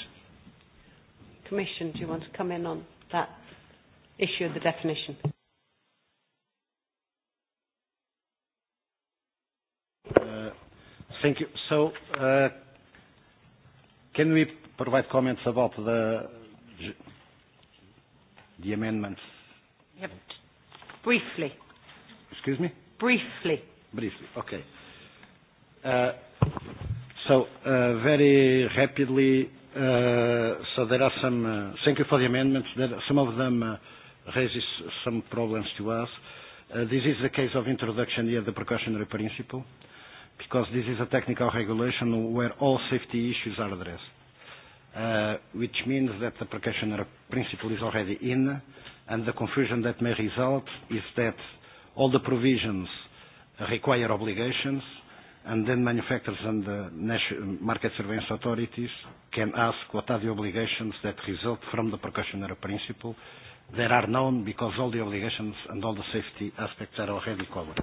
Commission, do you want to come in on that issue of the definition? Thank you. So, uh, can we provide comments about the the amendments? Yep. Briefly. Excuse me? Briefly. Briefly. Okay. Uh, so, uh, very rapidly, Uh, so there are some, uh, thank you for the amendments. There, some of them uh, raises some problems to us. Uh, this is the case of introduction here, the precautionary principle because this is a technical regulation where all safety issues are addressed, uh, which means that the precautionary principle is already in, and the confusion that may result is that all the provisions require obligations, and then manufacturers and the market surveillance authorities can ask what are the obligations that result from the precautionary principle. that are known because all the obligations and all the safety aspects are already covered.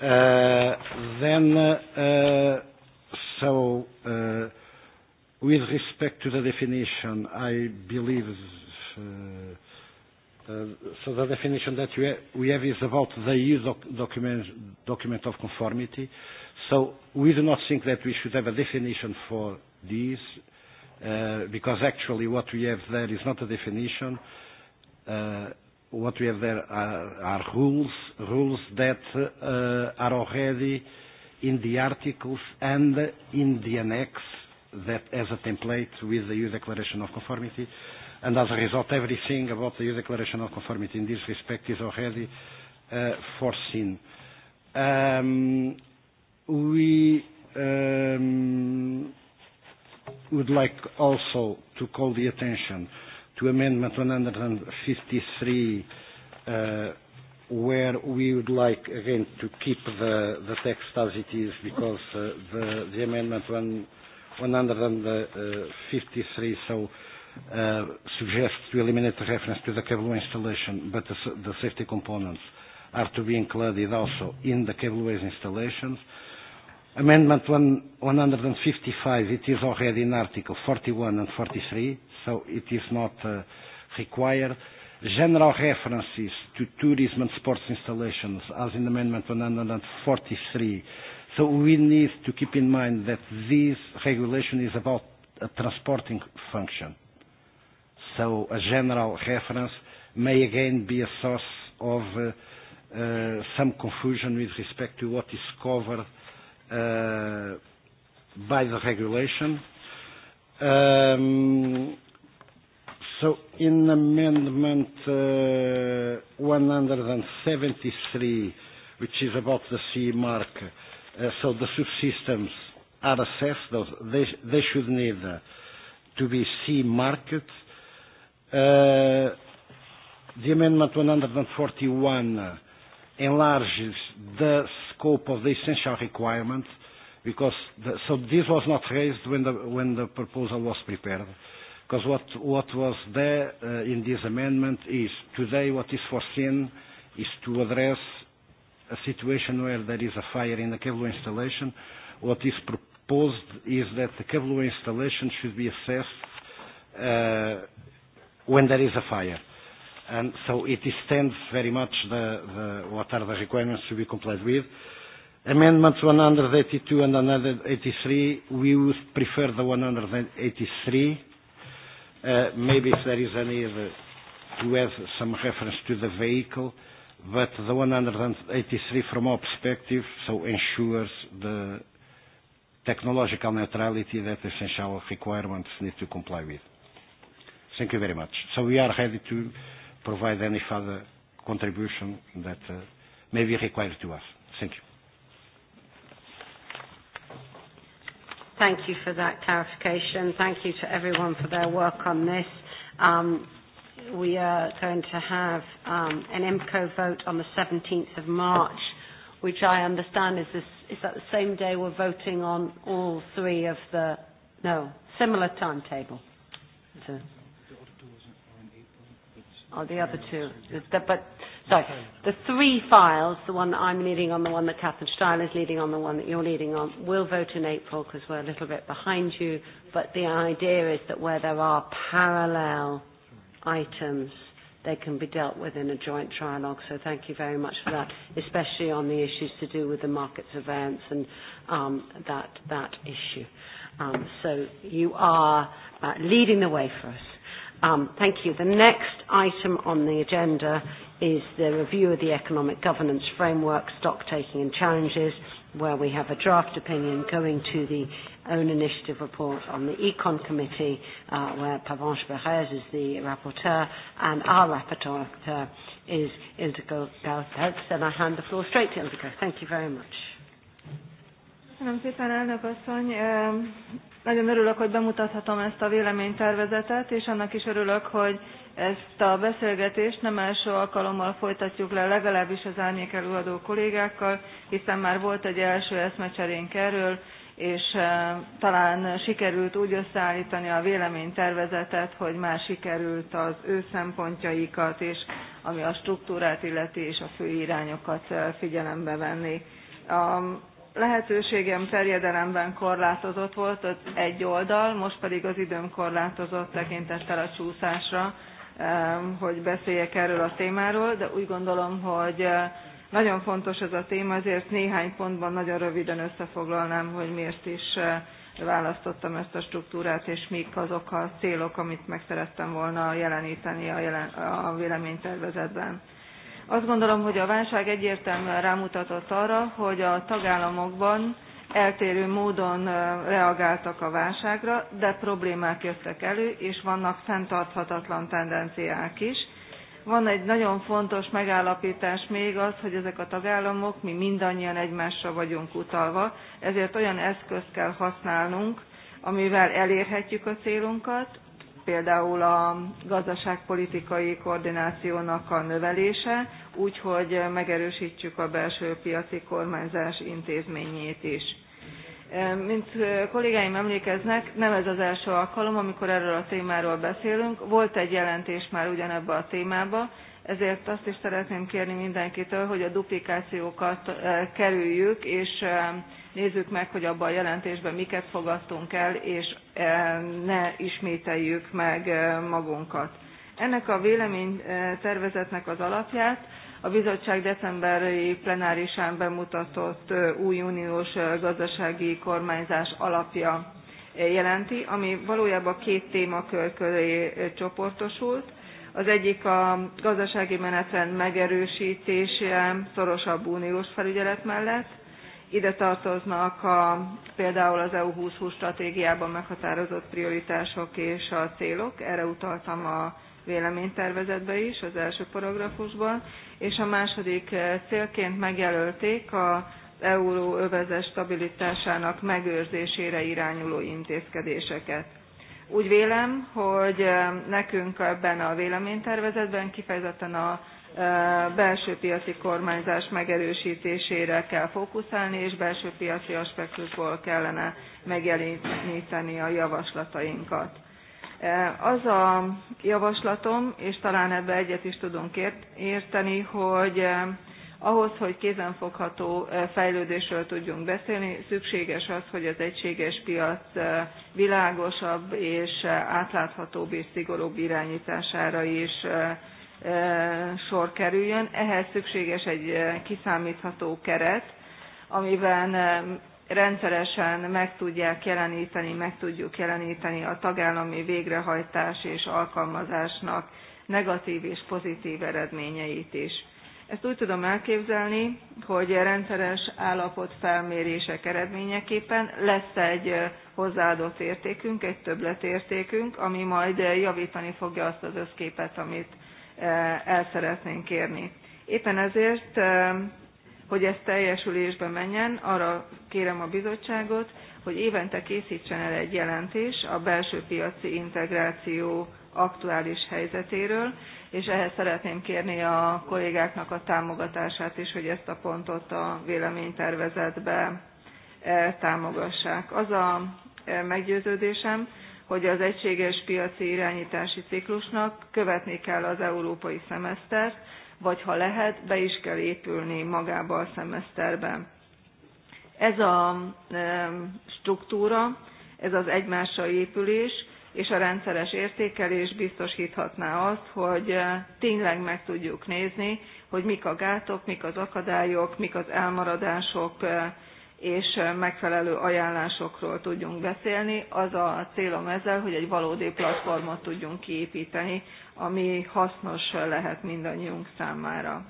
Uh, then, uh, so, uh, with respect to the definition, I believe, uh, uh, so the definition that we, ha we have is about the EU doc document, document of conformity. So we do not think that we should have a definition for these, uh, because actually what we have there is not a definition. Uh, what we have there are, are rules, rules that uh, are already in the articles and in the annex that as a template with the EU Declaration of Conformity. And as a result, everything about the EU Declaration of Conformity in this respect is already uh, foreseen. Um, we um, would like also to call the attention to Amendment 153, uh, where we would like, again, to keep the, the text as it is because uh, the, the Amendment uh, fifty 153 so uh, suggests to eliminate the reference to the cable installation, but the, the safety components are to be included also in the cable installations. Amendment 1, 155, it is already in Article 41 and 43, so it is not uh, required. General references to tourism and sports installations as in Amendment 143. So we need to keep in mind that this regulation is about a transporting function. So a general reference may again be a source of uh, uh, some confusion with respect to what is covered uh, by the regulation. Um, so in amendment uh, 173, which is about the CE mark, uh, so the subsystems are assessed, those, they, they should need uh, to be CE marked. Uh, the amendment 141 enlarges the scope of the essential requirement because the, so this was not raised when the, when the proposal was prepared. Because what, what was there uh, in this amendment is today what is foreseen is to address a situation where there is a fire in the cable installation. What is proposed is that the cable installation should be assessed uh, when there is a fire and so it extends very much the, the, what are the requirements to be complied with. Amendments 182 and 183, we would prefer the 183. Uh, maybe if there is any need to have some reference to the vehicle, but the 183 from our perspective so ensures the technological neutrality that essential requirements need to comply with. Thank you very much. So we are ready to provide any further contribution that uh, may be required to us. Thank you. Thank you for that clarification. Thank you to everyone for their work on this. Um, we are going to have um, an MCO vote on the 17th of March, which I understand is, this, is that the same day we're voting on all three of the, no, similar timetable. So or oh, the other two. but sorry, the three files, the one that I'm leading on, the one that Catherine Stein is leading on, the one that you're leading on, will vote in April because we're a little bit behind you. But the idea is that where there are parallel items, they can be dealt with in a joint trialogue. So thank you very much for that, especially on the issues to do with the market surveillance and um, that, that issue. Um, so you are uh, leading the way for us. Um, thank you. The next item on the agenda is the review of the economic governance framework, stock taking and challenges, where we have a draft opinion going to the own initiative report on the Econ Committee, uh, where Pavanche Perez is the rapporteur, and our rapporteur is Ildiko Galpets, and I hand the floor straight to Ildiko. Thank you very much. Köszönöm szépen, elnök asszony. Nagyon örülök, hogy bemutathatom ezt a véleménytervezetet, és annak is örülök, hogy ezt a beszélgetést nem első alkalommal folytatjuk le legalábbis az árnyék előadó kollégákkal, hiszen már volt egy első eszmecserénk erről, és talán sikerült úgy összeállítani a véleménytervezetet, hogy már sikerült az ő szempontjaikat, és ami a struktúrát illeti, és a fő irányokat figyelembe venni lehetőségem terjedelemben korlátozott volt, az egy oldal, most pedig az időm korlátozott tekintettel a csúszásra, hogy beszéljek erről a témáról, de úgy gondolom, hogy eh, nagyon fontos ez a téma, ezért néhány pontban nagyon röviden összefoglalnám, hogy miért is eh, választottam ezt a struktúrát, és mik azok a célok, amit meg szerettem volna jeleníteni a, a véleménytervezetben. Azt gondolom, hogy a válság egyértelműen rámutatott arra, hogy a tagállamokban eltérő módon reagáltak a válságra, de problémák jöttek elő, és vannak fenntarthatatlan tendenciák is. Van egy nagyon fontos megállapítás még az, hogy ezek a tagállamok, mi mindannyian egymásra vagyunk utalva, ezért olyan eszközt kell használnunk, amivel elérhetjük a célunkat, például a gazdaságpolitikai koordinációnak a növelése, úgyhogy megerősítsük a belső piaci kormányzás intézményét is. Mint kollégáim emlékeznek, nem ez az első alkalom, amikor erről a témáról beszélünk. Volt egy jelentés már ugyanebbe a témába, ezért azt is szeretném kérni mindenkitől, hogy a duplikációkat kerüljük, és nézzük meg, hogy abban a jelentésben miket fogadtunk el, és e, ne ismételjük meg e, magunkat. Ennek a véleménytervezetnek e, az alapját a bizottság decemberi plenárisán bemutatott új uniós gazdasági kormányzás alapja jelenti, ami valójában két témakör köré csoportosult. Az egyik a gazdasági menetrend megerősítése szorosabb uniós felügyelet mellett, Ide tartoznak a, például az EU 2020 stratégiában meghatározott prioritások és a célok, erre utaltam a véleménytervezetbe is, az első paragrafusban, és a második eh, célként megjelölték a euró övezet stabilitásának megőrzésére irányuló intézkedéseket. Úgy vélem, hogy eh, nekünk ebben a véleménytervezetben kifejezetten a belső piaci kormányzás megerősítésére kell fókuszálni, és belső piaci aspektusból kellene megjeleníteni a javaslatainkat. Az a javaslatom, és talán ebbe egyet is tudunk érteni, hogy ahhoz, hogy kézenfogható fejlődésről tudjunk beszélni, szükséges az, hogy az egységes piac világosabb és átláthatóbb és szigorúbb irányítására is sor kerüljön. Ehhez szükséges egy kiszámítható keret, amiben rendszeresen meg tudják jeleníteni, meg tudjuk jeleníteni a tagállami végrehajtás és alkalmazásnak negatív és pozitív eredményeit is. Ezt úgy tudom elképzelni, hogy rendszeres állapotfelmérések eredményeképpen lesz egy hozzáadott értékünk, egy többletértékünk, ami majd javítani fogja azt az összképet, amit E, el szeretnénk kérni. Éppen ezért, e, hogy ez teljesülésbe menjen, arra kérem a bizottságot, hogy évente készítsen el egy jelentés a belső piaci integráció aktuális helyzetéről, és ehhez szeretném kérni a kollégáknak a támogatását is, hogy ezt a pontot a véleménytervezetbe e, támogassák. Az a meggyőződésem, hogy az egységes piaci irányítási ciklusnak követni kell az európai szemesztert, vagy ha lehet, be is kell épülni magába a szemeszterben. Ez a struktúra, ez az egymásra épülés, és a rendszeres értékelés biztosíthatná azt, hogy tényleg meg tudjuk nézni, hogy mik a gátok, mik az akadályok, mik az elmaradások, és megfelelő ajánlásokról tudjunk beszélni. Az a célom ezzel, hogy egy valódi platformot tudjunk kiépíteni, ami hasznos lehet mindannyiunk számára.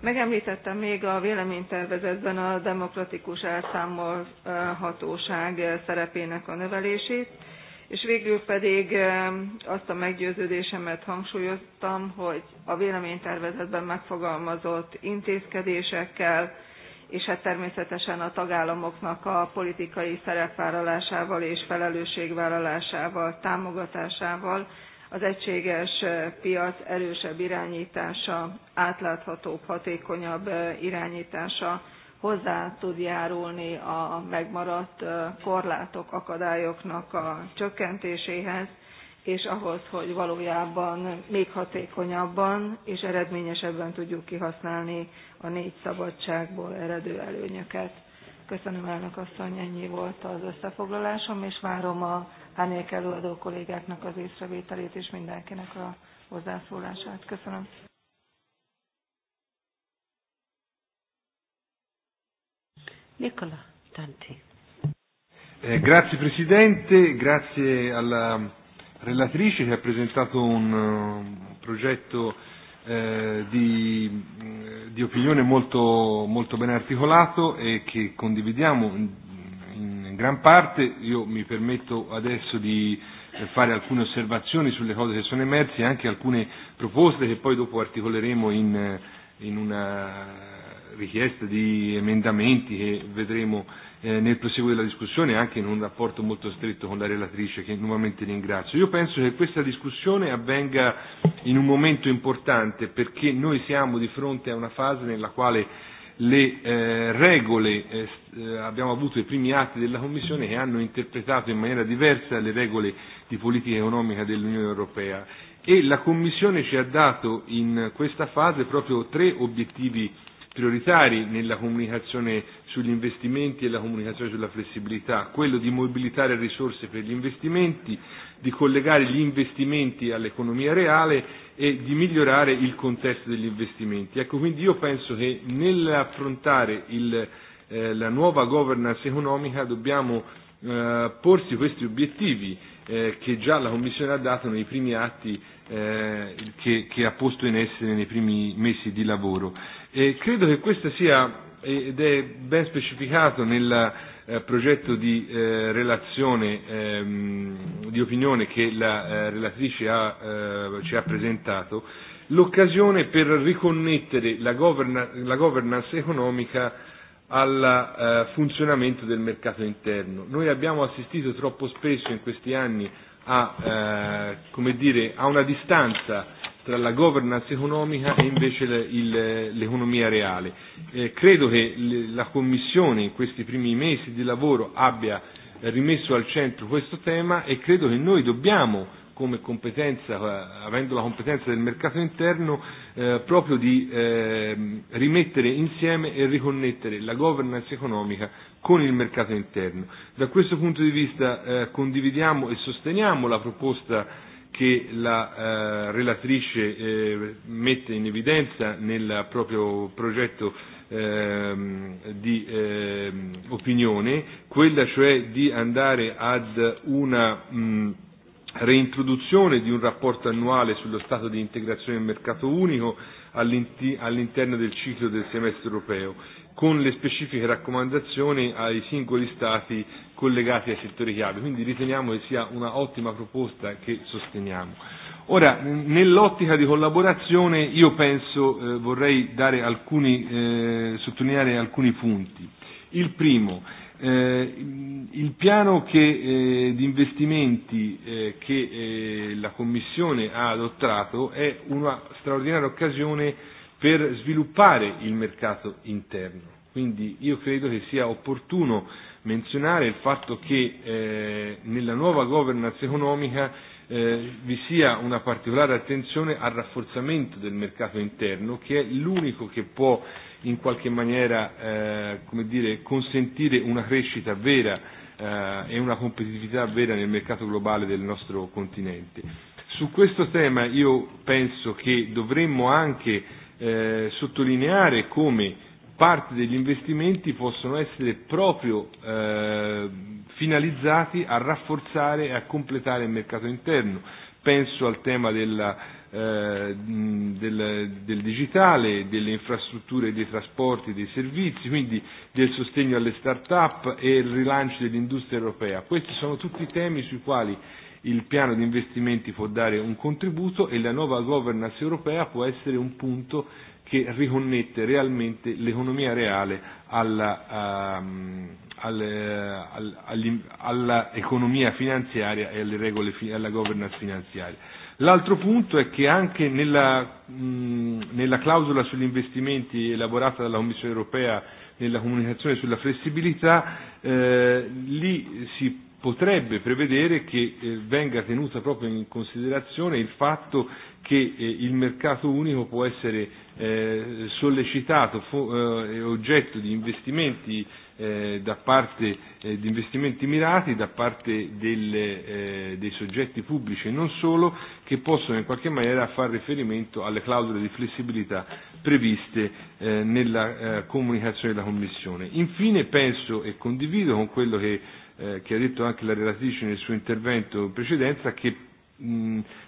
Megemlítettem még a véleménytervezetben a demokratikus elszámolhatóság szerepének a növelését, és végül pedig azt a meggyőződésemet hangsúlyoztam, hogy a véleménytervezetben megfogalmazott intézkedésekkel, és hát természetesen a tagállamoknak a politikai szerepvállalásával és felelősségvállalásával, támogatásával az egységes piac erősebb irányítása, átláthatóbb, hatékonyabb irányítása hozzá tud járulni a megmaradt korlátok, akadályoknak a csökkentéséhez, és ahhoz, hogy valójában még hatékonyabban és eredményesebben tudjuk kihasználni a négy szabadságból eredő előnyöket. Köszönöm elnök asszony, ennyi volt az összefoglalásom, és várom a hányék előadó kollégáknak az észrevételét és mindenkinek a hozzászólását. Köszönöm. Nikola Tanti. Eh, grazie Presidente, grazie alla relatrice che ha presentato un eh, progetto Eh, di, mm, di opinione molto, molto ben articolato e che condividiamo in, gran parte. Io mi permetto adesso di eh, fare alcune osservazioni sulle cose che sono emerse e anche alcune proposte che poi dopo articoleremo in, in una richiesta di emendamenti che vedremo eh, nel proseguo della discussione anche in un rapporto molto stretto con la relatrice che nuovamente ringrazio. Io penso che questa discussione avvenga in un momento importante perché noi siamo di fronte a una fase nella quale le eh, regole, eh, eh, abbiamo avuto i primi atti della Commissione che hanno interpretato in maniera diversa le regole di politica economica dell'Unione Europea e la Commissione ci ha dato in questa fase proprio tre obiettivi prioritari nella comunicazione sugli investimenti e la comunicazione sulla flessibilità, quello di mobilitare risorse per gli investimenti, di collegare gli investimenti all'economia reale e di migliorare il contesto degli investimenti. Ecco, quindi io penso che nell'affrontare il, eh, la nuova governance economica dobbiamo eh, porsi questi obiettivi eh, che già la Commissione ha dato nei primi atti eh, che, che ha posto in essere nei primi mesi di lavoro. E credo che questa sia ed è ben specificato nel eh, progetto di eh, relazione ehm, di opinione che la eh, relatrice ha, ci ha presentato, l'occasione per riconnettere la, la governance economica al funzionamento del mercato interno. Noi abbiamo assistito troppo spesso in questi anni a, come dire, a una distanza tra la governance economica e invece l'economia reale. Eh, credo che la Commissione in questi primi mesi di lavoro abbia rimesso al centro questo tema e credo che noi dobbiamo come competenza, eh, avendo la competenza del mercato interno, eh, proprio di eh, rimettere insieme e riconnettere la governance economica con il mercato interno. Da questo punto di vista eh, condividiamo e sosteniamo la proposta che la eh, relatrice eh, mette in evidenza nel proprio progetto ehm, di ehm, opinione, quella cioè di andare ad una mh, mm, reintroduzione di un rapporto annuale sullo stato di integrazione del mercato unico all'interno del ciclo del semestre europeo con le specifiche raccomandazioni ai singoli Stati collegati ai settori chiave. Quindi riteniamo che sia una ottima proposta che sosteniamo. Ora, nell'ottica di collaborazione io penso eh, vorrei dare alcuni, eh, sottolineare alcuni punti. Il primo, eh, il piano che, di investimenti che la Commissione ha adottato è una straordinaria occasione per sviluppare il mercato interno. Quindi io credo che sia opportuno menzionare il fatto che eh, nella nuova governance economica eh, vi sia una particolare attenzione al rafforzamento del mercato interno che è l'unico che può in qualche maniera eh, come dire, consentire una crescita vera eh, e una competitività vera nel mercato globale del nostro continente. Su questo tema io penso che dovremmo anche eh, sottolineare come parte degli investimenti possono essere proprio eh, finalizzati a rafforzare e a completare il mercato interno. Penso al tema della, eh, del, del digitale, delle infrastrutture, dei trasporti, dei servizi, quindi del sostegno alle start-up e il rilancio dell'industria europea. Questi sono tutti i temi sui quali il piano di investimenti può dare un contributo e la nuova governance europea può essere un punto che riconnette realmente l'economia reale alla, um, ehm, alle, eh, all'economia finanziaria e alle regole, alla governance finanziaria. L'altro punto è che anche nella, mh, nella clausola sugli investimenti elaborata dalla Commissione europea nella comunicazione sulla flessibilità, eh, lì si potrebbe prevedere che eh, venga tenuta proprio in considerazione il fatto che eh, il mercato unico può essere eh, sollecitato oggetto di investimenti da parte di investimenti mirati da parte del, dei soggetti pubblici e non solo che possono in qualche maniera far riferimento alle clausole di flessibilità previste nella comunicazione della Commissione. Infine penso e condivido con quello che eh, che ha detto anche la relatrice nel suo intervento in precedenza, che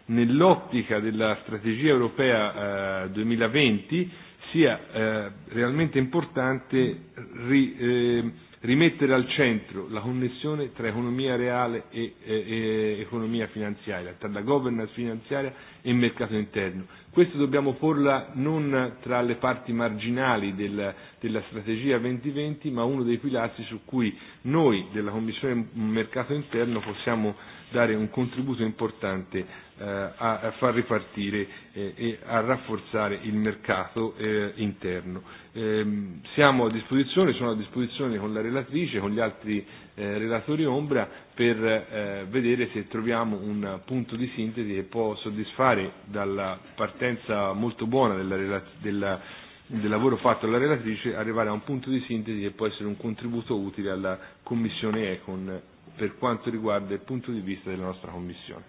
nell'ottica della strategia europea eh, 2020 sia eh, realmente importante ri, eh, rimettere al centro la connessione tra economia reale e, e, e economia finanziaria, tra la governance finanziaria e mercato interno. Questo dobbiamo porla non tra le parti marginali del, della strategia 2020, ma uno dei pilastri su cui noi della Commissione Mercato Interno possiamo dare un contributo importante eh, a far ripartire eh, e a rafforzare il mercato eh, interno. Ehm, siamo a disposizione, sono a disposizione con la relatrice, con gli altri relatori ombra per vedere se troviamo un punto di sintesi che può soddisfare dalla partenza molto buona della, della, del lavoro fatto dalla relatrice arrivare a un punto di sintesi che può essere un contributo utile alla Commissione Econ per quanto riguarda il punto di vista della nostra Commissione.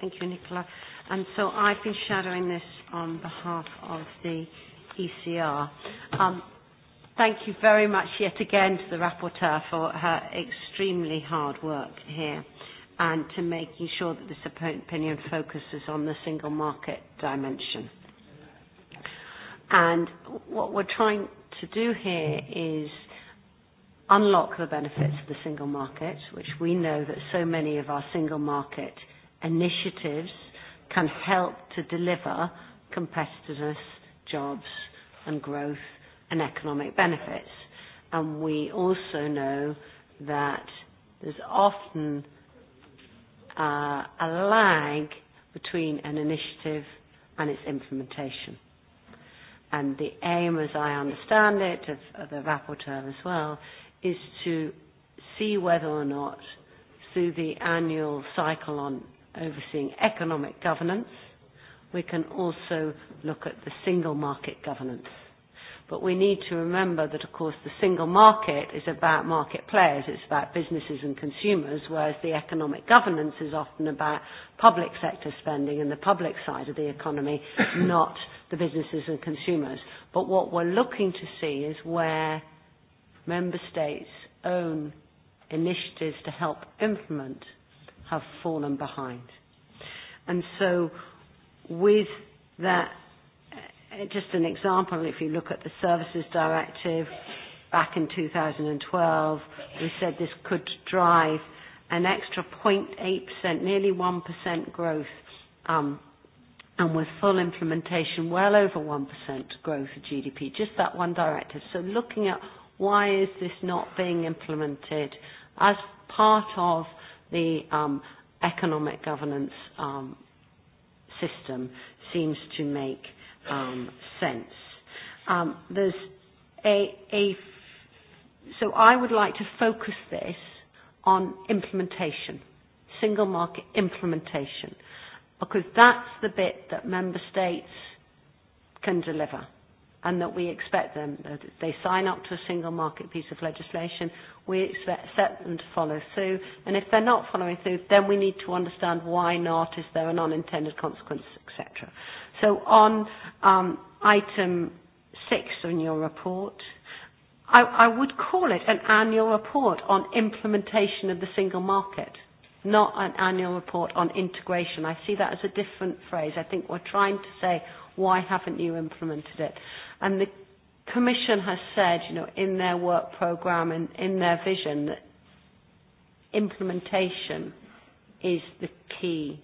Thank you, Nicola. And so I've been shadowing this on behalf of the ECR. Um, thank you very much yet again to the rapporteur for her extremely hard work here and to making sure that this opinion focuses on the single market dimension. And what we're trying to do here is unlock the benefits of the single market, which we know that so many of our single market initiatives can help to deliver competitiveness, jobs and growth and economic benefits. And we also know that there's often uh, a lag between an initiative and its implementation and the aim, as I understand it, of, of the rapporteur as well, is to see whether or not, through the annual cycle on overseeing economic governance, we can also look at the single market governance But we need to remember that, of course, the single market is about market players. It's about businesses and consumers, whereas the economic governance is often about public sector spending and the public side of the economy, (coughs) not the businesses and consumers. But what we're looking to see is where member states' own initiatives to help implement have fallen behind. And so with that Uh, just an example, if you look at the Services Directive back in 2012, we said this could drive an extra 0.8%, nearly 1% growth, um, and with full implementation, well over 1% growth of GDP, just that one directive. So looking at why is this not being implemented as part of the um, economic governance um, system seems to make um, sense. Um, there's a, a so I would like to focus this on implementation, single market implementation, because that's the bit that member states can deliver and that we expect them, that they sign up to a single market piece of legislation, we expect them to follow through, and if they're not following through, then we need to understand why not, is there an unintended consequence, etc. So on um, item six on your report, I, I would call it an annual report on implementation of the single market, not an annual report on integration. I see that as a different phrase. I think we're trying to say, why haven't you implemented it? And the Commission has said, you know, in their work program and in their vision that implementation is the key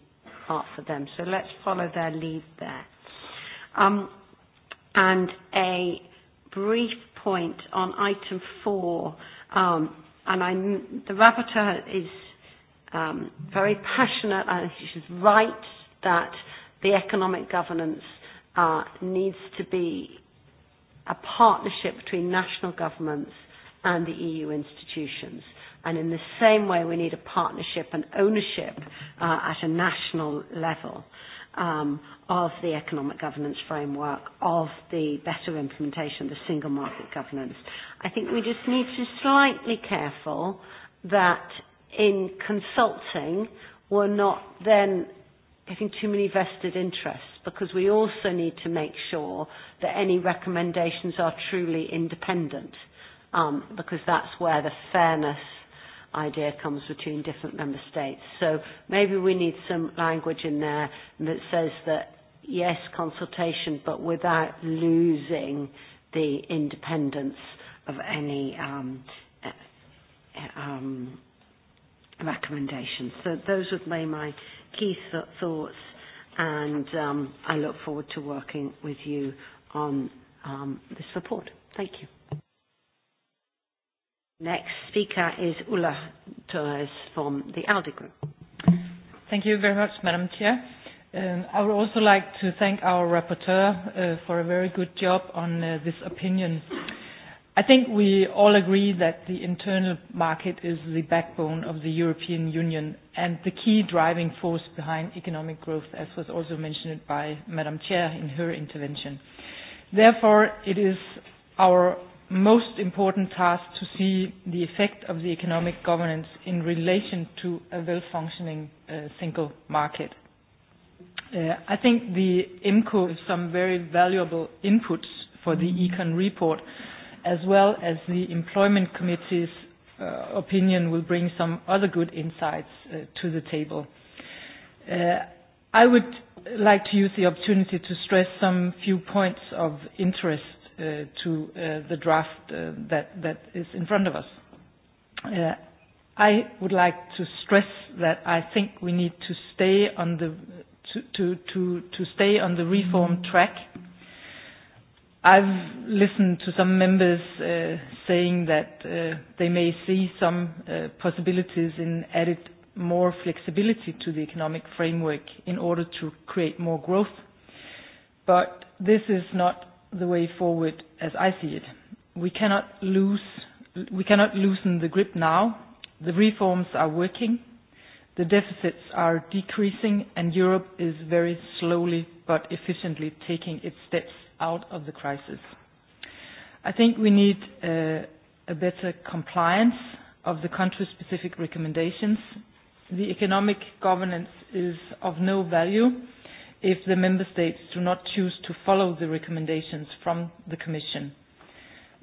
part for them. So let's follow their lead there. Um, and a brief point on item four. Um, and I'm, the rapporteur is um, very passionate and she's right that the economic governance uh, needs to be a partnership between national governments and the EU institutions. And in the same way, we need a partnership and ownership uh, at a national level um, of the economic governance framework, of the better implementation of the single market governance. I think we just need to be slightly careful that in consulting, we're not then getting too many vested interests because we also need to make sure that any recommendations are truly independent um, because that's where the fairness idea comes between different member states. So maybe we need some language in there that says that, yes, consultation, but without losing the independence of any um, eh, eh, um, recommendations. So those would be my key th thoughts, and um, I look forward to working with you on um, this report. Thank you. Next speaker is Ulla Torres from the ALDE Group. Thank you very much, Madam Chair. Um, I would also like to thank our rapporteur uh, for a very good job on uh, this opinion. I think we all agree that the internal market is the backbone of the European Union and the key driving force behind economic growth, as was also mentioned by Madam Chair in her intervention. Therefore, it is our most important task to see the effect of the economic governance in relation to a well-functioning uh, single market. Uh, I think the IMCO has some very valuable inputs for the mm-hmm. Econ report, as well as the Employment Committee's uh, opinion will bring some other good insights uh, to the table. Uh, I would like to use the opportunity to stress some few points of interest uh, to uh, the draft uh, that, that is in front of us. Uh, I would like to stress that I think we need to stay on the to, to, to, to stay on the reform mm-hmm. track. I've listened to some members uh, saying that uh, they may see some uh, possibilities in added more flexibility to the economic framework in order to create more growth. But this is not the way forward as I see it. We cannot lose we cannot loosen the grip now. The reforms are working. The deficits are decreasing and Europe is very slowly but efficiently taking its steps out of the crisis. I think we need a uh, a better compliance of the country-specific recommendations. The economic governance is of no value if the member states do not choose to follow the recommendations from the Commission.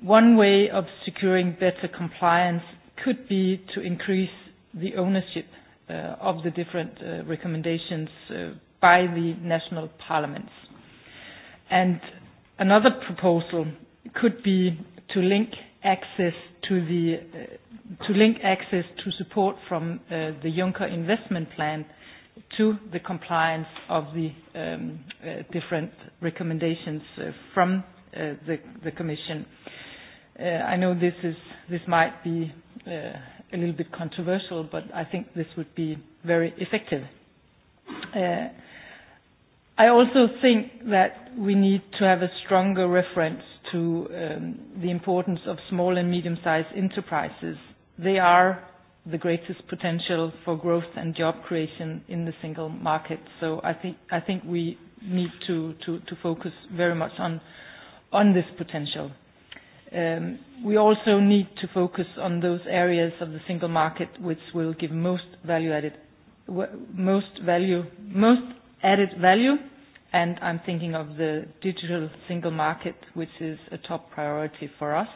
One way of securing better compliance could be to increase the ownership uh, of the different uh, recommendations uh, by the national parliaments. And another proposal could be to link access to the uh, to link access to support from uh, the Juncker investment plan uh, to the compliance of the um, uh, different recommendations uh, from uh, the, the Commission. I know this, is, this might be a little bit controversial, but I think this would be very effective. I also think that we need to have a stronger reference to um, the importance of small and medium-sized enterprises. They are the greatest potential for growth and job creation in the single market. So I think I think we need to to to focus very much on on this potential. Um, we also need to focus on those areas of the single market which will give most value added most value most added value and I'm thinking of the digital single market which is a top priority for us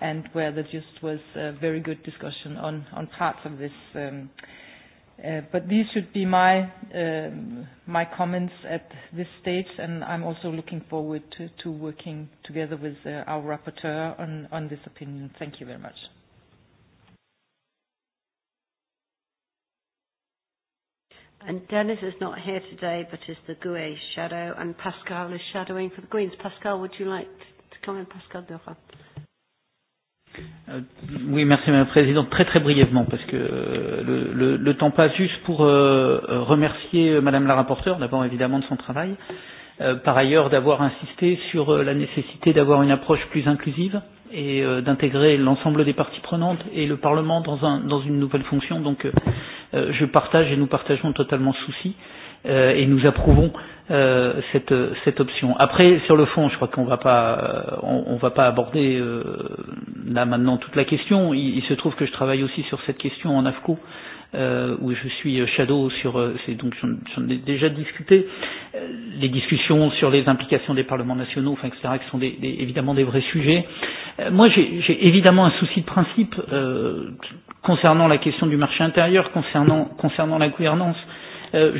and where there just was a very good discussion on, on parts of this. Um, uh, but these should be my, um, my comments at this stage, and I'm also looking forward to, to working together with uh, our rapporteur on, on this opinion. Thank you very much. And Dennis is not here today, but is the GUE shadow, and Pascal is shadowing for the Greens. Pascal, would you like to comment? Pascal Duffin. Euh, oui, merci Madame la Présidente. Très très brièvement, parce que euh, le, le, le temps passe juste pour euh, euh remercier Madame la rapporteure, d'abord évidemment de son travail, euh, par ailleurs d'avoir insisté sur la nécessité d'avoir une approche plus inclusive et euh, d'intégrer l'ensemble des parties prenantes et le Parlement dans, un, dans une nouvelle fonction. Donc je partage et nous partageons totalement ce souci. Euh, euh, et nous approuvons euh, cette, cette option. Après, sur le fond, je crois qu'on va pas euh, on, on va pas aborder euh, là maintenant toute la question. Il, il se trouve que je travaille aussi sur cette question en AFCO. Euh, où je suis euh, shadow sur euh, c'est donc j'en ai déjà discuté les discussions sur les implications des parlements nationaux enfin etc qui sont des, des, évidemment des vrais sujets euh, moi j'ai évidemment un souci de principe euh, concernant la question du marché intérieur concernant concernant la gouvernance Euh,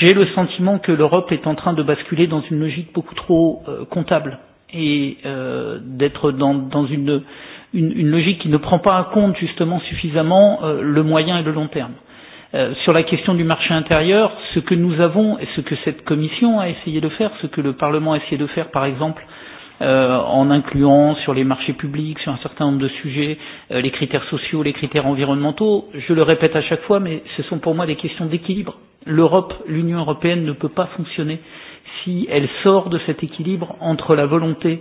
j'ai le sentiment que l'Europe est en train de basculer dans une logique beaucoup trop euh, comptable et euh, d'être dans, dans une, une, une logique qui ne prend pas en compte justement suffisamment le moyen et le long terme. Sur la question du marché intérieur, ce que nous avons et ce que cette Commission a essayé de faire, ce que le Parlement a essayé de faire par exemple euh, en incluant sur les marchés publics, sur un certain nombre de sujets, euh, les critères sociaux, les critères environnementaux. Je le répète à chaque fois, mais ce sont pour moi des questions d'équilibre. L'Europe, l'Union européenne ne peut pas fonctionner si elle sort de cet équilibre entre la volonté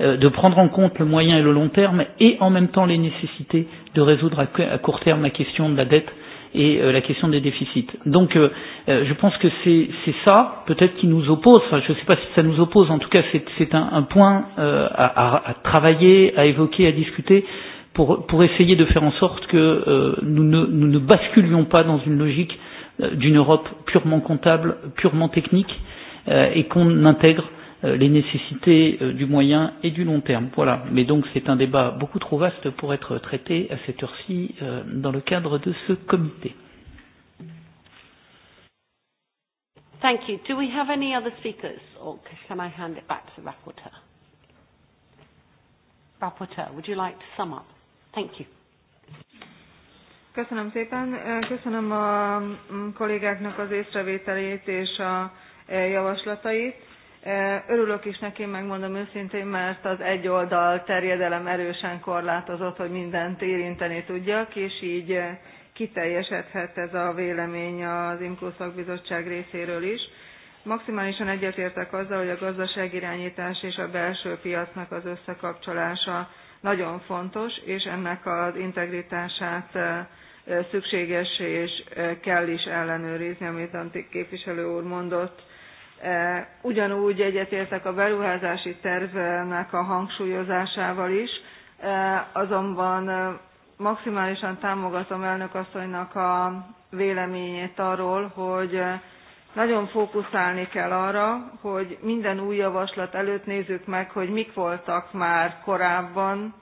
euh, de prendre en compte le moyen et le long terme et en même temps les nécessités de résoudre à court terme la question de la dette et euh, la question des déficits. Donc euh, euh, je pense que c'est ça peut-être qui nous oppose, enfin je ne sais pas si ça nous oppose, en tout cas c'est un, un point à, à, à travailler, à évoquer, à discuter pour, pour essayer de faire en sorte que euh, nous, ne, nous ne basculions pas dans une logique d'une Europe purement comptable, purement technique, euh, et qu'on intègre Euh, les nécessités euh, du moyen et du long terme. Voilà. Mais donc c'est un débat beaucoup trop vaste pour être traité à cette heure-ci euh, dans le cadre de ce comité. Thank you. Do we have any other speakers or can I hand it back to the rapporteur? Rapporteur, would you like to sum up? Thank you. Köszönöm szépen. Köszönöm a mm, kollégáknak az észrevételét és a e, javaslatait Örülök is neki, megmondom őszintén, mert az egy oldal terjedelem erősen korlátozott, hogy mindent érinteni tudjak, és így kiteljesedhet ez a vélemény az inkluszakbizottság bizottság részéről is. Maximálisan egyetértek azzal, hogy a gazdaságirányítás és a belső piacnak az összekapcsolása nagyon fontos, és ennek az integritását szükséges és kell is ellenőrizni, amit Antik képviselő úr mondott E, ugyanúgy egyetértek a beruházási tervnek a hangsúlyozásával is, e, azonban e, maximálisan támogatom elnök asszonynak a véleményét arról, hogy nagyon fókuszálni kell arra, hogy minden új javaslat előtt nézzük meg, hogy mik voltak már korábban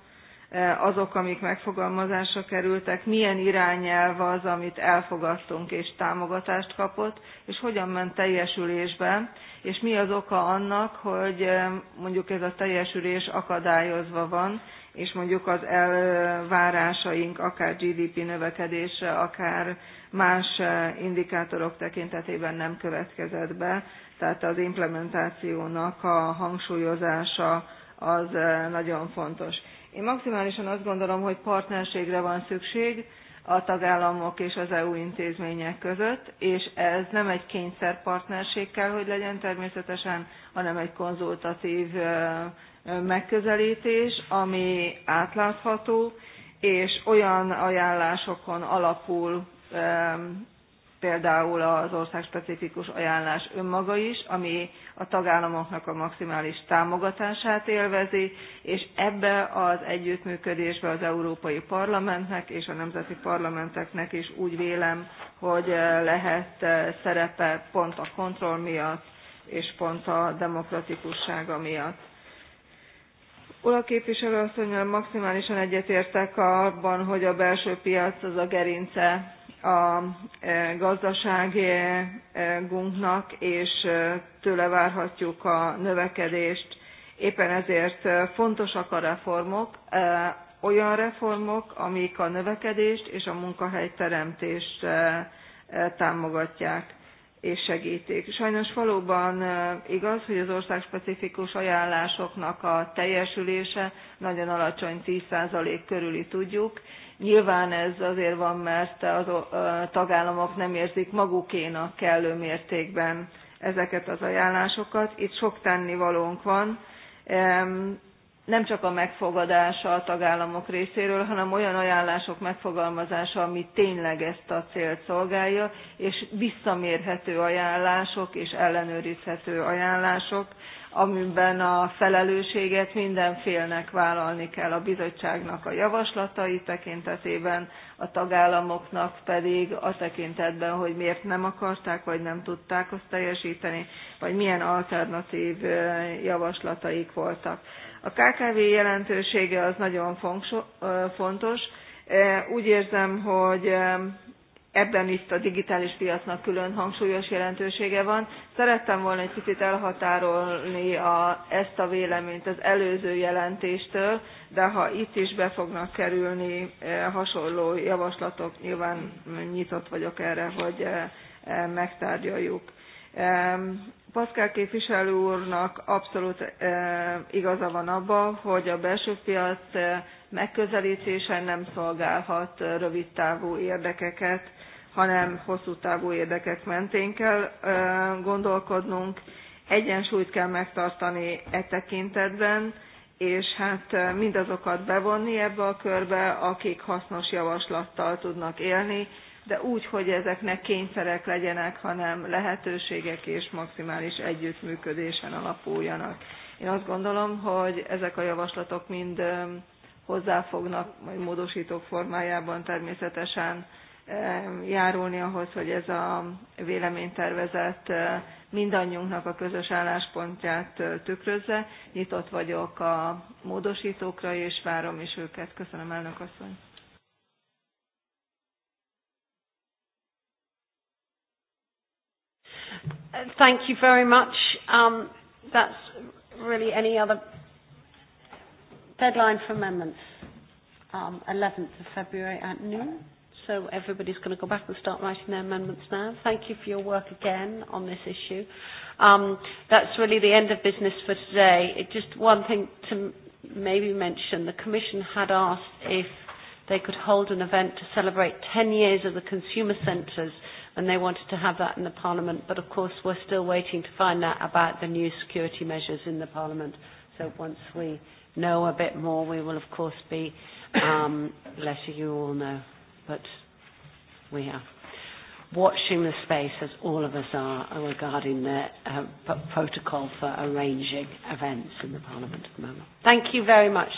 E, azok, amik megfogalmazásra kerültek, milyen irányelv az, amit elfogadtunk és támogatást kapott, és hogyan ment teljesülésbe, és mi az oka annak, hogy e, mondjuk ez a teljesülés akadályozva van, és mondjuk az elvárásaink akár GDP növekedése, akár más e, indikátorok tekintetében nem következett be, tehát az implementációnak a hangsúlyozása az nagyon fontos. Én maximálisan azt gondolom, hogy partnerségre van szükség a tagállamok és az EU intézmények között, és ez nem egy kényszerpartnerség kell, hogy legyen természetesen, hanem egy konzultatív megközelítés, ami átlátható, és olyan ajánlásokon alapul például az országspecifikus ajánlás önmaga is, ami a tagállamoknak a maximális támogatását élvezi, és ebbe az együttműködésbe az Európai Parlamentnek és a nemzeti parlamenteknek is úgy vélem, hogy lehet szerepe pont a kontroll miatt és pont a demokratikussága miatt. Ura képviselő asszonynal maximálisan egyetértek abban, hogy a belső piac az a gerince a e, gazdaságunknak, e, és e, tőle várhatjuk a növekedést. Éppen ezért fontosak a reformok, olyan reformok, amik a növekedést és a munkahelyteremtést támogatják és segítik. Sajnos valóban igaz, hogy az ország specifikus ajánlásoknak a teljesülése nagyon alacsony 10% körüli tudjuk, Nyilván ez azért van, mert a tagállamok nem érzik magukénak kellő mértékben ezeket az ajánlásokat. Itt sok tennivalónk van, nem csak a megfogadása a tagállamok részéről, hanem olyan ajánlások megfogalmazása, ami tényleg ezt a célt szolgálja, és visszamérhető ajánlások és ellenőrizhető ajánlások amiben a felelősséget minden félnek vállalni kell a bizottságnak a javaslatai tekintetében, a tagállamoknak pedig a tekintetben, hogy miért nem akarták, vagy nem tudták azt teljesíteni, vagy milyen alternatív javaslataik voltak. A KKV jelentősége az nagyon fontos. Úgy érzem, hogy ebben itt a digitális piacnak külön hangsúlyos jelentősége van. Szerettem volna egy kicsit elhatárolni a, ezt a véleményt az előző jelentéstől, de ha itt is be fognak kerülni eh, hasonló javaslatok, nyilván nyitott vagyok erre, hogy eh, eh, megtárgyaljuk. Pascal képviselő úrnak abszolút igaza van abban, hogy a belső piac megközelítése nem szolgálhat rövidtávú érdekeket hanem hosszú távú érdekek mentén kell gondolkodnunk. Egyensúlyt kell megtartani e tekintetben, és hát mindazokat bevonni ebbe a körbe, akik hasznos javaslattal tudnak élni, de úgy, hogy ezek ne kényszerek legyenek, hanem lehetőségek és maximális együttműködésen alapuljanak. Én azt gondolom, hogy ezek a javaslatok mind hozzáfognak, majd módosítók formájában természetesen járulni ahhoz, hogy ez a véleménytervezet mindannyiunknak a közös álláspontját tükrözze. Nyitott vagyok a módosítókra, és várom is őket. Köszönöm, elnök asszony. Thank you very much. Um, that's really any other deadline for amendments. Um, 11th of February at noon so everybody's going to go back and start writing their amendments now. Thank you for your work again on this issue. Um, that's really the end of business for today. It, just one thing to maybe mention, the Commission had asked if they could hold an event to celebrate 10 years of the consumer centres and they wanted to have that in the Parliament, but of course we're still waiting to find out about the new security measures in the Parliament. So once we know a bit more, we will of course be um, letting you all know but we are watching the space as all of us are regarding the uh, protocol for arranging events in the Parliament at the moment. Thank you very much.